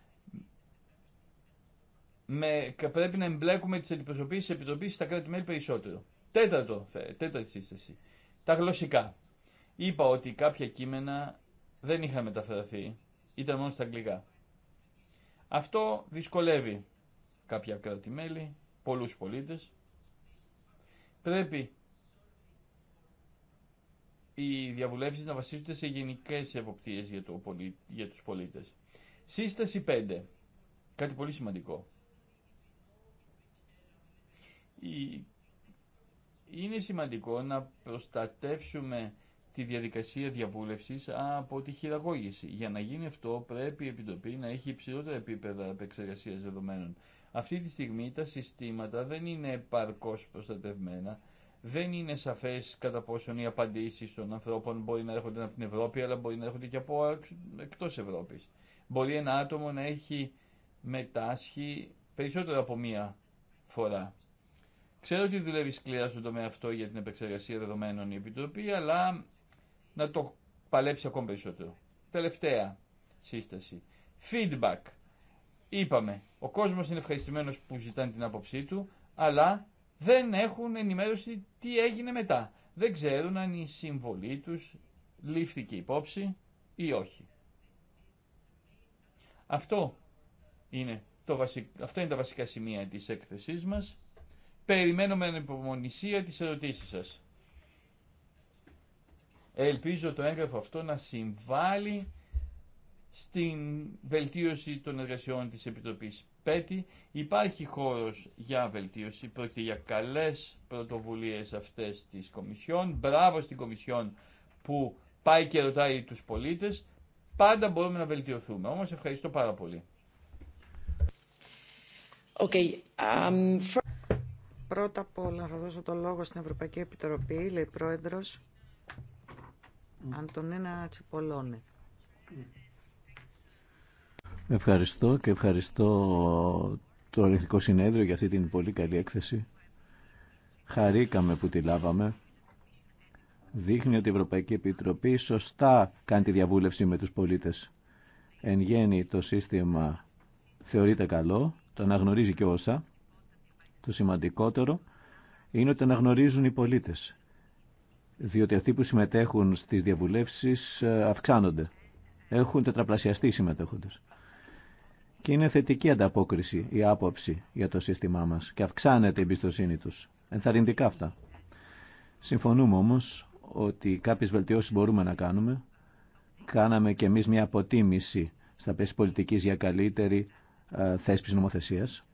με, πρέπει να εμπλέκουμε τι αντιπροσωπείες τη στα κράτη-μέλη περισσότερο. Τέταρτο, τέταρτη σύσταση. Τα γλωσσικά. Είπα ότι κάποια κείμενα δεν είχαν μεταφραθεί, ήταν μόνο στα αγγλικά. Αυτό δυσκολεύει κάποια κράτη-μέλη, πολλού πολίτες. Πρέπει οι διαβουλεύσει να βασίζονται σε γενικέ εποπτείε για, το, για τους πολίτες. Σύσταση 5. Κάτι πολύ σημαντικό είναι σημαντικό να προστατεύσουμε τη διαδικασία διαβούλευσης από τη χειραγώγηση. Για να γίνει αυτό πρέπει η Επιτροπή να έχει υψηλότερα επίπεδα επεξεργασίας δεδομένων. Αυτή τη στιγμή τα συστήματα δεν είναι επαρκώς προστατευμένα. Δεν είναι σαφές κατά πόσον οι απαντήσεις των ανθρώπων μπορεί να έρχονται από την Ευρώπη, αλλά μπορεί να έρχονται και από εκτός Ευρώπης. Μπορεί ένα άτομο να έχει μετάσχει περισσότερο από μία φορά. Ξέρω ότι δουλεύει σκληρά στον τομέα αυτό για την επεξεργασία δεδομένων η Επιτροπή, αλλά να το παλέψει ακόμα περισσότερο. Τελευταία σύσταση. Feedback. Είπαμε, ο κόσμο είναι ευχαριστημένο που ζητάνε την άποψή του, αλλά δεν έχουν ενημέρωση τι έγινε μετά. Δεν ξέρουν αν η συμβολή του λήφθηκε υπόψη ή όχι. Αυτό είναι, Αυτά είναι τα βασικά σημεία της έκθεσής μας. Περιμένω με ανεπομονησία τις ερωτήσεις σας. Ελπίζω το έγγραφο αυτό να συμβάλλει στην βελτίωση των εργασιών της Επιτροπής ΠΕΤΗ. Υπάρχει χώρος για βελτίωση, πρόκειται για καλές πρωτοβουλίες αυτές της Κομισιόν. Μπράβο στην Κομισιόν που πάει και ρωτάει τους πολίτες. Πάντα μπορούμε να βελτιωθούμε, όμως ευχαριστώ πάρα πολύ. Um, Πρώτα απ' όλα θα δώσω το λόγο στην Ευρωπαϊκή Επιτροπή, λέει πρόεδρος mm. Αντωνίνα Τσιπολόνη. Ευχαριστώ και ευχαριστώ το Ελληνικό Συνέδριο για αυτή την πολύ καλή έκθεση. Χαρήκαμε που τη λάβαμε. Δείχνει ότι η Ευρωπαϊκή Επιτροπή σωστά κάνει τη διαβούλευση με τους πολίτες. Εν γέννη το σύστημα θεωρείται καλό, το αναγνωρίζει και όσα το σημαντικότερο είναι ότι αναγνωρίζουν οι πολίτες, διότι αυτοί που συμμετέχουν στις διαβουλεύσεις ε, αυξάνονται. Έχουν τετραπλασιαστεί οι συμμετέχοντες. Και είναι θετική ανταπόκριση, η άποψη για το σύστημά μας και αυξάνεται η εμπιστοσύνη τους. Ενθαρρυντικά αυτά. Συμφωνούμε όμως ότι κάποιες βελτιώσεις μπορούμε να κάνουμε. Κάναμε και εμείς μια αποτίμηση στα πέσεις πολιτικής για καλύτερη ε, θέσπιση νομοθεσίας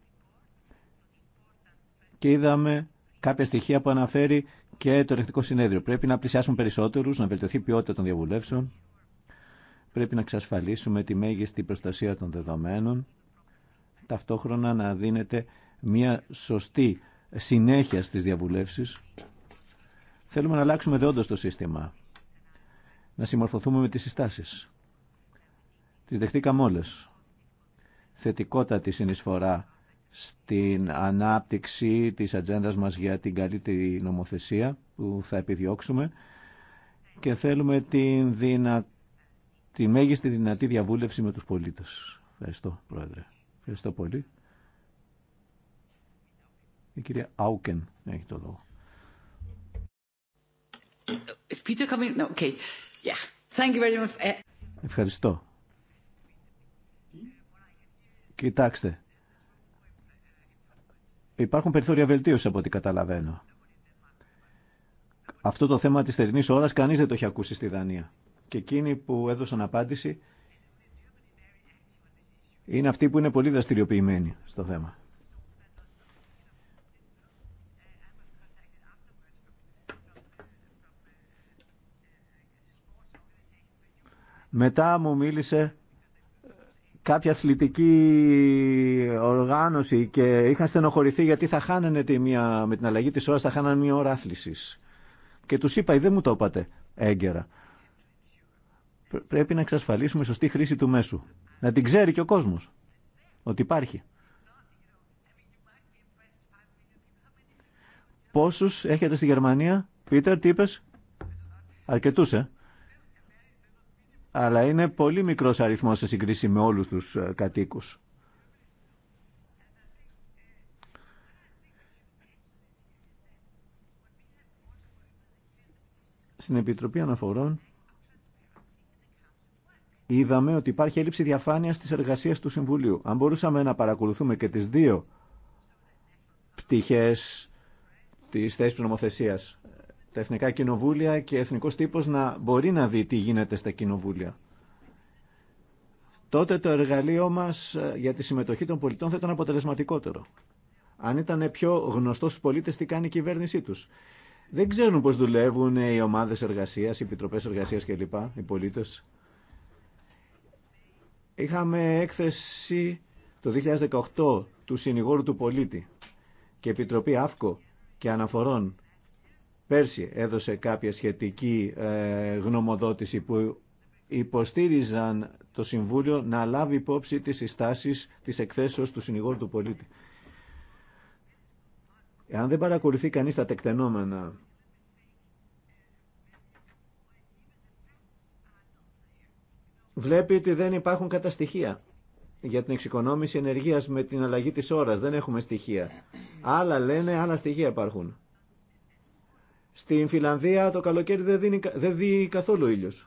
και είδαμε κάποια στοιχεία που αναφέρει και το ελεκτικό συνέδριο. Πρέπει να πλησιάσουν περισσότερους, να βελτιωθεί η ποιότητα των διαβουλεύσεων. Πρέπει να εξασφαλίσουμε τη μέγιστη προστασία των δεδομένων. Ταυτόχρονα να δίνεται μια σωστή συνέχεια στις διαβουλεύσεις. Θέλουμε να αλλάξουμε δεόντως το σύστημα. Να συμμορφωθούμε με τις συστάσεις. Τις δεχτήκαμε όλες. Θετικότατη συνεισφορά στην ανάπτυξη της ατζέντα μας για την καλύτερη νομοθεσία που θα επιδιώξουμε και θέλουμε την δυνα... τη μέγιστη δυνατή διαβούλευση με τους πολίτες. Ευχαριστώ, Πρόεδρε. Ευχαριστώ πολύ. Η κυρία Άουκεν έχει το λόγο. Ευχαριστώ. Κοιτάξτε, Υπάρχουν περιθώρια βελτίωση από ό,τι καταλαβαίνω. Αυτό το θέμα της θερινής ώρας κανείς δεν το έχει ακούσει στη Δανία. Και εκείνοι που έδωσαν απάντηση είναι αυτοί που είναι πολύ δραστηριοποιημένοι στο θέμα. Μετά μου μίλησε κάποια αθλητική οργάνωση και είχαν στενοχωρηθεί γιατί θα χάνανε τη μία, με την αλλαγή της ώρας θα χάνανε μία ώρα άθλησης. Και τους είπα, «Ε, δεν μου το είπατε έγκαιρα. Πρέπει να εξασφαλίσουμε σωστή χρήση του μέσου. Να την ξέρει και ο κόσμος ότι υπάρχει. Πόσους έχετε στη Γερμανία, Πίτερ, τι είπες? Αρκετούς, ε αλλά είναι πολύ μικρός αριθμός σε συγκρίση με όλους τους ε, κατοίκους. Στην Επιτροπή Αναφορών είδαμε ότι υπάρχει έλλειψη διαφάνειας στις εργασίες του Συμβουλίου. Αν μπορούσαμε να παρακολουθούμε και τις δύο πτυχές της θέσης της νομοθεσίας τα εθνικά κοινοβούλια και εθνικός τύπος να μπορεί να δει τι γίνεται στα κοινοβούλια. Τότε το εργαλείο μας ε, για τη συμμετοχή των πολιτών θα ήταν αποτελεσματικότερο. Αν ήταν πιο γνωστό στους πολίτες τι κάνει η κυβέρνησή τους. Δεν ξέρουν πώς δουλεύουν οι ομάδες εργασίας, οι επιτροπές εργασίας κλπ, οι πολίτες. Είχαμε έκθεση το 2018 του συνηγόρου του πολίτη και Επιτροπή ΑΦΚΟ και Αναφορών Πέρσι έδωσε κάποια σχετική ε, γνωμοδότηση που υποστήριζαν το Συμβούλιο να λάβει υπόψη τις συστάσεις της εκθέσεως του συνηγόρου του πολίτη. Εάν δεν παρακολουθεί κανείς τα τεκτενόμενα βλέπει ότι δεν υπάρχουν καταστοιχεία για την εξοικονόμηση ενεργείας με την αλλαγή της ώρας. Δεν έχουμε στοιχεία. Άλλα λένε, άλλα στοιχεία υπάρχουν. Στην Φιλανδία το καλοκαίρι δεν, δίνει, δεν δει καθόλου ήλιος.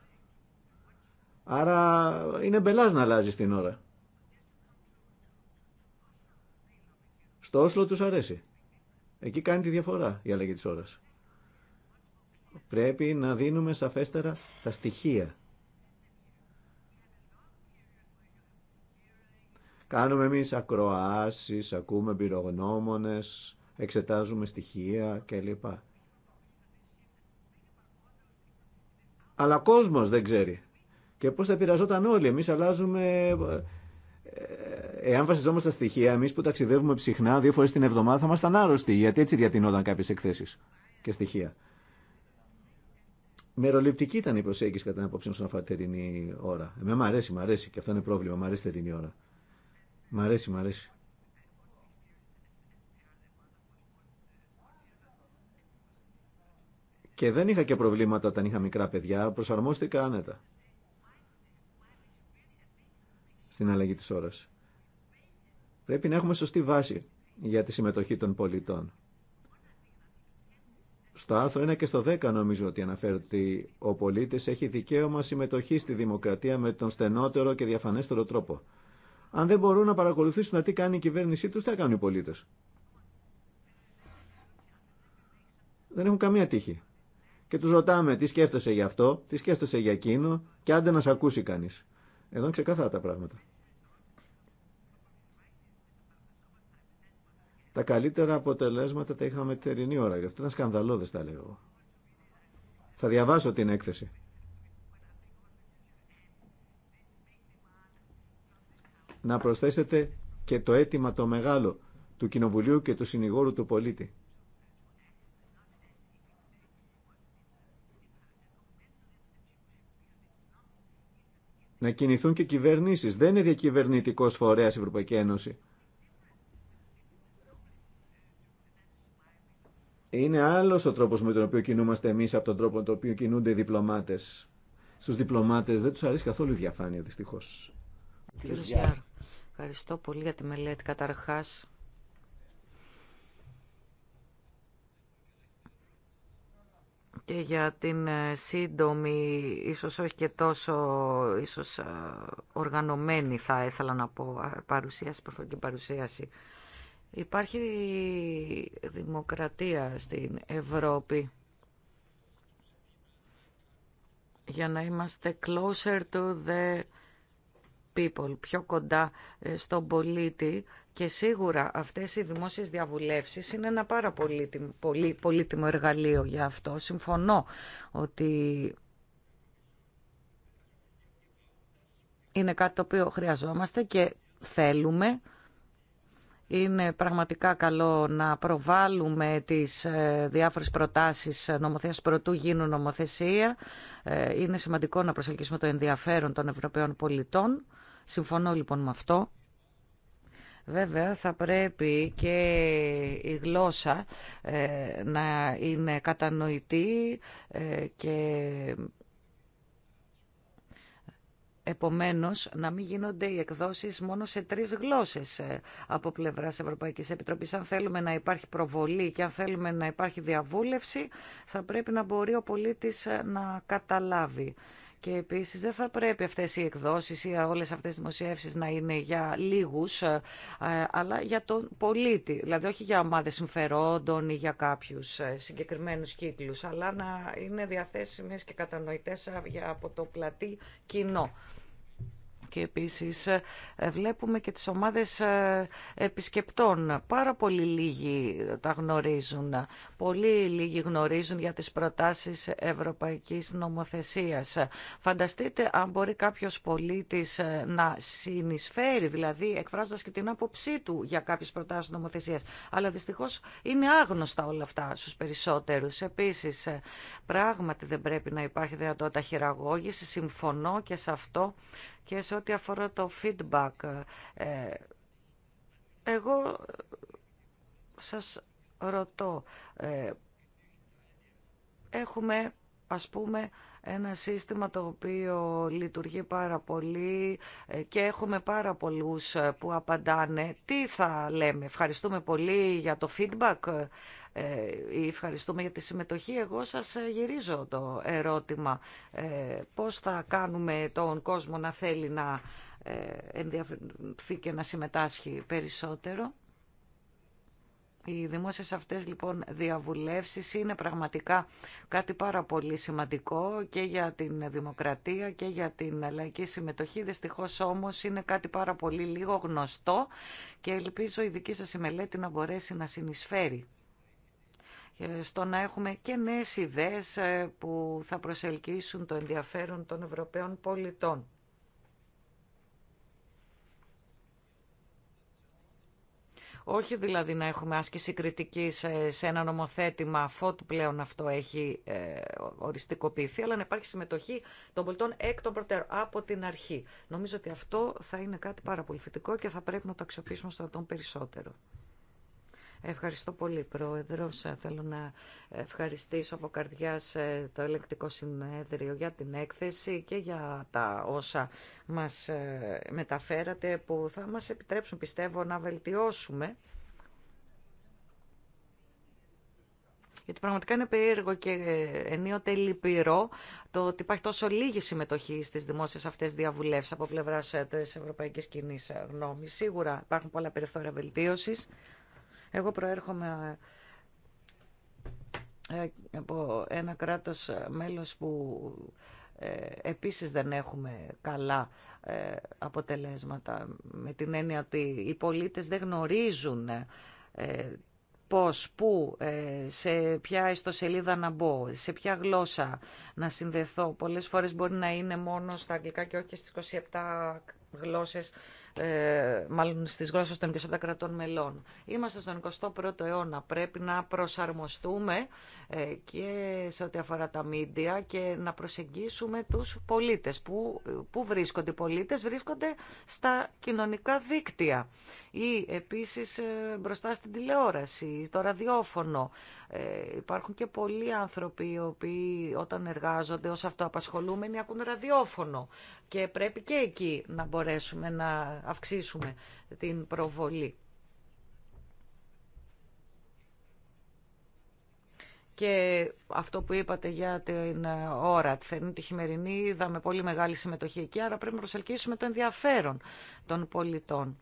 Άρα είναι μπελάς να αλλάζει την ώρα. Στο Όσλο τους αρέσει. Εκεί κάνει τη διαφορά η αλλαγή της ώρας. Πρέπει να δίνουμε σαφέστερα τα στοιχεία. Κάνουμε εμείς ακροάσεις, ακούμε πυρογνώμονες, εξετάζουμε στοιχεία κλπ. αλλά κόσμος δεν ξέρει. Και πώς θα πειραζόταν όλοι. Εμείς αλλάζουμε... Ε, ε, εάν βασιζόμαστε στα στοιχεία, εμεί που ταξιδεύουμε ψυχνά δύο φορέ την εβδομάδα θα ήμασταν άρρωστοι, γιατί έτσι διατηνόταν κάποιε εκθέσει και στοιχεία. Μεροληπτική ήταν η προσέγγιση κατά την απόψη μου αφορά ώρα. Εμένα μου αρέσει, μου αρέσει και αυτό είναι πρόβλημα. Μου αρέσει τερινή ώρα. Μ' αρέσει, μ' αρέσει. Και δεν είχα και προβλήματα όταν είχα μικρά παιδιά, προσαρμόστηκα άνετα στην αλλαγή της ώρας. Πρέπει να έχουμε σωστή βάση για τη συμμετοχή των πολιτών. Στο άρθρο 1 και στο 10 νομίζω ότι αναφέρεται ότι ο πολίτης έχει δικαίωμα συμμετοχή στη δημοκρατία με τον στενότερο και διαφανέστερο τρόπο. Αν δεν μπορούν να παρακολουθήσουν να τι κάνει η κυβέρνησή τους, τι θα κάνουν οι πολίτες. Δεν έχουν καμία τύχη και του ρωτάμε τι σκέφτεσαι για αυτό, τι σκέφτεσαι για εκείνο και άντε να σε ακούσει κανεί. Εδώ είναι ξεκάθαρα τα πράγματα. Τα καλύτερα αποτελέσματα τα είχαμε θερινή ώρα. Γι' αυτό ήταν σκανδαλώδες τα λέω εγώ. Θα διαβάσω την έκθεση. Να προσθέσετε και το αίτημα το μεγάλο του Κοινοβουλίου και του συνηγόρου του πολίτη. να κινηθούν και κυβερνήσεις. Δεν είναι διακυβερνητικό φορέας η Ευρωπαϊκή Ένωση. Είναι άλλος ο τρόπος με τον οποίο κινούμαστε εμείς από τον τρόπο με τον οποίο κινούνται οι διπλωμάτες. Στους διπλωμάτες δεν του αρέσει καθόλου η διαφάνεια δυστυχώ. Κύριε ευχαριστώ πολύ για τη μελέτη. καταρχά. και για την ε, σύντομη, ίσως όχι και τόσο ίσως ε, οργανωμένη θα ήθελα να πω ε, παρουσίαση, προφορική παρουσίαση. Υπάρχει δημοκρατία στην Ευρώπη για να είμαστε closer to the people, πιο κοντά στον πολίτη και σίγουρα αυτές οι δημόσιες διαβουλεύσεις είναι ένα πάρα πολύτιμο, πολύ, πολύτιμο εργαλείο για αυτό. Συμφωνώ ότι είναι κάτι το οποίο χρειαζόμαστε και θέλουμε. Είναι πραγματικά καλό να προβάλλουμε τις ε, διάφορες προτάσεις νομοθεσίας προτού γίνουν νομοθεσία. Ε, είναι σημαντικό να προσελκύσουμε το ενδιαφέρον των Ευρωπαίων πολιτών. Συμφωνώ λοιπόν με αυτό. Βέβαια θα πρέπει και η γλώσσα ε, να είναι κατανοητή ε, και Επομένως, να μην γίνονται οι εκδόσεις μόνο σε τρεις γλώσσες ε, από πλευράς Ευρωπαϊκής Επιτροπής. Αν θέλουμε να υπάρχει προβολή και αν θέλουμε να υπάρχει διαβούλευση, θα πρέπει να μπορεί ο πολίτης να καταλάβει. Και επίσης δεν θα πρέπει αυτές οι εκδόσεις ή όλες αυτές οι δημοσιεύσεις να είναι για λίγους, ε, αλλά για τον πολίτη. Δηλαδή όχι για ομάδες συμφερόντων ή για κάποιους ε, συγκεκριμένους κύκλους, αλλά να είναι διαθέσιμες και κατανοητές ε, από το πλατή κοινό. Και επίσης ε, βλέπουμε και τις ομάδες ε, επισκεπτών. Πάρα πολύ λίγοι τα γνωρίζουν. Πολύ λίγοι γνωρίζουν για τις προτάσεις ευρωπαϊκής νομοθεσίας. Φανταστείτε αν μπορεί κάποιος πολίτης ε, να συνεισφέρει, δηλαδή εκφράζοντας και την άποψή του για κάποιες προτάσεις νομοθεσίας. Αλλά δυστυχώς είναι άγνωστα όλα αυτά στους περισσότερους. Επίσης, πράγματι δεν πρέπει να υπάρχει δυνατότητα χειραγώγηση. Συμφωνώ και σε αυτό και σε ό,τι αφορά το feedback. Ε, εγώ σας ρωτώ, ε, έχουμε ας πούμε ένα σύστημα το οποίο λειτουργεί πάρα πολύ ε, και έχουμε πάρα πολλούς ε, που απαντάνε. Τι θα λέμε, ευχαριστούμε πολύ για το feedback ε, ή ευχαριστούμε για τη συμμετοχή. Εγώ σας γυρίζω το ερώτημα πώς θα κάνουμε τον κόσμο να θέλει να ενδιαφερθεί και να συμμετάσχει περισσότερο. Οι δημόσιες αυτές λοιπόν διαβουλεύσεις είναι πραγματικά κάτι πάρα πολύ σημαντικό και για την δημοκρατία και για την λαϊκή συμμετοχή. Δυστυχώς όμως είναι κάτι πάρα πολύ λίγο γνωστό και ελπίζω η δική σας η μελέτη να μπορέσει να συνεισφέρει ε, στο να έχουμε και νέες ιδέες ε, που θα προσελκύσουν το ενδιαφέρον των Ευρωπαίων πολιτών. Όχι δηλαδή να έχουμε άσκηση κριτικής ε, σε ένα νομοθέτημα, αφότου πλέον αυτό έχει ε, οριστικοποιηθεί, αλλά να υπάρχει συμμετοχή των πολιτών εκ των προτέρων από την αρχή. Νομίζω ότι αυτό θα είναι κάτι πάρα πολύ θετικό και θα πρέπει να το αξιοποιήσουμε στον περισσότερο. Ευχαριστώ πολύ, Πρόεδρο. Ε, θέλω να ευχαριστήσω από καρδιά ε, το Ελεκτικό Συνέδριο για την έκθεση και για τα όσα μας ε, μεταφέρατε που θα μας επιτρέψουν, πιστεύω, να βελτιώσουμε Γιατί πραγματικά είναι περίεργο και ενίοτε λυπηρό το ότι υπάρχει τόσο λίγη συμμετοχή στι δημόσιε αυτέ διαβουλεύσει από πλευρά τη ευρωπαϊκή κοινή γνώμη. Σίγουρα υπάρχουν πολλά περιθώρια βελτίωση. Εγώ προέρχομαι ε, από ένα κράτος ε, μέλος που ε, επίσης δεν έχουμε καλά αποτελέσματα με την έννοια ότι οι πολίτες δεν γνωρίζουν πώς, πού, σε ποια ιστοσελίδα να μπω, σε ποια γλώσσα να συνδεθώ. Πολλές φορές μπορεί να είναι μόνο στα αγγλικά και όχι στις 27 γλώσσες, ε, μάλλον στις γλώσσες των 27 κρατών μελών. Είμαστε στον 21ο αιώνα, πρέπει να προσαρμοστούμε ε, και σε ό,τι αφορά τα μίντια και να προσεγγίσουμε τους πολίτες. Πού που βρίσκονται οι πολίτες, βρίσκονται στα κοινωνικά δίκτυα ή επίσης ε, μπροστά στην τηλεόραση, το ραδιόφωνο. Ε, υπάρχουν και πολλοί άνθρωποι οι οποίοι όταν εργάζονται ως αυτοαπασχολούμενοι ακούν ραδιόφωνο και πρέπει και εκεί να μπορέσουμε να αυξήσουμε την προβολή. Και αυτό που είπατε για την ε, ώρα, τη θερινή, τη χειμερινή, είδαμε πολύ μεγάλη συμμετοχή εκεί, άρα πρέπει να προσελκύσουμε το ενδιαφέρον των πολιτών.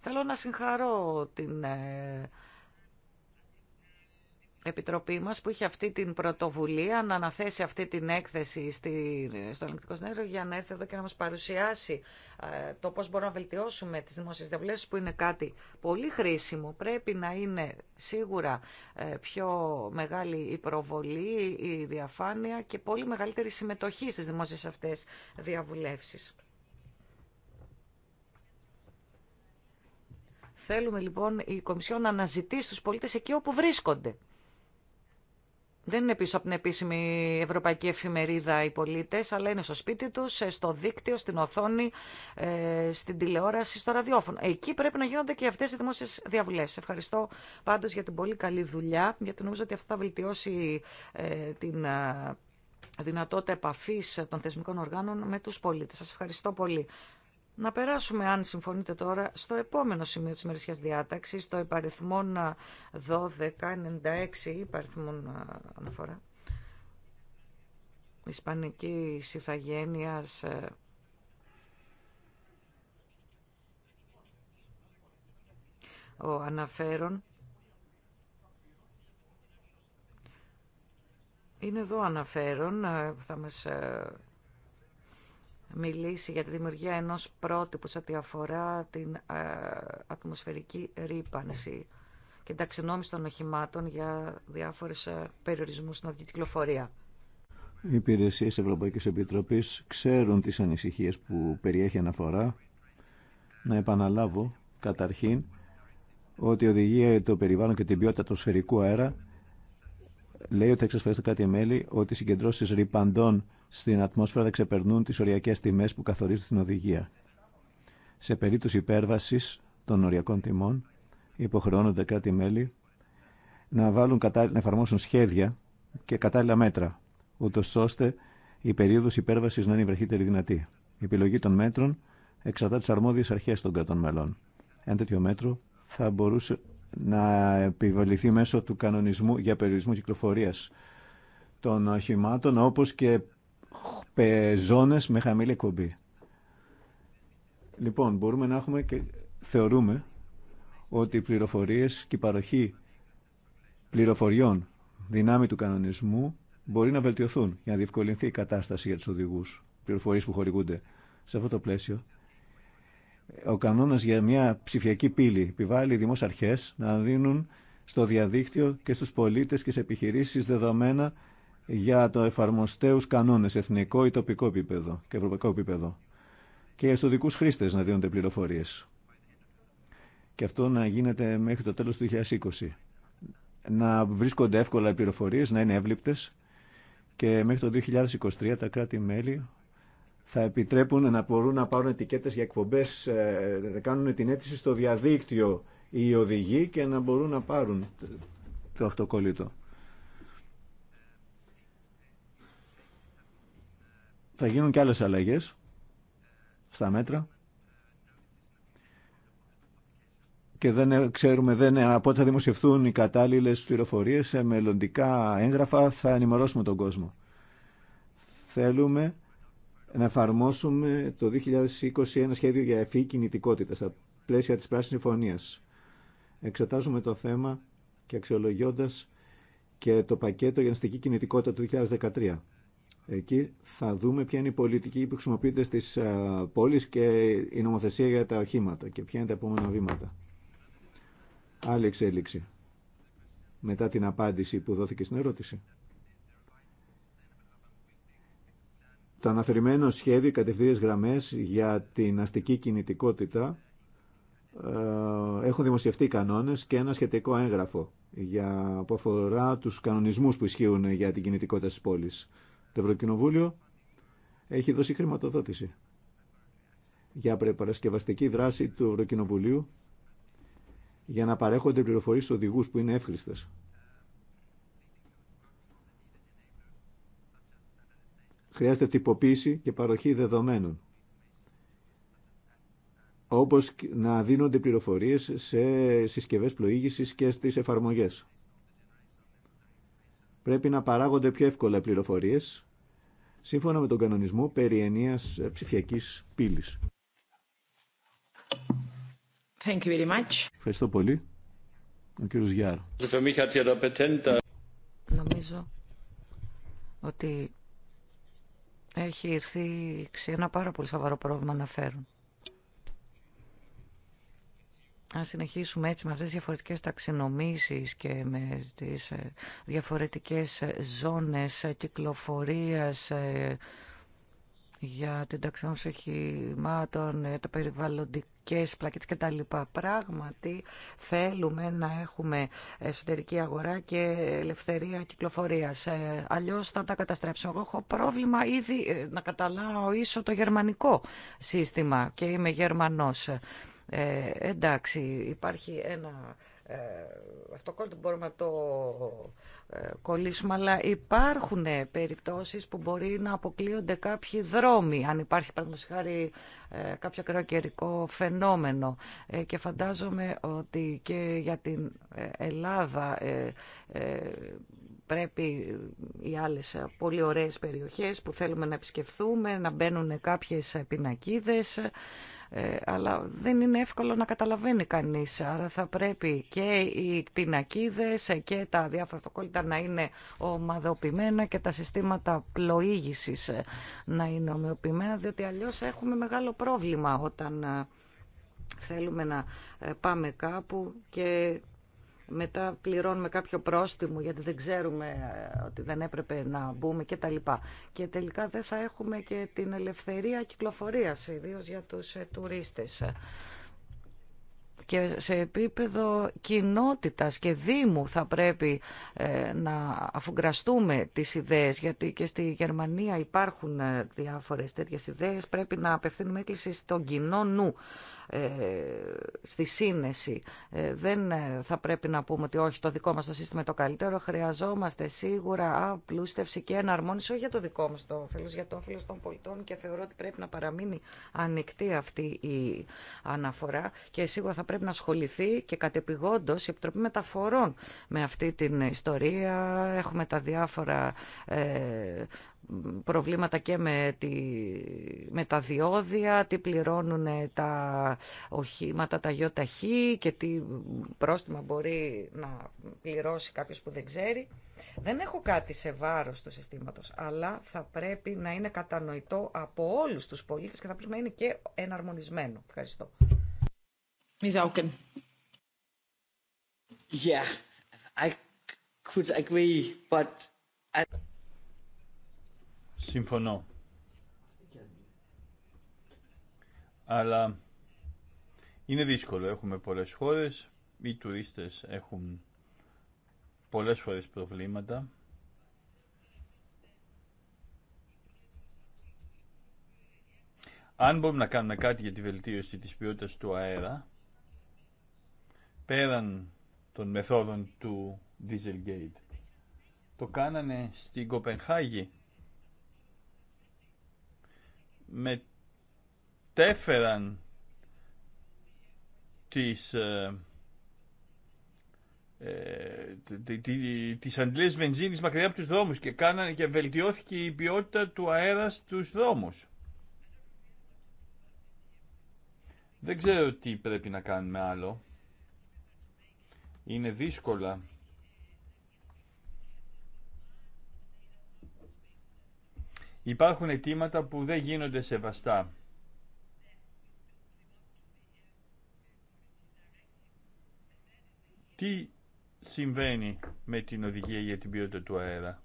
Θέλω να συγχαρώ την ε, Επιτροπή μας που είχε αυτή την πρωτοβουλία να αναθέσει αυτή την έκθεση στη, στο Ελληνικό Συνέδριο για να έρθει εδώ και να μας παρουσιάσει ε, το πώς μπορούμε να βελτιώσουμε τις δημόσιες διαβουλεύσεις που είναι κάτι πολύ χρήσιμο. Πρέπει να είναι σίγουρα ε, πιο μεγάλη η προβολή, η διαφάνεια και πολύ μεγαλύτερη συμμετοχή στις δημόσιες αυτές διαβουλεύσεις. Θέλουμε λοιπόν η Κομισιόν να αναζητήσει τους πολίτες εκεί όπου βρίσκονται. Δεν είναι πίσω από την επίσημη ευρωπαϊκή εφημερίδα οι πολίτες, αλλά είναι στο σπίτι τους, ε, στο δίκτυο, στην οθόνη, ε, στην τηλεόραση, στο ραδιόφωνο. Εκεί πρέπει να γίνονται και αυτές οι δημόσιες Σε Ευχαριστώ πάντως για την πολύ καλή δουλειά, γιατί νομίζω ότι αυτό θα βελτιώσει ε, την δυνατότητα επαφή των θεσμικών οργάνων με του πολίτε. Σα ευχαριστώ πολύ. Να περάσουμε, αν συμφωνείτε τώρα, στο επόμενο σημείο της μερισιάς διάταξης, το υπαριθμόν 1296, υπαριθμόν αναφορά, ισπανική Ιθαγένειας. ο αναφέρον. Είναι εδώ αναφέρον, ε, θα μας ε, μιλήσει για τη δημιουργία ενός πρότυπου σε ό,τι αφορά την ε, ατμοσφαιρική ρήπανση και την ταξινόμηση των οχημάτων για διάφορες ε, περιορισμούς στην οδική κυκλοφορία. Οι υπηρεσίε Ευρωπαϊκή Επιτροπή ξέρουν τι ανησυχίε που περιέχει αναφορά. Να επαναλάβω καταρχήν ότι οδηγεί το περιβάλλον και την ποιότητα του σφαιρικού αέρα λέει ότι θα εξασφαλίσει κάτι μέλη ότι οι συγκεντρώσει ρηπαντών στην ατμόσφαιρα δεν ξεπερνούν τις οριακέ τιμές που καθορίζουν την οδηγία. Σε περίπτωση υπέρβασης των οριακών τιμών υποχρεώνονται κράτη-μέλη να, βάλουν, να εφαρμόσουν σχέδια και κατάλληλα μέτρα, ούτω ώστε η περίοδο υπέρβαση να είναι η βραχύτερη δυνατή. Η επιλογή των μέτρων εξαρτάται τι αρμόδιε αρχέ των κρατών μελών. Ένα τέτοιο μέτρο θα μπορούσε να επιβαληθεί μέσω του κανονισμού για περιορισμό κυκλοφορία των οχημάτων, όπω και ζώνε με χαμηλή εκπομπή. Λοιπόν, μπορούμε να έχουμε και θεωρούμε ότι οι πληροφορίες και η παροχή πληροφοριών δυνάμει του κανονισμού μπορεί να βελτιωθούν για να διευκολυνθεί η κατάσταση για του οδηγού πληροφορίες που χορηγούνται σε αυτό το πλαίσιο. Ο κανόνας για μια ψηφιακή πύλη επιβάλλει οι δημόσιε να δίνουν στο διαδίκτυο και στου πολίτε και σε επιχειρήσει δεδομένα για το εφαρμοστέους κανόνες εθνικό ή τοπικό επίπεδο και ευρωπαϊκό επίπεδο και στου δικού χρήστες να δίνονται πληροφορίες. Και αυτό να γίνεται μέχρι το τέλος του 2020. Να βρίσκονται εύκολα οι πληροφορίες, να είναι εύληπτε. και μέχρι το 2023 τα κράτη-μέλη θα επιτρέπουν να μπορούν να πάρουν ετικέτες για εκπομπέ, ε, να κάνουν την αίτηση στο διαδίκτυο οι οδηγοί και να μπορούν να πάρουν το αυτοκόλλητο. Θα γίνουν και άλλες αλλαγές στα μέτρα. και δεν ε, ξέρουμε δεν, ε, από ό,τι θα δημοσιευθούν οι κατάλληλε πληροφορίε σε μελλοντικά έγγραφα θα ενημερώσουμε τον κόσμο. Θέλουμε να εφαρμόσουμε το 2020 ένα σχέδιο για ευφύ κινητικότητα στα πλαίσια της Πράσινης Συμφωνίας. Εξετάζουμε το θέμα και αξιολογώντας και το πακέτο για νηστική κινητικότητα του 2013. Εκεί θα δούμε ποια είναι η πολιτική που χρησιμοποιείται στις ε, πόλεις και η νομοθεσία για τα οχήματα και ποια είναι τα επόμενα βήματα. Άλλη εξέλιξη. Μετά την απάντηση που δόθηκε στην ερώτηση. Το αναφερειμένο σχέδιο κατευθύνες γραμμές για την αστική κινητικότητα ε, έχουν δημοσιευτεί κανόνες και ένα σχετικό έγγραφο για, που αφορά τους κανονισμούς που ισχύουν για την κινητικότητα της πόλης. Το Ευρωκοινοβούλιο έχει δώσει χρηματοδότηση για παρασκευαστική δράση του Ευρωκοινοβουλίου για να παρέχονται πληροφορίες στους οδηγούς που είναι εύχριστες. Χρειάζεται τυποποίηση και παροχή δεδομένων. Όπως να δίνονται πληροφορίες σε συσκευές πλοήγησης και στις εφαρμογές πρέπει να παράγονται πιο εύκολα πληροφορίες σύμφωνα με τον κανονισμό περί ενίας ε, ψηφιακής πύλης. Thank you very much. Ευχαριστώ πολύ. Ο κύριος Γιάρ. Νομίζω ότι έχει ήρθει ένα πάρα πολύ σοβαρό πρόβλημα να φέρουν αν συνεχίσουμε έτσι με αυτές τις διαφορετικές ταξινομήσεις και με τις ε, διαφορετικές ε, ζώνες ε, κυκλοφορίας για την ταξινόμηση χημάτων, τα περιβαλλοντικές τα κτλ. Πράγματι θέλουμε να έχουμε εσωτερική αγορά και ελευθερία κυκλοφορίας. Αλλιώς θα τα καταστρέψουμε. Εγώ έχω πρόβλημα ήδη να καταλάω ίσο το γερμανικό σύστημα και είμαι Γερμανός. Ε, εντάξει, υπάρχει ένα ε, αυτοκόλλητο που μπορούμε να το ε, κολλήσουμε, αλλά υπάρχουν περιπτώσεις που μπορεί να αποκλείονται κάποιοι δρόμοι, αν υπάρχει παραδείγματος χάρη ε, κάποιο καιρό φαινόμενο. Ε, και φαντάζομαι ότι και για την ε, Ελλάδα πρέπει οι άλλες πολύ ωραίες περιοχές που θέλουμε να επισκεφθούμε, να μπαίνουν κάποιες πινακίδες ε, αλλά δεν είναι εύκολο να καταλαβαίνει κανείς. Άρα θα πρέπει και οι πινακίδες και τα διάφορα αυτοκόλλητα να είναι ομαδοποιημένα και τα συστήματα πλοήγησης να είναι ομοιοποιημένα, διότι αλλιώς έχουμε μεγάλο πρόβλημα όταν ε, θέλουμε να ε, πάμε κάπου και μετά πληρώνουμε κάποιο πρόστιμο γιατί δεν ξέρουμε ε, ότι δεν έπρεπε να μπούμε και τα λοιπά. Και τελικά δεν θα έχουμε και την ελευθερία κυκλοφορίας, ιδίω για τους ε, τουρίστες. Και σε επίπεδο κοινότητας και δήμου θα πρέπει ε, να αφουγκραστούμε τις ιδέες, γιατί και στη Γερμανία υπάρχουν διάφορες τέτοιες ιδέες. Πρέπει να απευθύνουμε έκκληση στον κοινό νου ε, στη σύνεση. Ε, δεν ε, θα πρέπει να πούμε ότι όχι, το δικό μας το σύστημα είναι το καλύτερο. Χρειαζόμαστε σίγουρα απλούστευση και εναρμόνιση, όχι για το δικό μας το όφελο, για το όφελο των πολιτών και θεωρώ ότι πρέπει να παραμείνει ανοιχτή αυτή η αναφορά και σίγουρα θα πρέπει να ασχοληθεί και κατεπηγόντω η Επιτροπή Μεταφορών με αυτή την ιστορία. Έχουμε τα διάφορα προβλήματα και με, τη, με τα διόδια, τι πληρώνουν τα οχήματα, τα γιοταχή και τι πρόστιμα μπορεί να πληρώσει κάποιος που δεν ξέρει. Δεν έχω κάτι σε βάρος του συστήματος, αλλά θα πρέπει να είναι κατανοητό από όλους τους πολίτες και θα πρέπει να είναι και εναρμονισμένο. Ευχαριστώ. Μιζάουκεν. Yeah, I could agree, but... Συμφωνώ. Αλλά είναι δύσκολο. Έχουμε πολλές χώρες. Οι τουρίστες έχουν πολλές φορές προβλήματα. Αν μπορούμε να κάνουμε κάτι για τη βελτίωση της ποιότητας του αέρα, πέραν των μεθόδων του Dieselgate, το κάνανε στην Κοπενχάγη μετέφεραν τις, ε, ε τις αντλές βενζίνης μακριά από τους δρόμους και, κάνανε, και βελτιώθηκε η ποιότητα του αέρα στους δρόμους. Δεν ξέρω τι πρέπει να κάνουμε άλλο. Είναι δύσκολα Υπάρχουν αιτήματα που δεν γίνονται σεβαστά. Τι συμβαίνει με την οδηγία για την ποιότητα του αέρα.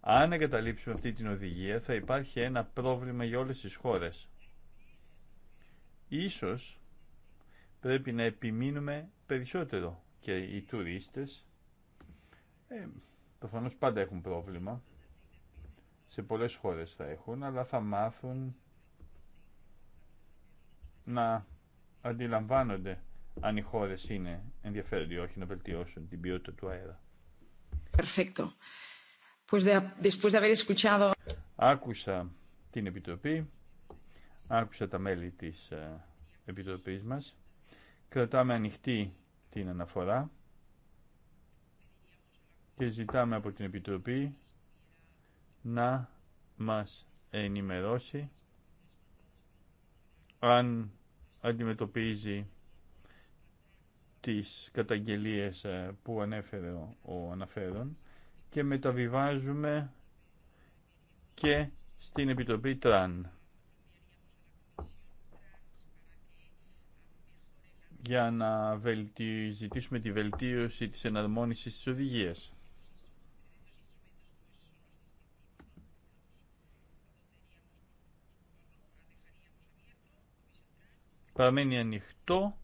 Αν εγκαταλείψουμε αυτή την οδηγία θα υπάρχει ένα πρόβλημα για όλες τις χώρες. Ίσως πρέπει να επιμείνουμε περισσότερο και οι τουρίστες ε, προφανώς πάντα έχουν πρόβλημα σε πολλές χώρες θα έχουν, αλλά θα μάθουν να αντιλαμβάνονται αν οι χώρες είναι ενδιαφέροντοι, ή όχι να βελτιώσουν την ποιότητα του αέρα. Perfecto. Pues de, después de Άκουσα την Επιτροπή, άκουσα τα μέλη της ε, Επιτροπής μας. Κρατάμε ανοιχτή την αναφορά και ζητάμε από την Επιτροπή να μας ενημερώσει αν αντιμετωπίζει τις καταγγελίες ε, που ανέφερε ο αναφέρον και μεταβιβάζουμε και στην Επιτροπή Τραν. για να ζητήσουμε τη βελτίωση της εναρμόνισης της οδηγίας. παραμένει ανοιχτό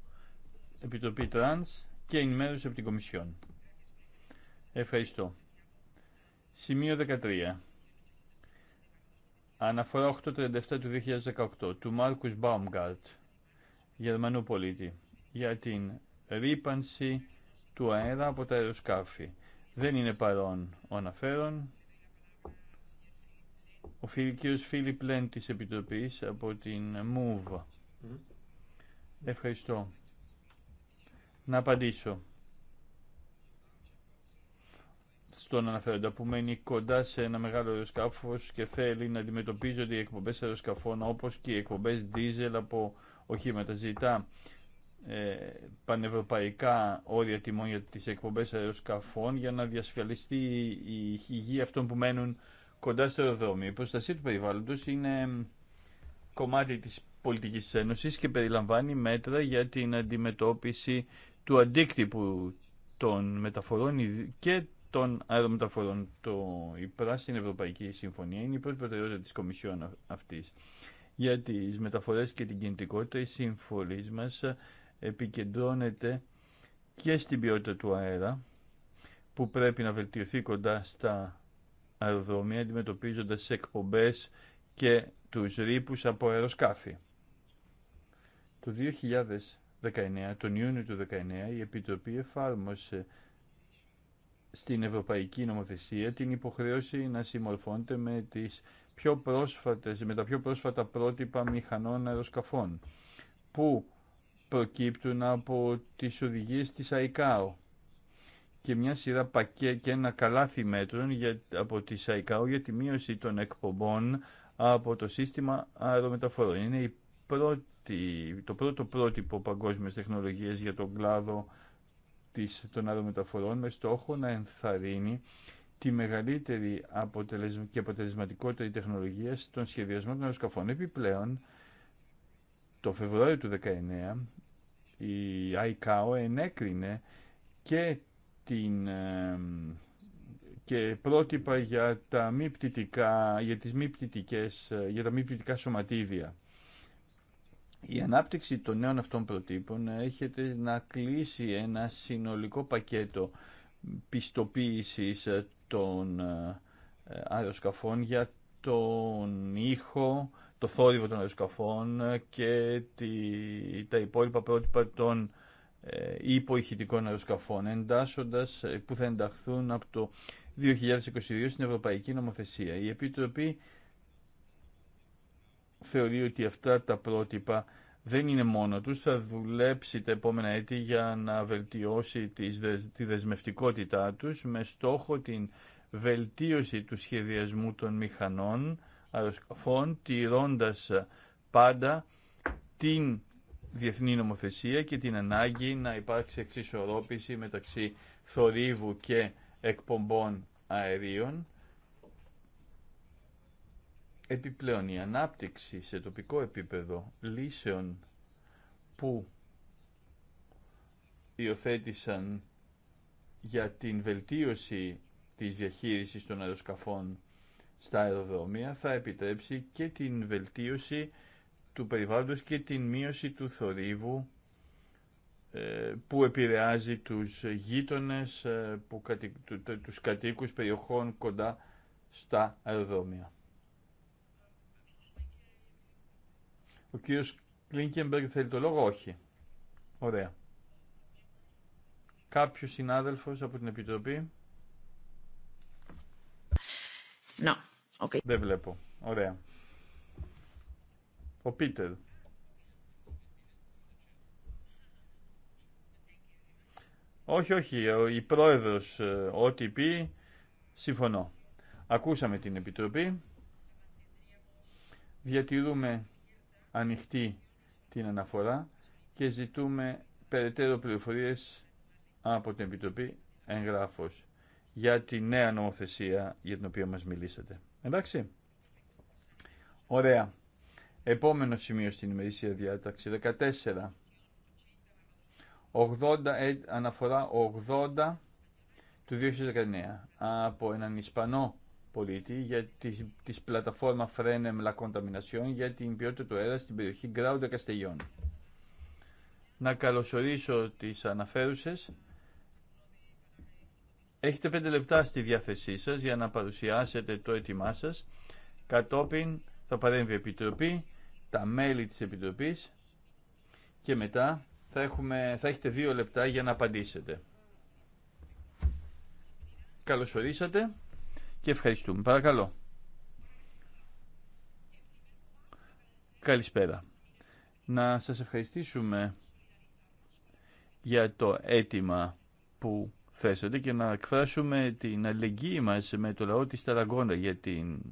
Επιτροπή Τρανς και ενημέρωση από την Κομισιόν. Ευχαριστώ. Σημείο 13. Αναφορά 837 του 2018 του Μάρκους Μπάουμγκάρτ, Γερμανού πολίτη, για την ρήπανση του αέρα από τα αεροσκάφη. Δεν είναι παρόν ο αναφέρον. Ο κ. Φίλιπ Λέν της Επιτροπής από την ΜΟΥΒ Ευχαριστώ. Να απαντήσω στον αναφέροντα που μένει κοντά σε ένα μεγάλο αεροσκάφο και θέλει να αντιμετωπίζονται οι εκπομπέ αεροσκαφών όπω και οι εκπομπέ δίζελ από οχήματα. Ζητά ε, πανευρωπαϊκά όρια τιμών για τι εκπομπέ αεροσκαφών για να διασφαλιστεί η υγεία αυτών που μένουν κοντά στο αεροδρόμιο. Η προστασία του περιβάλλοντο είναι κομμάτι της Πολιτικής Ένωσης και περιλαμβάνει μέτρα για την αντιμετώπιση του αντίκτυπου των μεταφορών και των αερομεταφορών. Το, η Πράσινη Ευρωπαϊκή Συμφωνία είναι η πρώτη προτεραιότητα της Κομισιόν αυτής. Για τι μεταφορές και την κινητικότητα η συμφωνή μας επικεντρώνεται και στην ποιότητα του αέρα που πρέπει να βελτιωθεί κοντά στα αεροδρόμια αντιμετωπίζοντας εκπομπές και τους ρήπους από αεροσκάφη. Το 2019, τον Ιούνιο του 2019, η Επιτροπή εφάρμοσε στην Ευρωπαϊκή Νομοθεσία την υποχρέωση να συμμορφώνεται με, τις πιο πρόσφατες, με τα πιο πρόσφατα πρότυπα μηχανών αεροσκαφών που προκύπτουν από τις οδηγίες της ΑΙΚΑΟ και μια σειρά πακέ και ένα καλάθι μέτρων για, από τη ΣΑΙΚΑΟ για τη μείωση των εκπομπών από το σύστημα αερομεταφορών. Είναι το πρώτο πρότυπο παγκόσμιες τεχνολογίες για τον κλάδο της, των αερομεταφορών με στόχο να ενθαρρύνει τη μεγαλύτερη αποτελεσμα... και αποτελεσματικότερη τεχνολογία στον σχεδιασμό των αεροσκαφών. Επιπλέον, το Φεβρουάριο του 2019, η ICAO ενέκρινε και, την, και πρότυπα για, τα μη πτυτικά, για, τις μη πτυτικές, για τα μη πτυτικά σωματίδια. Η ανάπτυξη των νέων αυτών προτύπων έρχεται να κλείσει ένα συνολικό πακέτο πιστοποίησης των ε, αεροσκαφών για τον ήχο, το θόρυβο των αεροσκαφών και τη, τα υπόλοιπα πρότυπα των ε, υποηχητικών αεροσκαφών εντάσσοντας, ε, που θα ενταχθούν από το 2022 στην Ευρωπαϊκή Νομοθεσία. Η Επιτροπή θεωρεί ότι αυτά τα πρότυπα δεν είναι μόνο τους, θα δουλέψει τα επόμενα έτη για να βελτιώσει τη δεσμευτικότητά τους με στόχο την βελτίωση του σχεδιασμού των μηχανών αεροσκαφών, τηρώντας πάντα την διεθνή νομοθεσία και την ανάγκη να υπάρξει εξισορρόπηση μεταξύ θορύβου και εκπομπών αερίων Επιπλέον η ανάπτυξη σε τοπικό επίπεδο λύσεων που υιοθέτησαν για την βελτίωση της διαχείρισης των αεροσκαφών στα αεροδρόμια θα επιτρέψει και την βελτίωση του περιβάλλοντος και την μείωση του θορύβου ε, που επηρεάζει τους γείτονες, ε, που, τους κατοίκους περιοχών κοντά στα αεροδρόμια. Ο κύριος Κλίνκεμπεργκ θέλει το λόγο, όχι. Ωραία. Κάποιος συνάδελφος από την Επιτροπή. No. Okay. Δεν βλέπω. Ωραία. Ο Πίτερ. Όχι, όχι, η πρόεδρος ε, ό,τι πει, συμφωνώ. Ακούσαμε την Επιτροπή, διατηρούμε ανοιχτή την αναφορά και ζητούμε περαιτέρω πληροφορίες από την Επιτροπή εγγράφος για τη νέα νομοθεσία για την οποία μας μιλήσατε. Εντάξει. Ωραία. Επόμενο σημείο στην ημερήσια διάταξη. 14. 80, ε, αναφορά 80 του 2019 από έναν Ισπανό πολίτη για τη, της πλατφόρμα Φρένεμ La Contamination για την ποιότητα του αέρα στην περιοχή Γκράουντα Καστελιών. Να καλωσορίσω τις αναφέρουσες. Έχετε πέντε λεπτά στη διάθεσή σας για να παρουσιάσετε το έτοιμά σας. Κατόπιν θα παρέμβει η Επιτροπή, τα μέλη της Επιτροπής και μετά θα, έχουμε, θα έχετε δύο λεπτά για να απαντήσετε. Καλωσορίσατε και ευχαριστούμε. Παρακαλώ. Καλησπέρα. Να σας ευχαριστήσουμε για το αίτημα που θέσατε και να εκφράσουμε την αλληλεγγύη μας με το λαό της Ταραγκόνα για την...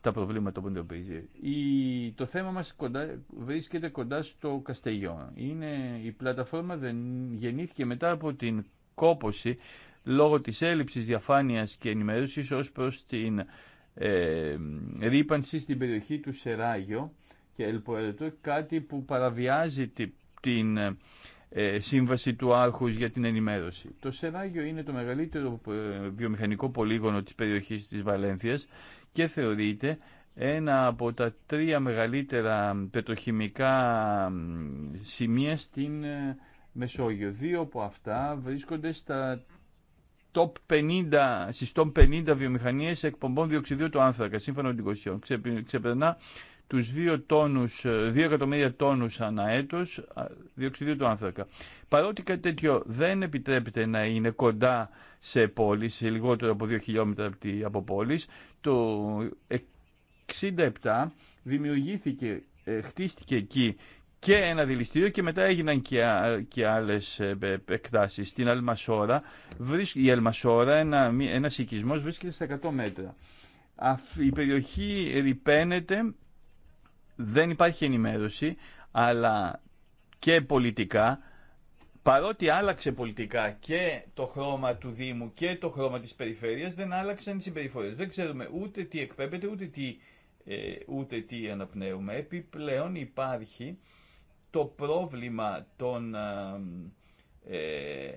τα προβλήματα που αντιμετωπίζει. Η... Το θέμα μας κοντά... βρίσκεται κοντά στο Καστελιό. Είναι... Η πλατφόρμα δεν... γεννήθηκε μετά από την κόποση λόγω της έλλειψης διαφάνειας και ενημέρωσης ως προς την ε, ρήπανση στην περιοχή του Σεράγιο και Ελποερτό, κάτι που παραβιάζει την ε, σύμβαση του Άρχους για την ενημέρωση. Το Σεράγιο είναι το μεγαλύτερο ε, βιομηχανικό πολύγωνο της περιοχής της Βαλένθιας και θεωρείται ένα από τα τρία μεγαλύτερα πετροχημικά σημεία στην ε, Μεσόγειο. Δύο από αυτά βρίσκονται στα top 50, στις top 50 βιομηχανίες εκπομπών διοξιδίου του άνθρακα, σύμφωνα με την Κωσιόν. Ξεπερνά τους 2, τόνους, 2 ε, εκατομμύρια τόνους ανά έτος διοξιδίου του άνθρακα. Παρότι κάτι τέτοιο δεν επιτρέπεται να είναι κοντά σε πόλεις, σε λιγότερο από 2 χιλιόμετρα από πόλεις, το 67 δημιουργήθηκε, ε, χτίστηκε εκεί και ένα δηληστήριο και μετά έγιναν και, και άλλες ε, εκτάσεις. Στην Αλμασόρα, η Αλμασόρα, ένα, ένας οικισμός βρίσκεται στα 100 μέτρα. Η περιοχή ρηπαίνεται, δεν υπάρχει ενημέρωση, αλλά και πολιτικά, παρότι άλλαξε πολιτικά και το χρώμα του Δήμου και το χρώμα της περιφέρειας, δεν άλλαξαν οι συμπεριφορές. Δεν ξέρουμε ούτε τι εκπέμπεται, ούτε τι, ε, ούτε τι αναπνέουμε. Επιπλέον υπάρχει το πρόβλημα των, ε, ε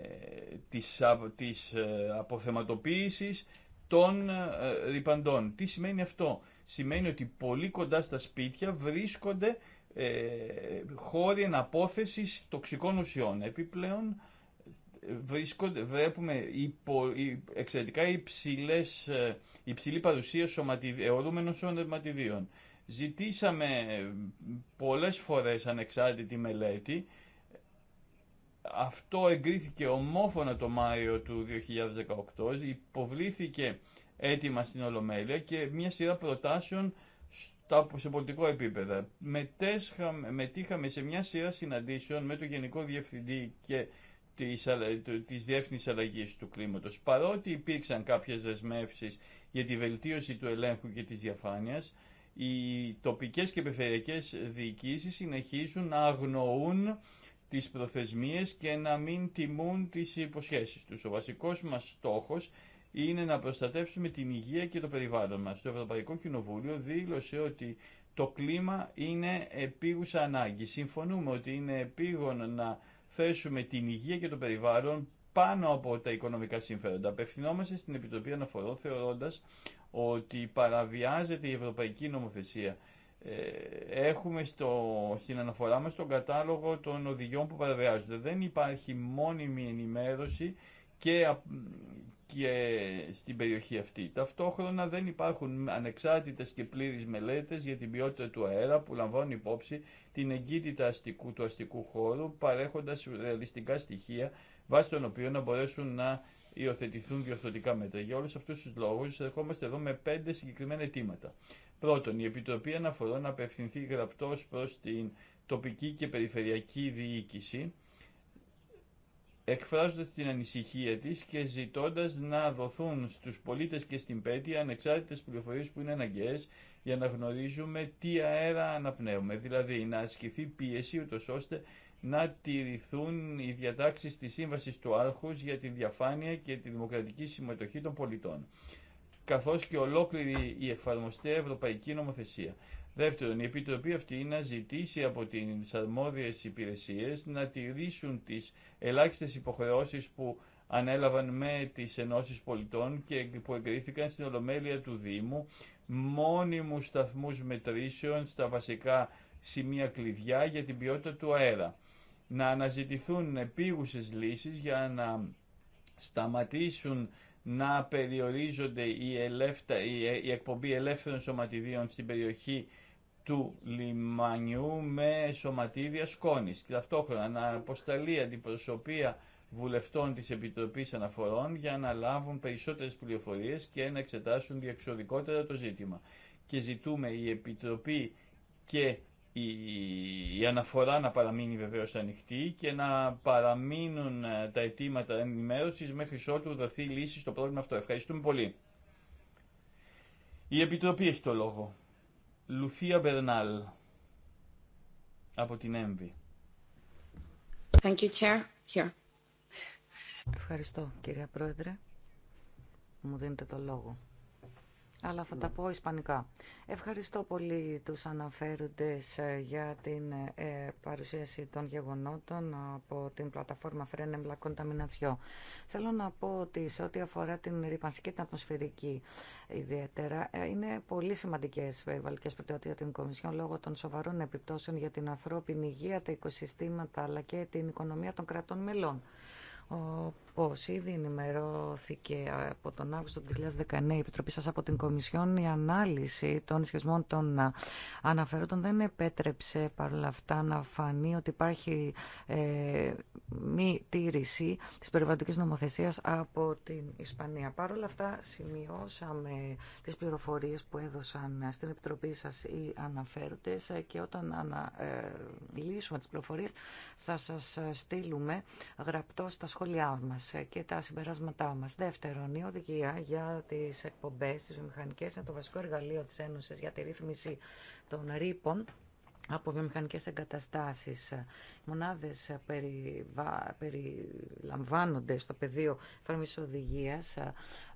της, της ε, αποθεματοποίησης των ε, ρηπαντών. Τι σημαίνει αυτό. Σημαίνει ότι πολύ κοντά στα σπίτια βρίσκονται ε, χώροι εναπόθεσης τοξικών ουσιών. Επιπλέον βρίσκονται, βλέπουμε εξαιρετικά υψηλές, υψηλή παρουσία αιωρούμενων σωματιδίων. Ζητήσαμε ε, πολλές φορές ανεξάρτητη μελέτη. Αυτό εγκρίθηκε ομόφωνα το Μάιο του 2018, υποβλήθηκε έτοιμα στην Ολομέλεια και μια σειρά προτάσεων σε πολιτικό επίπεδο. Μετήχαμε σε μια σειρά συναντήσεων με το Γενικό Διευθυντή και της, της Αλλαγής του Κλίματος. Παρότι υπήρξαν κάποιες δεσμεύσεις για τη βελτίωση του ελέγχου και της διαφάνειας, οι τοπικές και περιφερειακές διοικήσεις συνεχίζουν να αγνοούν τις προθεσμίες και να μην τιμούν τις υποσχέσεις τους. Ο βασικός μας στόχος είναι να προστατεύσουμε την υγεία και το περιβάλλον μας. Το Ευρωπαϊκό Κοινοβούλιο δήλωσε ότι το κλίμα είναι επίγουσα ανάγκη. Συμφωνούμε ότι είναι επίγον να θέσουμε την υγεία και το περιβάλλον πάνω από τα οικονομικά συμφέροντα. Απευθυνόμαστε στην Επιτροπή Αναφορών θεωρώντας ότι παραβιάζεται η ευρωπαϊκή νομοθεσία. Ε, έχουμε στο, στην αναφορά μας τον κατάλογο των οδηγιών που παραβιάζονται. Δεν υπάρχει μόνιμη ενημέρωση και, και στην περιοχή αυτή. Ταυτόχρονα δεν υπάρχουν ανεξάρτητες και πλήρεις μελέτες για την ποιότητα του αέρα που λαμβάνουν υπόψη την εγκύτητα αστικού, του αστικού χώρου παρέχοντας ρεαλιστικά στοιχεία βάσει των οποίων να μπορέσουν να υιοθετηθούν διορθωτικά μέτρα. Για όλου αυτού του λόγου, ερχόμαστε εδώ με πέντε συγκεκριμένα αιτήματα. Πρώτον, η Επιτροπή Αναφορών να απευθυνθεί γραπτό προ την τοπική και περιφερειακή διοίκηση, εκφράζοντα την ανησυχία τη και ζητώντα να δοθούν στου πολίτε και στην πέτεια ανεξάρτητε πληροφορίε που είναι αναγκαίε για να γνωρίζουμε τι αέρα αναπνέουμε. Δηλαδή, να ασκηθεί πίεση ούτω ώστε να τηρηθούν οι διατάξεις της Σύμβασης του Άρχους για τη διαφάνεια και τη δημοκρατική συμμετοχή των πολιτών, καθώς και ολόκληρη η εφαρμοστέα ευρωπαϊκή νομοθεσία. Δεύτερον, η Επιτροπή αυτή να ζητήσει από τις αρμόδιες υπηρεσίες να τηρήσουν τις ελάχιστες υποχρεώσεις που ανέλαβαν με τις ενώσεις πολιτών και που εγκρίθηκαν στην Ολομέλεια του Δήμου, μόνιμους σταθμούς μετρήσεων στα βασικά σημεία κλειδιά για την ποιότητα του αέρα να αναζητηθούν επίγουσες λύσεις για να σταματήσουν να περιορίζονται η, η εκπομπή ελεύθερων σωματιδίων στην περιοχή του λιμανιού με σωματίδια σκόνης και ταυτόχρονα να αποσταλεί αντιπροσωπεία βουλευτών της Επιτροπής Αναφορών για να λάβουν περισσότερες πληροφορίες και να εξετάσουν διεξοδικότερα το ζήτημα. Και ζητούμε η Επιτροπή και η αναφορά να παραμείνει βεβαίως ανοιχτή και να παραμείνουν ε, τα αιτήματα ενημέρωσης μέχρι ότου δοθεί λύση στο πρόβλημα αυτό. Ευχαριστούμε πολύ. Η Επιτροπή έχει το λόγο. Λουθία Μπερνάλ από την ΕΜΒΗ. Thank you, Chair. Here. Ευχαριστώ, κυρία Πρόεδρε. Μου δίνετε το λόγο αλλά θα τα ναι. πω ισπανικά. Ευχαριστώ πολύ τους αναφέροντες ε, για την ε, παρουσίαση των γεγονότων από την πλατφόρμα Φρένε Μπλακών Ταμιναθιό. Θέλω να πω ότι σε ό,τι αφορά την ρήπανση και την ατμοσφαιρική ιδιαίτερα, ε, είναι πολύ σημαντικές περιβαλλικές προτεραιότητες για την Κομισιόν λόγω των σοβαρών επιπτώσεων για την ανθρώπινη υγεία, τα οικοσυστήματα αλλά και την οικονομία των κρατών μελών. Ως ήδη ενημερώθηκε από τον Αύγουστο του 2019 η Επιτροπή σας από την Κομισιόν, η ανάλυση των σχεσμών των αναφερόντων δεν επέτρεψε παρόλα αυτά να φανεί ότι υπάρχει ε, μη τήρηση της περιβαλλοντικής νομοθεσίας από την Ισπανία. Παρ' όλα αυτά σημειώσαμε τις πληροφορίες που έδωσαν στην Επιτροπή σας οι αναφέροντες και όταν ανα, ε, λύσουμε τις πληροφορίες θα σας στείλουμε γραπτό στα σχόλιά μας και τα συμπεράσματά μας. Δεύτερον, η οδηγία για τις εκπομπές, τις βιομηχανικές, είναι το βασικό εργαλείο της Ένωσης για τη ρύθμιση των ρήπων από βιομηχανικές εγκαταστάσεις μονάδες περιλαμβάνονται στο πεδίο εφαρμογής οδηγίας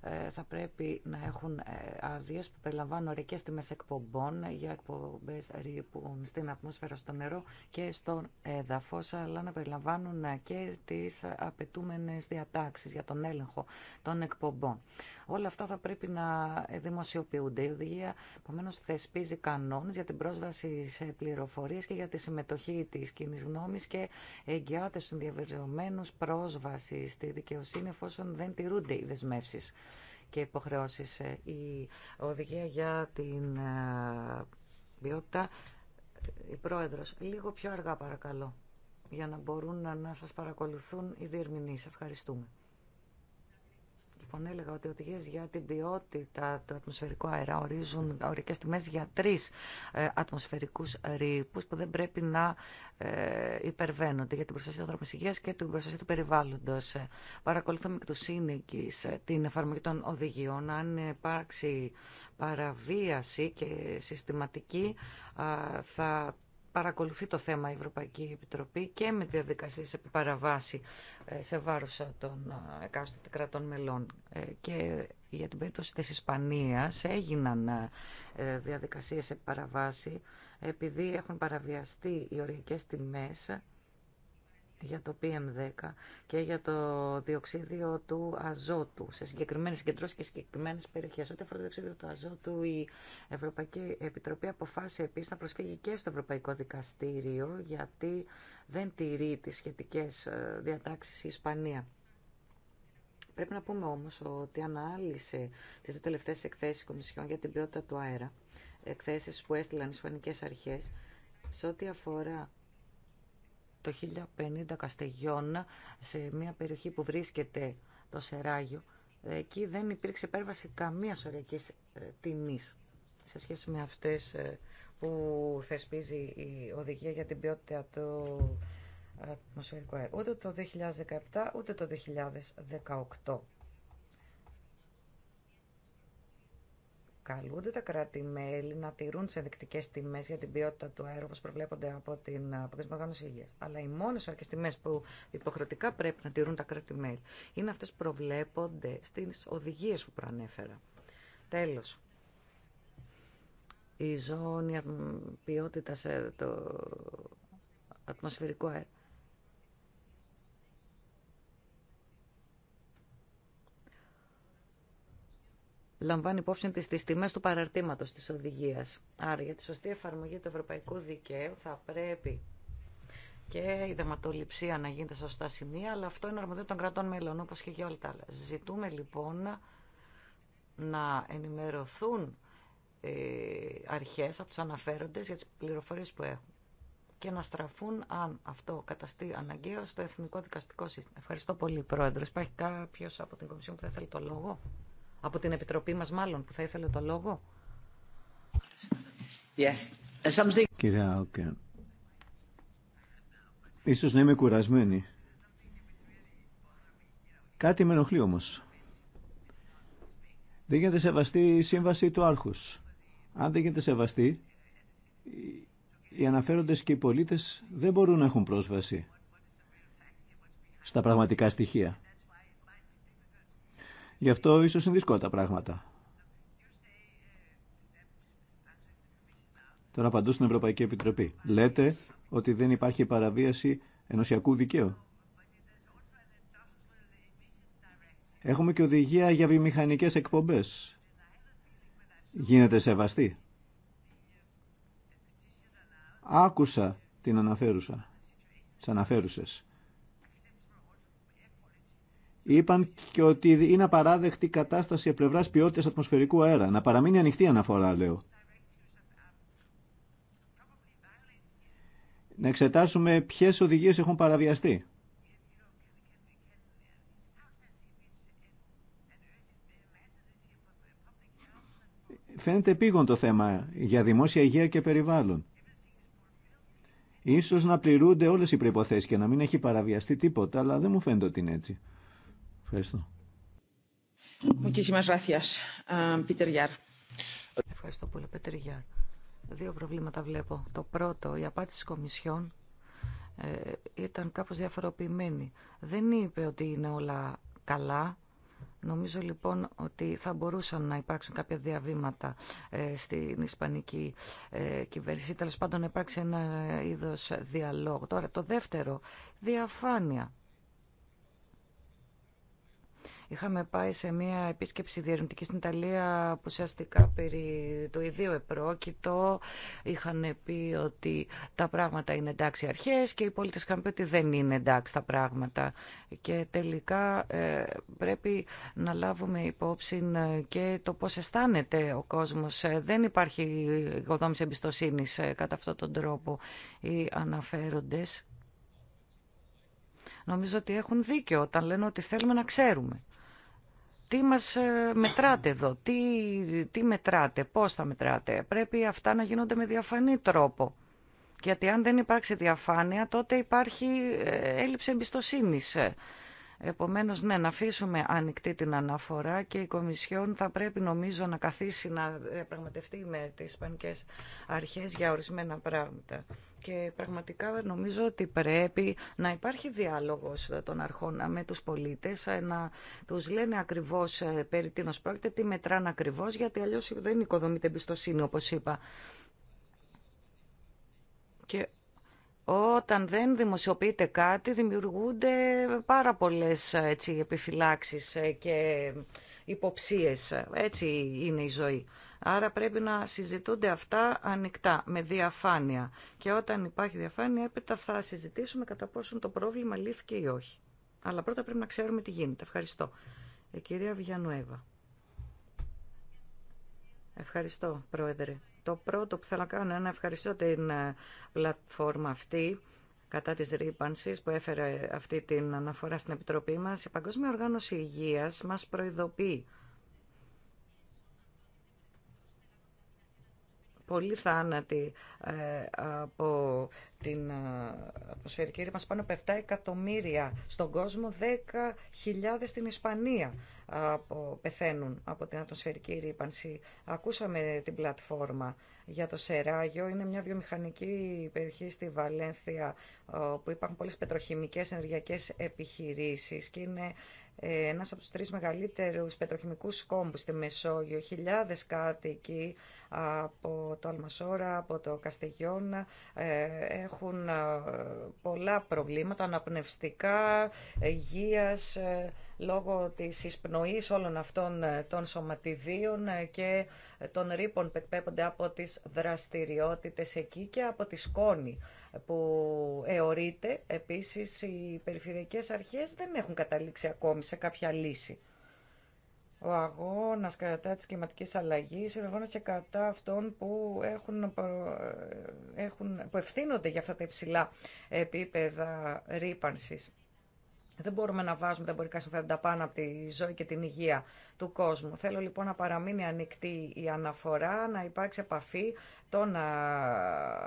ε, θα πρέπει να έχουν ε, άδειε που περιλαμβάνουν ωραίες τιμές εκπομπών για εκπομπές ρήπου στην ατμόσφαιρα, στο νερό και στο έδαφος, αλλά να περιλαμβάνουν και τις απαιτούμενες διατάξεις για τον έλεγχο των εκπομπών. Όλα αυτά θα πρέπει να δημοσιοποιούνται. Η οδηγία επομένω θεσπίζει κανόνες για την πρόσβαση σε πληροφορίες και για τη συμμετοχή της κοινή γνώμη και εγγυάται στου διαβεβαιωμένους πρόσβαση στη δικαιοσύνη εφόσον δεν τηρούνται οι δεσμεύσει και υποχρεώσει ε, Η οδηγία για την ε, ποιότητα, ε, η πρόεδρος, λίγο πιο αργά παρακαλώ, για να μπορούν να σας παρακολουθούν οι διερμηνείς. Ευχαριστούμε. Λοιπόν, έλεγα ότι οδηγίε για την ποιότητα του ατμοσφαιρικού αέρα ορίζουν ορικέ τιμέ για τρει ε, ατμοσφαιρικού ρήπου που δεν πρέπει να ε, υπερβαίνονται για την προστασία τη δρόμων υγεία και την προστασία του περιβάλλοντο. Ε, παρακολουθούμε και του σύνοικη ε, την εφαρμογή των οδηγιών. Αν υπάρξει παραβίαση και συστηματική, θα παρακολουθεί το θέμα η Ευρωπαϊκή Επιτροπή και με διαδικασίες επί παραβάση ε, σε βάρος ε, των ε, εκάστοτε κρατών μελών. Και για την περίπτωση της Ισπανίας έγιναν διαδικασίες επί παραβάση επειδή έχουν παραβιαστεί οι οριακές τιμές για το PM10 και για το διοξίδιο του αζότου σε συγκεκριμένες συγκεντρώσεις και συγκεκριμένες περιοχές. Ό,τι αφορά το διοξίδιο του αζότου, η Ευρωπαϊκή Επιτροπή αποφάσισε επίσης να προσφύγει και στο Ευρωπαϊκό Δικαστήριο γιατί δεν τηρεί τις σχετικές ε, διατάξεις η Ισπανία. Πρέπει να πούμε όμως ότι ανάλυσε τις δύο τελευταίες εκθέσεις Κομισιόν για την ποιότητα του αέρα, εκθέσεις που έστειλαν οι Ισπανικές Αρχές, σε ό,τι αφορά το 1050 Καστεγιώνα σε μια περιοχή που βρίσκεται το Σεράγιο. Εκεί δεν υπήρξε υπέρβαση καμία οριακή ε, τιμή σε σχέση με αυτές ε, που θεσπίζει η οδηγία για την ποιότητα του ατμοσφαιρικού αέρα. Ούτε το 2017 ούτε το 2018. καλούνται τα κράτη-μέλη να τηρούν τι ενδεικτικέ τιμέ για την ποιότητα του αέρα όπω προβλέπονται από την ε, Παγκόσμια Οργάνωση Υγεία. Αλλά οι μόνε ορκέ τιμέ που υποχρεωτικά πρέπει να τηρούν τα κράτη-μέλη είναι αυτέ που προβλέπονται στι οδηγίε που προανέφερα. Τέλο. Η ζώνη ποιότητα ε, το ατμοσφαιρικού αέρα λαμβάνει υπόψη τις, τις τιμές του παραρτήματος της οδηγίας. Άρα για τη σωστή εφαρμογή του ευρωπαϊκού δικαίου θα πρέπει και η δεματοληψία να γίνεται σωστά σημεία, αλλά αυτό είναι αρμοδιότητα των κρατών μέλων, όπως και για όλα τα άλλα. Ζητούμε λοιπόν να ενημερωθούν ε, αρχές από τους αναφέροντες για τις πληροφορίες που έχουν και να στραφούν, αν αυτό καταστεί αναγκαίο, στο Εθνικό Δικαστικό Σύστημα. Ευχαριστώ πολύ, Πρόεδρος. Υπάρχει κάποιο από την Κομισιόν που θα θέλει το λόγο από την Επιτροπή μας μάλλον που θα ήθελε το λόγο. Yes. Something... Κυρία okay. ίσως να είμαι κουρασμένη. Κάτι με ενοχλεί όμως. Δεν γίνεται σεβαστή η σύμβαση του άρχους. Αν δεν γίνεται σεβαστή, οι αναφέροντες και οι πολίτες δεν μπορούν να έχουν πρόσβαση στα πραγματικά στοιχεία. Γι' αυτό ίσως είναι δύσκολα τα πράγματα. Τώρα απαντώ στην Ευρωπαϊκή Επιτροπή. Λέτε ότι δεν υπάρχει παραβίαση ενωσιακού δικαίου. Έχουμε και οδηγία για βιομηχανικές εκπομπές. Γίνεται σεβαστή. Άκουσα την αναφέρουσα. Τις αναφέρουσες είπαν και ότι είναι απαράδεκτη κατάσταση από πλευρά ποιότητα ατμοσφαιρικού αέρα. Να παραμείνει ανοιχτή αναφορά, λέω. Να εξετάσουμε ποιε οδηγίε έχουν παραβιαστεί. Φαίνεται επίγον το θέμα για δημόσια υγεία και περιβάλλον. Ίσως να πληρούνται όλες οι προϋποθέσεις και να μην έχει παραβιαστεί τίποτα, αλλά δεν μου φαίνεται ότι είναι έτσι. Ευχαριστώ. Ah, Ευχαριστώ πολύ, Πέτερ Γιάρ. Δύο προβλήματα βλέπω. Το πρώτο, η απάντηση της Κομισιόν ε, ήταν κάπως διαφοροποιημένη. Δεν είπε ότι είναι όλα καλά. Νομίζω λοιπόν ότι θα μπορούσαν να υπάρξουν κάποια διαβήματα ε, στην Ισπανική ε, κυβέρνηση. Τέλο πάντων να υπάρξει ένα είδος διαλόγου. Τώρα το δεύτερο, διαφάνεια. Είχαμε πάει σε μια επίσκεψη διερευνητική στην Ιταλία που ουσιαστικά περί το ίδιο επρόκειτο. Είχαν πει ότι τα πράγματα είναι εντάξει αρχές και οι πολίτες είχαν πει ότι δεν είναι εντάξει τα πράγματα. Και τελικά ε, πρέπει να λάβουμε υπόψη ε, και το πώς αισθάνεται ο κόσμος. Ε, δεν υπάρχει οικοδόμηση εμπιστοσύνη κατά αυτόν τον τρόπο οι αναφέροντες. Νομίζω ότι έχουν δίκιο όταν λένε ότι θέλουμε να ξέρουμε τι μας ε, μετράτε εδώ, τι, τι μετράτε, πώς θα μετράτε. Πρέπει αυτά να γίνονται με διαφανή τρόπο. Γιατί αν δεν υπάρξει διαφάνεια, τότε υπάρχει ε, έλλειψη εμπιστοσύνης ε. Επομένως, ναι, να αφήσουμε ανοιχτή την αναφορά και η Κομισιόν θα πρέπει νομίζω να καθίσει να πραγματευτεί με τις Ισπανικές Αρχές για ορισμένα πράγματα. Και πραγματικά νομίζω ότι πρέπει να υπάρχει διάλογος των αρχών με τους πολίτες, ε, να τους λένε ακριβώς ε, περί τίνος πρόκειται, τι μετράνε ακριβώς, γιατί αλλιώς δεν οικοδομείται εμπιστοσύνη, όπως είπα. Όταν δεν δημοσιοποιείται κάτι, δημιουργούνται πάρα πολλές έτσι, επιφυλάξεις ε, και υποψίες. Έτσι είναι η ζωή. Άρα πρέπει να συζητούνται αυτά ανοιχτά, με διαφάνεια. Και όταν υπάρχει διαφάνεια, έπειτα θα συζητήσουμε κατά πόσον το πρόβλημα λύθηκε ή όχι. Αλλά πρώτα πρέπει να ξέρουμε τι γίνεται. Ευχαριστώ. η ε, κυρία Βιανουέβα. Ευχαριστώ, Πρόεδρε. Το πρώτο που θέλω να κάνω είναι να ευχαριστώ την ε, πλατφόρμα αυτή κατά της ρήπανση που έφερε αυτή την αναφορά στην Επιτροπή μας. Η Παγκόσμια Οργάνωση Υγείας μας προειδοποιεί πολύ θάνατοι ε, από την ε, ατμοσφαιρική ρήπανση, πάνω από 7 εκατομμύρια στον κόσμο, 10.000 στην Ισπανία από, πεθαίνουν από την ατμοσφαιρική ρήπανση. Ακούσαμε την πλατφόρμα για το Σεράγιο, είναι μια βιομηχανική περιοχή στη Βαλένθια που υπάρχουν πολλές πετροχημικές ενεργειακές επιχειρήσεις και είναι ε, ένας από τους τρεις μεγαλύτερους πετροχημικούς κόμπους στη Μεσόγειο. Χιλιάδες κάτοικοι από το Αλμασόρα, από το Καστεγιόν ε, έχουν ε, πολλά προβλήματα αναπνευστικά, υγείας, λόγω της εισπνοής όλων αυτών ε, των σωματιδίων ε, και των ρήπων που εκπέμπονται από τις δραστηριότητες εκεί και από τη σκόνη που αιωρείται. Επίσης, οι περιφερειακές αρχές δεν έχουν καταλήξει ακόμη σε κάποια λύση. Ο αγώνα κατά τη κλιματική αλλαγή ο αγώνα και κατά αυτών που, έχουν, ε, έχουν, που ευθύνονται για αυτά τα υψηλά επίπεδα ρήπανση. Δεν μπορούμε να βάζουμε τα εμπορικά συμφέροντα πάνω από τη ζωή και την υγεία του κόσμου. Θέλω λοιπόν να παραμείνει ανοιχτή η αναφορά, να υπάρξει επαφή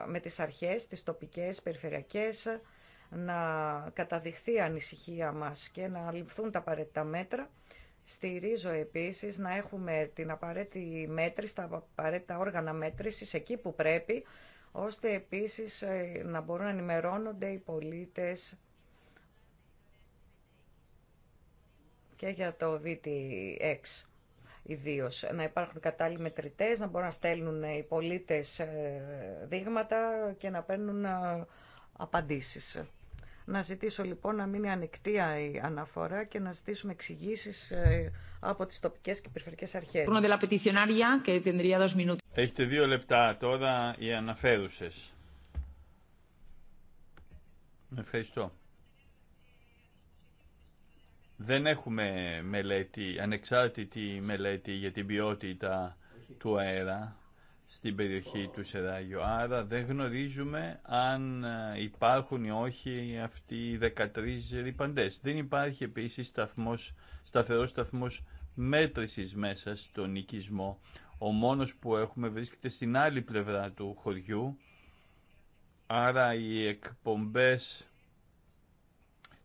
με τις αρχές, τις τοπικές, περιφερειακές, να καταδειχθεί η ανησυχία μας και να ληφθούν τα απαραίτητα μέτρα. Στηρίζω επίσης να έχουμε την απαραίτητη μέτρηση, τα απαραίτητα όργανα μέτρησης εκεί που πρέπει, ώστε επίσης ε, να μπορούν να ενημερώνονται οι πολίτες και για το VTX ιδίω. Να υπάρχουν κατάλληλοι μετρητέ, να μπορούν να στέλνουν οι πολίτε ε, δείγματα και να παίρνουν ε, απαντήσει. Να ζητήσω λοιπόν να μείνει ανοιχτή η αναφορά και να ζητήσουμε εξηγήσει ε, από τι τοπικέ και περιφερειακέ αρχέ. Έχετε δύο λεπτά τώρα οι αναφέρουσε. Ευχαριστώ. Δεν έχουμε μελέτη, ανεξάρτητη μελέτη για την ποιότητα του αέρα στην περιοχή του Σεράγιο. Άρα δεν γνωρίζουμε αν ε, υπάρχουν ή όχι αυτοί οι 13 ρηπαντές. Δεν υπάρχει επίσης σταθμός, σταθερός σταθμός μέτρησης μέσα στον οικισμό. Ο μόνος που έχουμε βρίσκεται στην άλλη πλευρά του χωριού. Άρα οι εκπομπές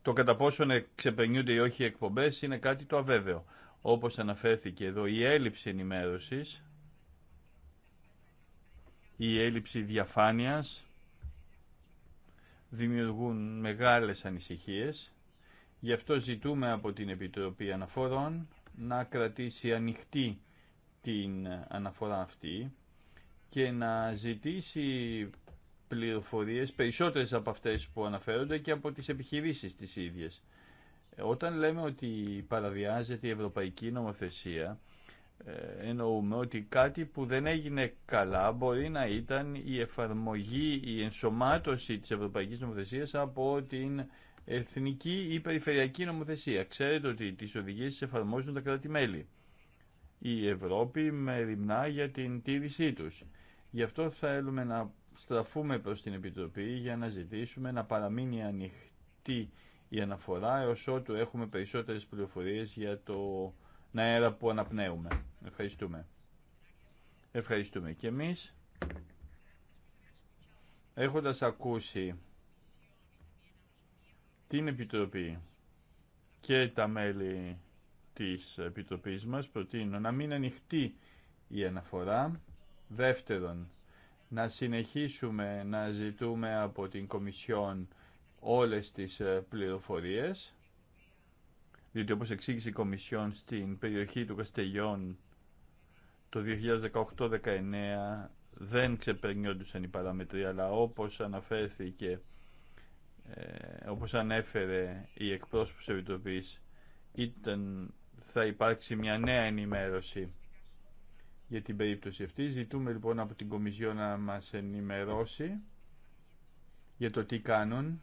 το κατά πόσο ξεπερνιούνται ή όχι οι εκπομπές είναι κάτι το αβέβαιο. Όπως αναφέρθηκε εδώ, η έλλειψη ενημέρωσης, η ελλειψη ενημέρωση, διαφάνειας δημιουργούν μεγάλες ανησυχίες. Γι' αυτό ζητούμε από την Επιτροπή Αναφορών να κρατήσει ανοιχτή την αναφορά αυτή και να ζητήσει πληροφορίες, περισσότερες από αυτές που αναφέρονται και από τις επιχειρήσεις της ίδιας. Όταν λέμε ότι παραβιάζεται η ευρωπαϊκή νομοθεσία, ε, εννοούμε ότι κάτι που δεν έγινε καλά μπορεί να ήταν η εφαρμογή, η ενσωμάτωση της ευρωπαϊκής νομοθεσίας από την εθνική ή περιφερειακή νομοθεσία. Ξέρετε ότι τις οδηγίες τις εφαρμόζουν τα κράτη-μέλη. Η περιφερειακη νομοθεσια ξερετε οτι τις οδηγιες μεριμνά για την τήρησή τους. Γι' αυτό θέλουμε να στραφούμε προς την Επιτροπή για να ζητήσουμε να παραμείνει ανοιχτή η αναφορά έως ότου έχουμε περισσότερες πληροφορίες για το αέρα που αναπνέουμε. Ευχαριστούμε. Ευχαριστούμε και εμείς. Έχοντας ακούσει την Επιτροπή και τα μέλη της Επιτροπής μας προτείνω να μην ανοιχτεί η αναφορά. Δεύτερον, να συνεχίσουμε να ζητούμε από την Κομισιόν όλες τις ε, πληροφορίες, διότι όπως εξήγησε η Κομισιόν στην περιοχή του Καστελιών το 2018-19 δεν ξεπερνιόντουσαν οι παραμετροί, αλλά όπως αναφέρθηκε, ε, όπως ανέφερε η εκπρόσωπος Επιτροπής, ήταν, θα υπάρξει μια νέα ενημέρωση για την περίπτωση αυτή. Ζητούμε λοιπόν από την Κομισιό να μας ενημερώσει για το τι κάνουν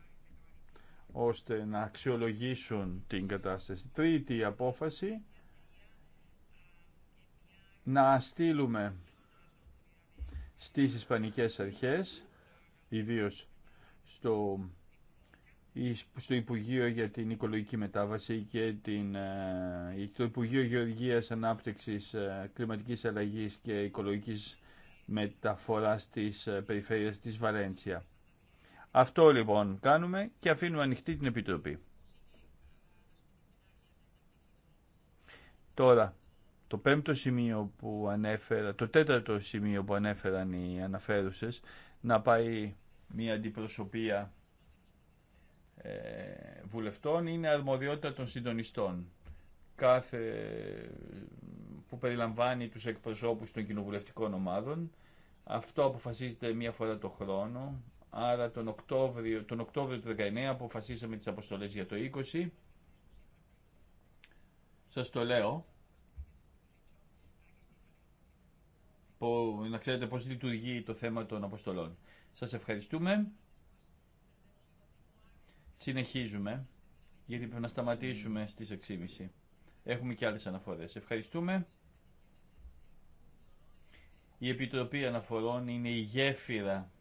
ώστε να αξιολογήσουν την κατάσταση. Τρίτη απόφαση να στείλουμε στις Ισπανικές Αρχές ιδίως στο στο Υπουργείο για την Οικολογική Μετάβαση και την, ε, το Υπουργείο Γεωργίας Ανάπτυξης ε, Κλιματικής Αλλαγής και Οικολογικής Μεταφοράς της ε, Περιφέρειας της Βαλένσια. Αυτό λοιπόν κάνουμε και αφήνουμε ανοιχτή την Επιτροπή. Τώρα, το πέμπτο σημείο που ανέφερα, το τέταρτο σημείο που ανέφεραν οι αναφέρουσες, να πάει μια αντιπροσωπεία ε, βουλευτών είναι αρμοδιότητα των συντονιστών κάθε, που περιλαμβάνει τους εκπροσώπους των κοινοβουλευτικών ομάδων. Αυτό αποφασίζεται μία φορά το χρόνο, άρα τον Οκτώβριο, τον Οκτώβριο του 19 αποφασίσαμε τις αποστολές για το 20. Σας το λέω, που, να ξέρετε πώς λειτουργεί το θέμα των αποστολών. Σας ευχαριστούμε. Συνεχίζουμε, γιατί πρέπει να σταματήσουμε στις 6.30. Έχουμε και άλλες αναφορές. Ευχαριστούμε. Η Επιτροπή Αναφορών είναι η γέφυρα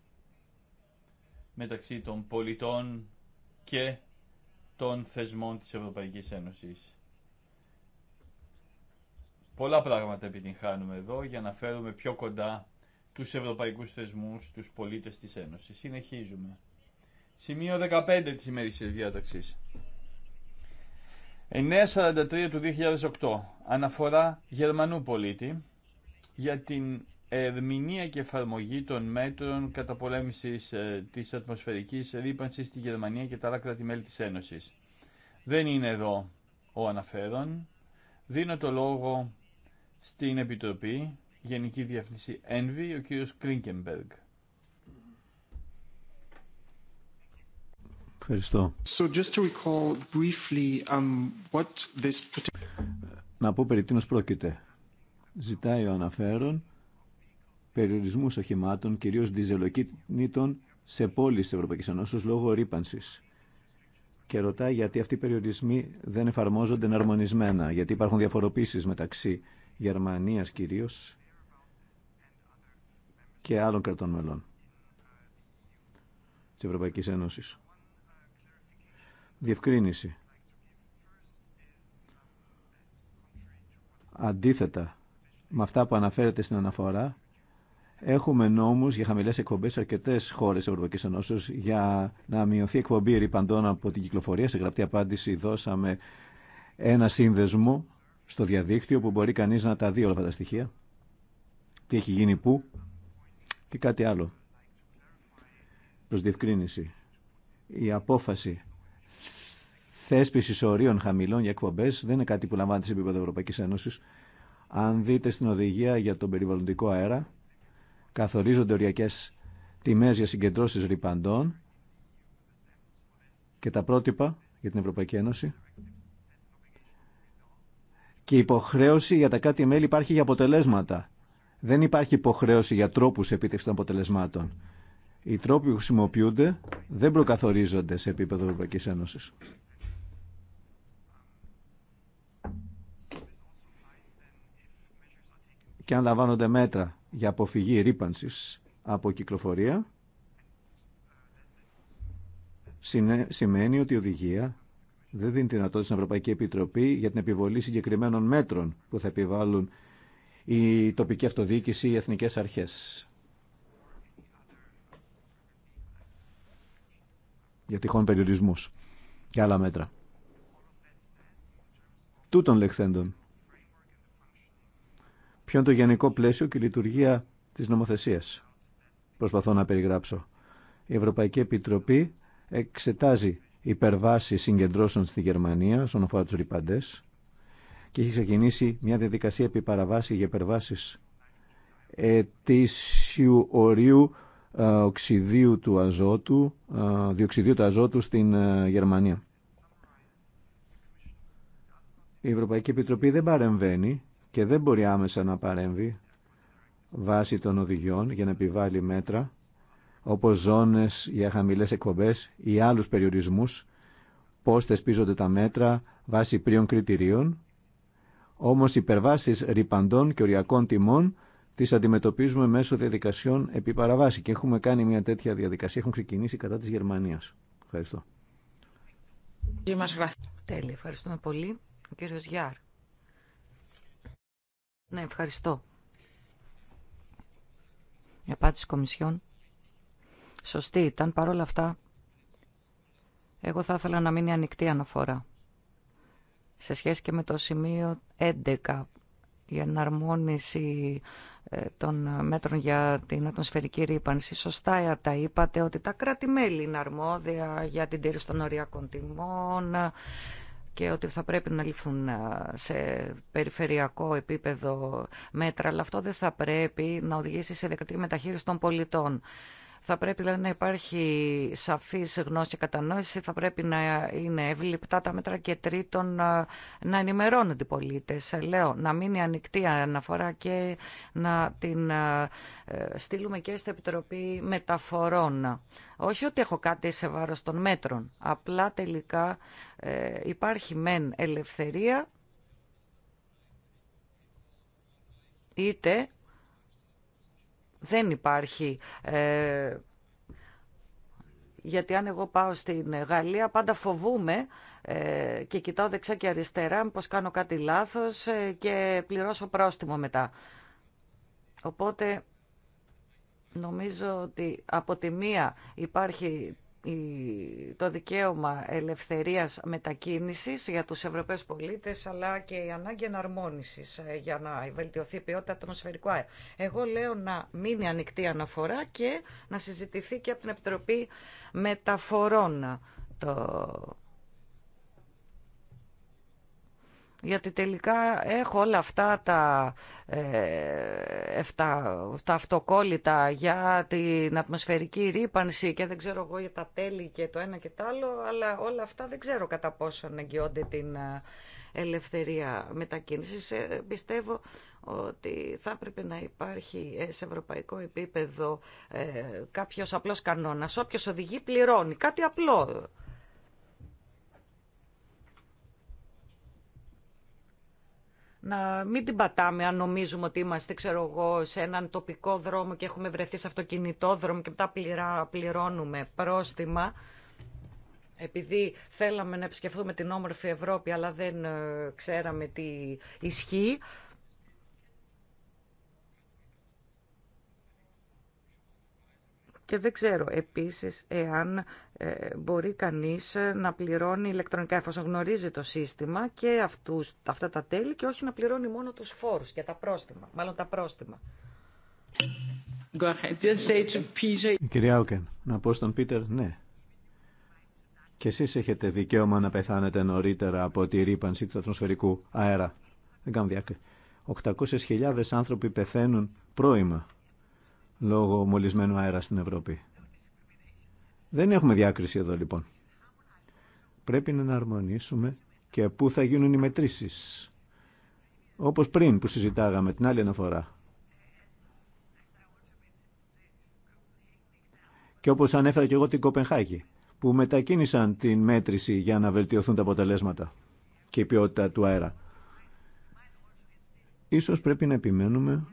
μεταξύ των πολιτών και των θεσμών της Ευρωπαϊκής Ένωσης. Πολλά πράγματα επιτυγχάνουμε εδώ για να φέρουμε πιο κοντά τους ευρωπαϊκούς θεσμούς, τους πολίτες της Ένωσης. Συνεχίζουμε. Σημείο 15 της ημερήσιας διάταξης. 943 του 2008. Αναφορά Γερμανού πολίτη για την ερμηνεία και εφαρμογή των μέτρων καταπολέμησης ε, της ατμοσφαιρικής ρήπανσης στη Γερμανία και τα άλλα κράτη-μέλη της Ένωσης. Δεν είναι εδώ ο αναφέρον. Δίνω το λόγο στην Επιτροπή Γενική Διεύθυνση Ένβη, ο κύριος Κρίνκεμπεργκ. Ευχαριστώ. Um, Να πω περί τίνος πρόκειται. Ζητάει ο αναφέρον περιορισμούς οχημάτων, κυρίως διζελοκίνητων, σε πόλεις της Ευρωπαϊκής Ενώσης λόγω ρήπανσης. Και ρωτάει γιατί αυτοί οι περιορισμοί δεν εφαρμόζονται εναρμονισμένα, γιατί υπάρχουν διαφοροποίησεις μεταξύ Γερμανίας κυρίως και άλλων κρατών μελών της Ευρωπαϊκής Ένωσης διευκρίνηση. Αντίθετα με αυτά που αναφέρεται στην αναφορά, έχουμε νόμους για χαμηλές εκπομπές σε αρκετές χώρες Ευρωπαϊκής Ενώσεως για να μειωθεί εκπομπή ρηπαντών από την κυκλοφορία. Σε γραπτή απάντηση δώσαμε ένα σύνδεσμο στο διαδίκτυο που μπορεί κανείς να τα δει όλα αυτά τα στοιχεία. Τι έχει γίνει πού και κάτι άλλο. Προς διευκρίνηση. Η απόφαση θέσπιση ορίων χαμηλών για εκπομπέ δεν είναι κάτι που λαμβάνεται σε επίπεδο Ευρωπαϊκή Ένωση. Αν δείτε στην οδηγία για τον περιβαλλοντικό αέρα, καθορίζονται οριακέ τιμέ για συγκεντρώσει ρηπαντών και τα πρότυπα για την Ευρωπαϊκή Ένωση. Και η υποχρέωση για τα κάτι μέλη υπάρχει για αποτελέσματα. Δεν υπάρχει υποχρέωση για τρόπους επίτευξης των αποτελεσμάτων. Οι τρόποι που χρησιμοποιούνται δεν προκαθορίζονται σε επίπεδο Ευρωπαϊκή Ένωση. και αν λαμβάνονται μέτρα για αποφυγή ρήπανσης από κυκλοφορία, σημαίνει ότι η οδηγία δεν δίνει δυνατότητα στην Ευρωπαϊκή Επιτροπή για την επιβολή συγκεκριμένων μέτρων που θα επιβάλλουν η τοπική αυτοδιοίκηση ή οι εθνικές αρχές. για τυχόν περιορισμούς και άλλα μέτρα. Τούτων λεχθέντων, ποιο είναι το γενικό πλαίσιο και η λειτουργία της νομοθεσίας. Προσπαθώ να περιγράψω. Η Ευρωπαϊκή Επιτροπή εξετάζει υπερβάσει συγκεντρώσεων στη Γερμανία στον αφορά του ρηπαντέ και έχει ξεκινήσει μια διαδικασία επί παραβάση για υπερβάσει ετήσιου ορίου ε, οξυδίου του αζότου, ε, διοξιδίου του αζότου στην ε, Γερμανία. Η Ευρωπαϊκή Επιτροπή δεν παρεμβαίνει και δεν μπορεί άμεσα να παρέμβει βάσει των οδηγιών για να επιβάλλει μέτρα όπως ζώνες για χαμηλές εκπομπές ή άλλους περιορισμούς, πώς θεσπίζονται τα μέτρα βάσει πρίων κριτηρίων, όμως υπερβάσεις ρηπαντών και οριακών τιμών τις αντιμετωπίζουμε μέσω διαδικασιών επί παραβάση και έχουμε κάνει μια τέτοια διαδικασία, έχουν ξεκινήσει κατά της Γερμανίας. Ευχαριστώ. Τέλεια, ευχαριστούμε πολύ. Ο κύριος Γιάρ. Ναι, ευχαριστώ. Η απάντηση Κομισιόν. Σωστή ήταν, παρόλα αυτά, εγώ θα ήθελα να μείνει ανοιχτή αναφορά. Σε σχέση και με το σημείο 11, η εναρμόνιση ε, των μέτρων για την ατμοσφαιρική ρήπανση. Σωστά τα είπατε ότι τα κράτη-μέλη είναι αρμόδια για την τήρηση των οριακών τιμών, και ότι θα πρέπει να ληφθούν σε περιφερειακό επίπεδο μέτρα, αλλά αυτό δεν θα πρέπει να οδηγήσει σε δεκτή μεταχείριση των πολιτών. Θα πρέπει δηλαδή, να υπάρχει σαφής γνώση και κατανόηση, θα πρέπει να είναι ευληπτά τα μέτρα και τρίτον να ενημερώνονται οι πολίτες. Λέω, να μείνει ανοιχτή αναφορά και να την ε, στείλουμε και στην Επιτροπή Μεταφορών. Όχι ότι έχω κάτι σε βάρος των μέτρων, απλά τελικά ε, υπάρχει μεν ελευθερία είτε δεν υπάρχει. Ε, γιατί αν εγώ πάω στην Γαλλία πάντα φοβούμαι ε, και κοιτάω δεξιά και αριστερά πώς κάνω κάτι λάθος ε, και πληρώσω πρόστιμο μετά. Οπότε νομίζω ότι από τη μία υπάρχει το δικαίωμα ελευθερίας μετακίνησης για τους Ευρωπαίους πολίτες αλλά και η ανάγκη εναρμόνισης ε, για να βελτιωθεί η ποιότητα ατμοσφαιρικού αέρα. Εγώ λέω να μείνει ανοιχτή αναφορά και να συζητηθεί και από την Επιτροπή Μεταφορών το γιατί τελικά έχω όλα αυτά τα, ε, αυτοκόλλητα για την ατμοσφαιρική ρήπανση και δεν ξέρω εγώ για τα τέλη και το ένα και το άλλο, αλλά όλα αυτά δεν ξέρω κατά πόσο αναγκαιώνται την ε, ελευθερία μετακίνησης. Ε, πιστεύω ότι θα έπρεπε να υπάρχει ε, σε ευρωπαϊκό επίπεδο ε, κάποιος απλός κανόνας. Όποιος οδηγεί πληρώνει. Κάτι απλό να μην την πατάμε αν νομίζουμε ότι είμαστε, ξέρω εγώ, σε έναν τοπικό δρόμο και έχουμε βρεθεί σε αυτοκινητόδρομο και μετά πληρώνουμε πρόστιμα. Επειδή θέλαμε να επισκεφθούμε την όμορφη Ευρώπη αλλά δεν ε, ξέραμε τι ισχύει, και δεν ξέρω επίσης εάν ε, μπορεί κανείς ε, να πληρώνει ηλεκτρονικά εφόσον γνωρίζει το σύστημα και αυτούς, αυτά τα τέλη και όχι να πληρώνει μόνο τους φόρους και τα πρόστιμα, μάλλον τα πρόστιμα. κυρία Όκεν, να πω στον Πίτερ, ναι. Και εσείς έχετε δικαίωμα να πεθάνετε νωρίτερα από τη ρήπανση του ατμοσφαιρικού αέρα. Δεν κάνω διάκριση. 800.000 άνθρωποι πεθαίνουν πρώιμα λόγω μολυσμένου αέρα στην Ευρώπη. Δεν έχουμε διάκριση εδώ λοιπόν. Πρέπει να αναρμονίσουμε και πού θα γίνουν οι μετρήσεις. Όπως πριν που συζητάγαμε την άλλη αναφορά. Και όπως ανέφερα και εγώ την Κοπενχάγη, που μετακίνησαν την μέτρηση για να βελτιωθούν τα αποτελέσματα και η ποιότητα του αέρα. Ίσως πρέπει να επιμένουμε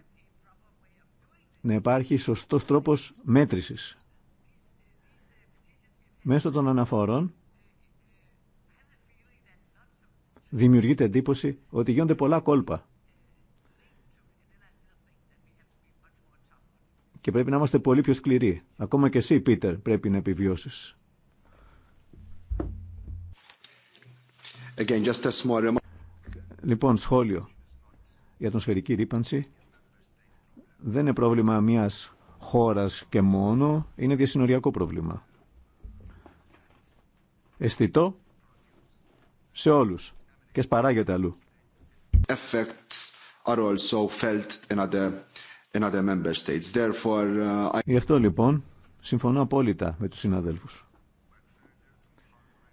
να υπάρχει σωστός τρόπος μέτρησης. Μέσω των αναφορών δημιουργείται εντύπωση ότι γίνονται πολλά κόλπα. Και πρέπει να είμαστε πολύ πιο σκληροί. Ακόμα και εσύ, Πίτερ, πρέπει να επιβιώσεις. just a small... Λοιπόν, σχόλιο για τον σφαιρική ρήπανση δεν είναι πρόβλημα μιας χώρας και μόνο, είναι διασυνοριακό πρόβλημα. Αισθητό σε όλους και σπαράγεται αλλού. Γι' αυτό λοιπόν συμφωνώ απόλυτα με τους συναδέλφους.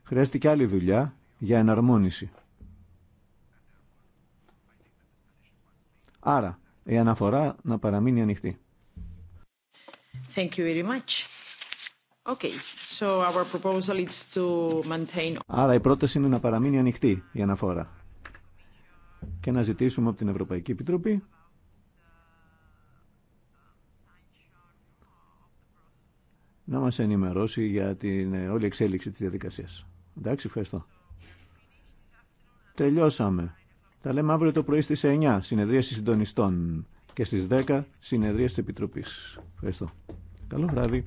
Χρειάζεται και άλλη δουλειά για εναρμόνιση. Άρα, η αναφορά να παραμείνει ανοιχτή. Thank you very much. Okay. So our proposal is to maintain... Άρα η πρόταση είναι να παραμείνει ανοιχτή η αναφορά και να ζητήσουμε από την Ευρωπαϊκή Επιτροπή να μας ενημερώσει για την ε, όλη εξέλιξη της διαδικασίας. Εντάξει, ευχαριστώ. Τελειώσαμε. Τα λέμε αύριο το πρωί στις 9, συνεδρίαση συντονιστών και στις 10, συνεδρίαση της Επιτροπής. Ευχαριστώ. Καλό βράδυ.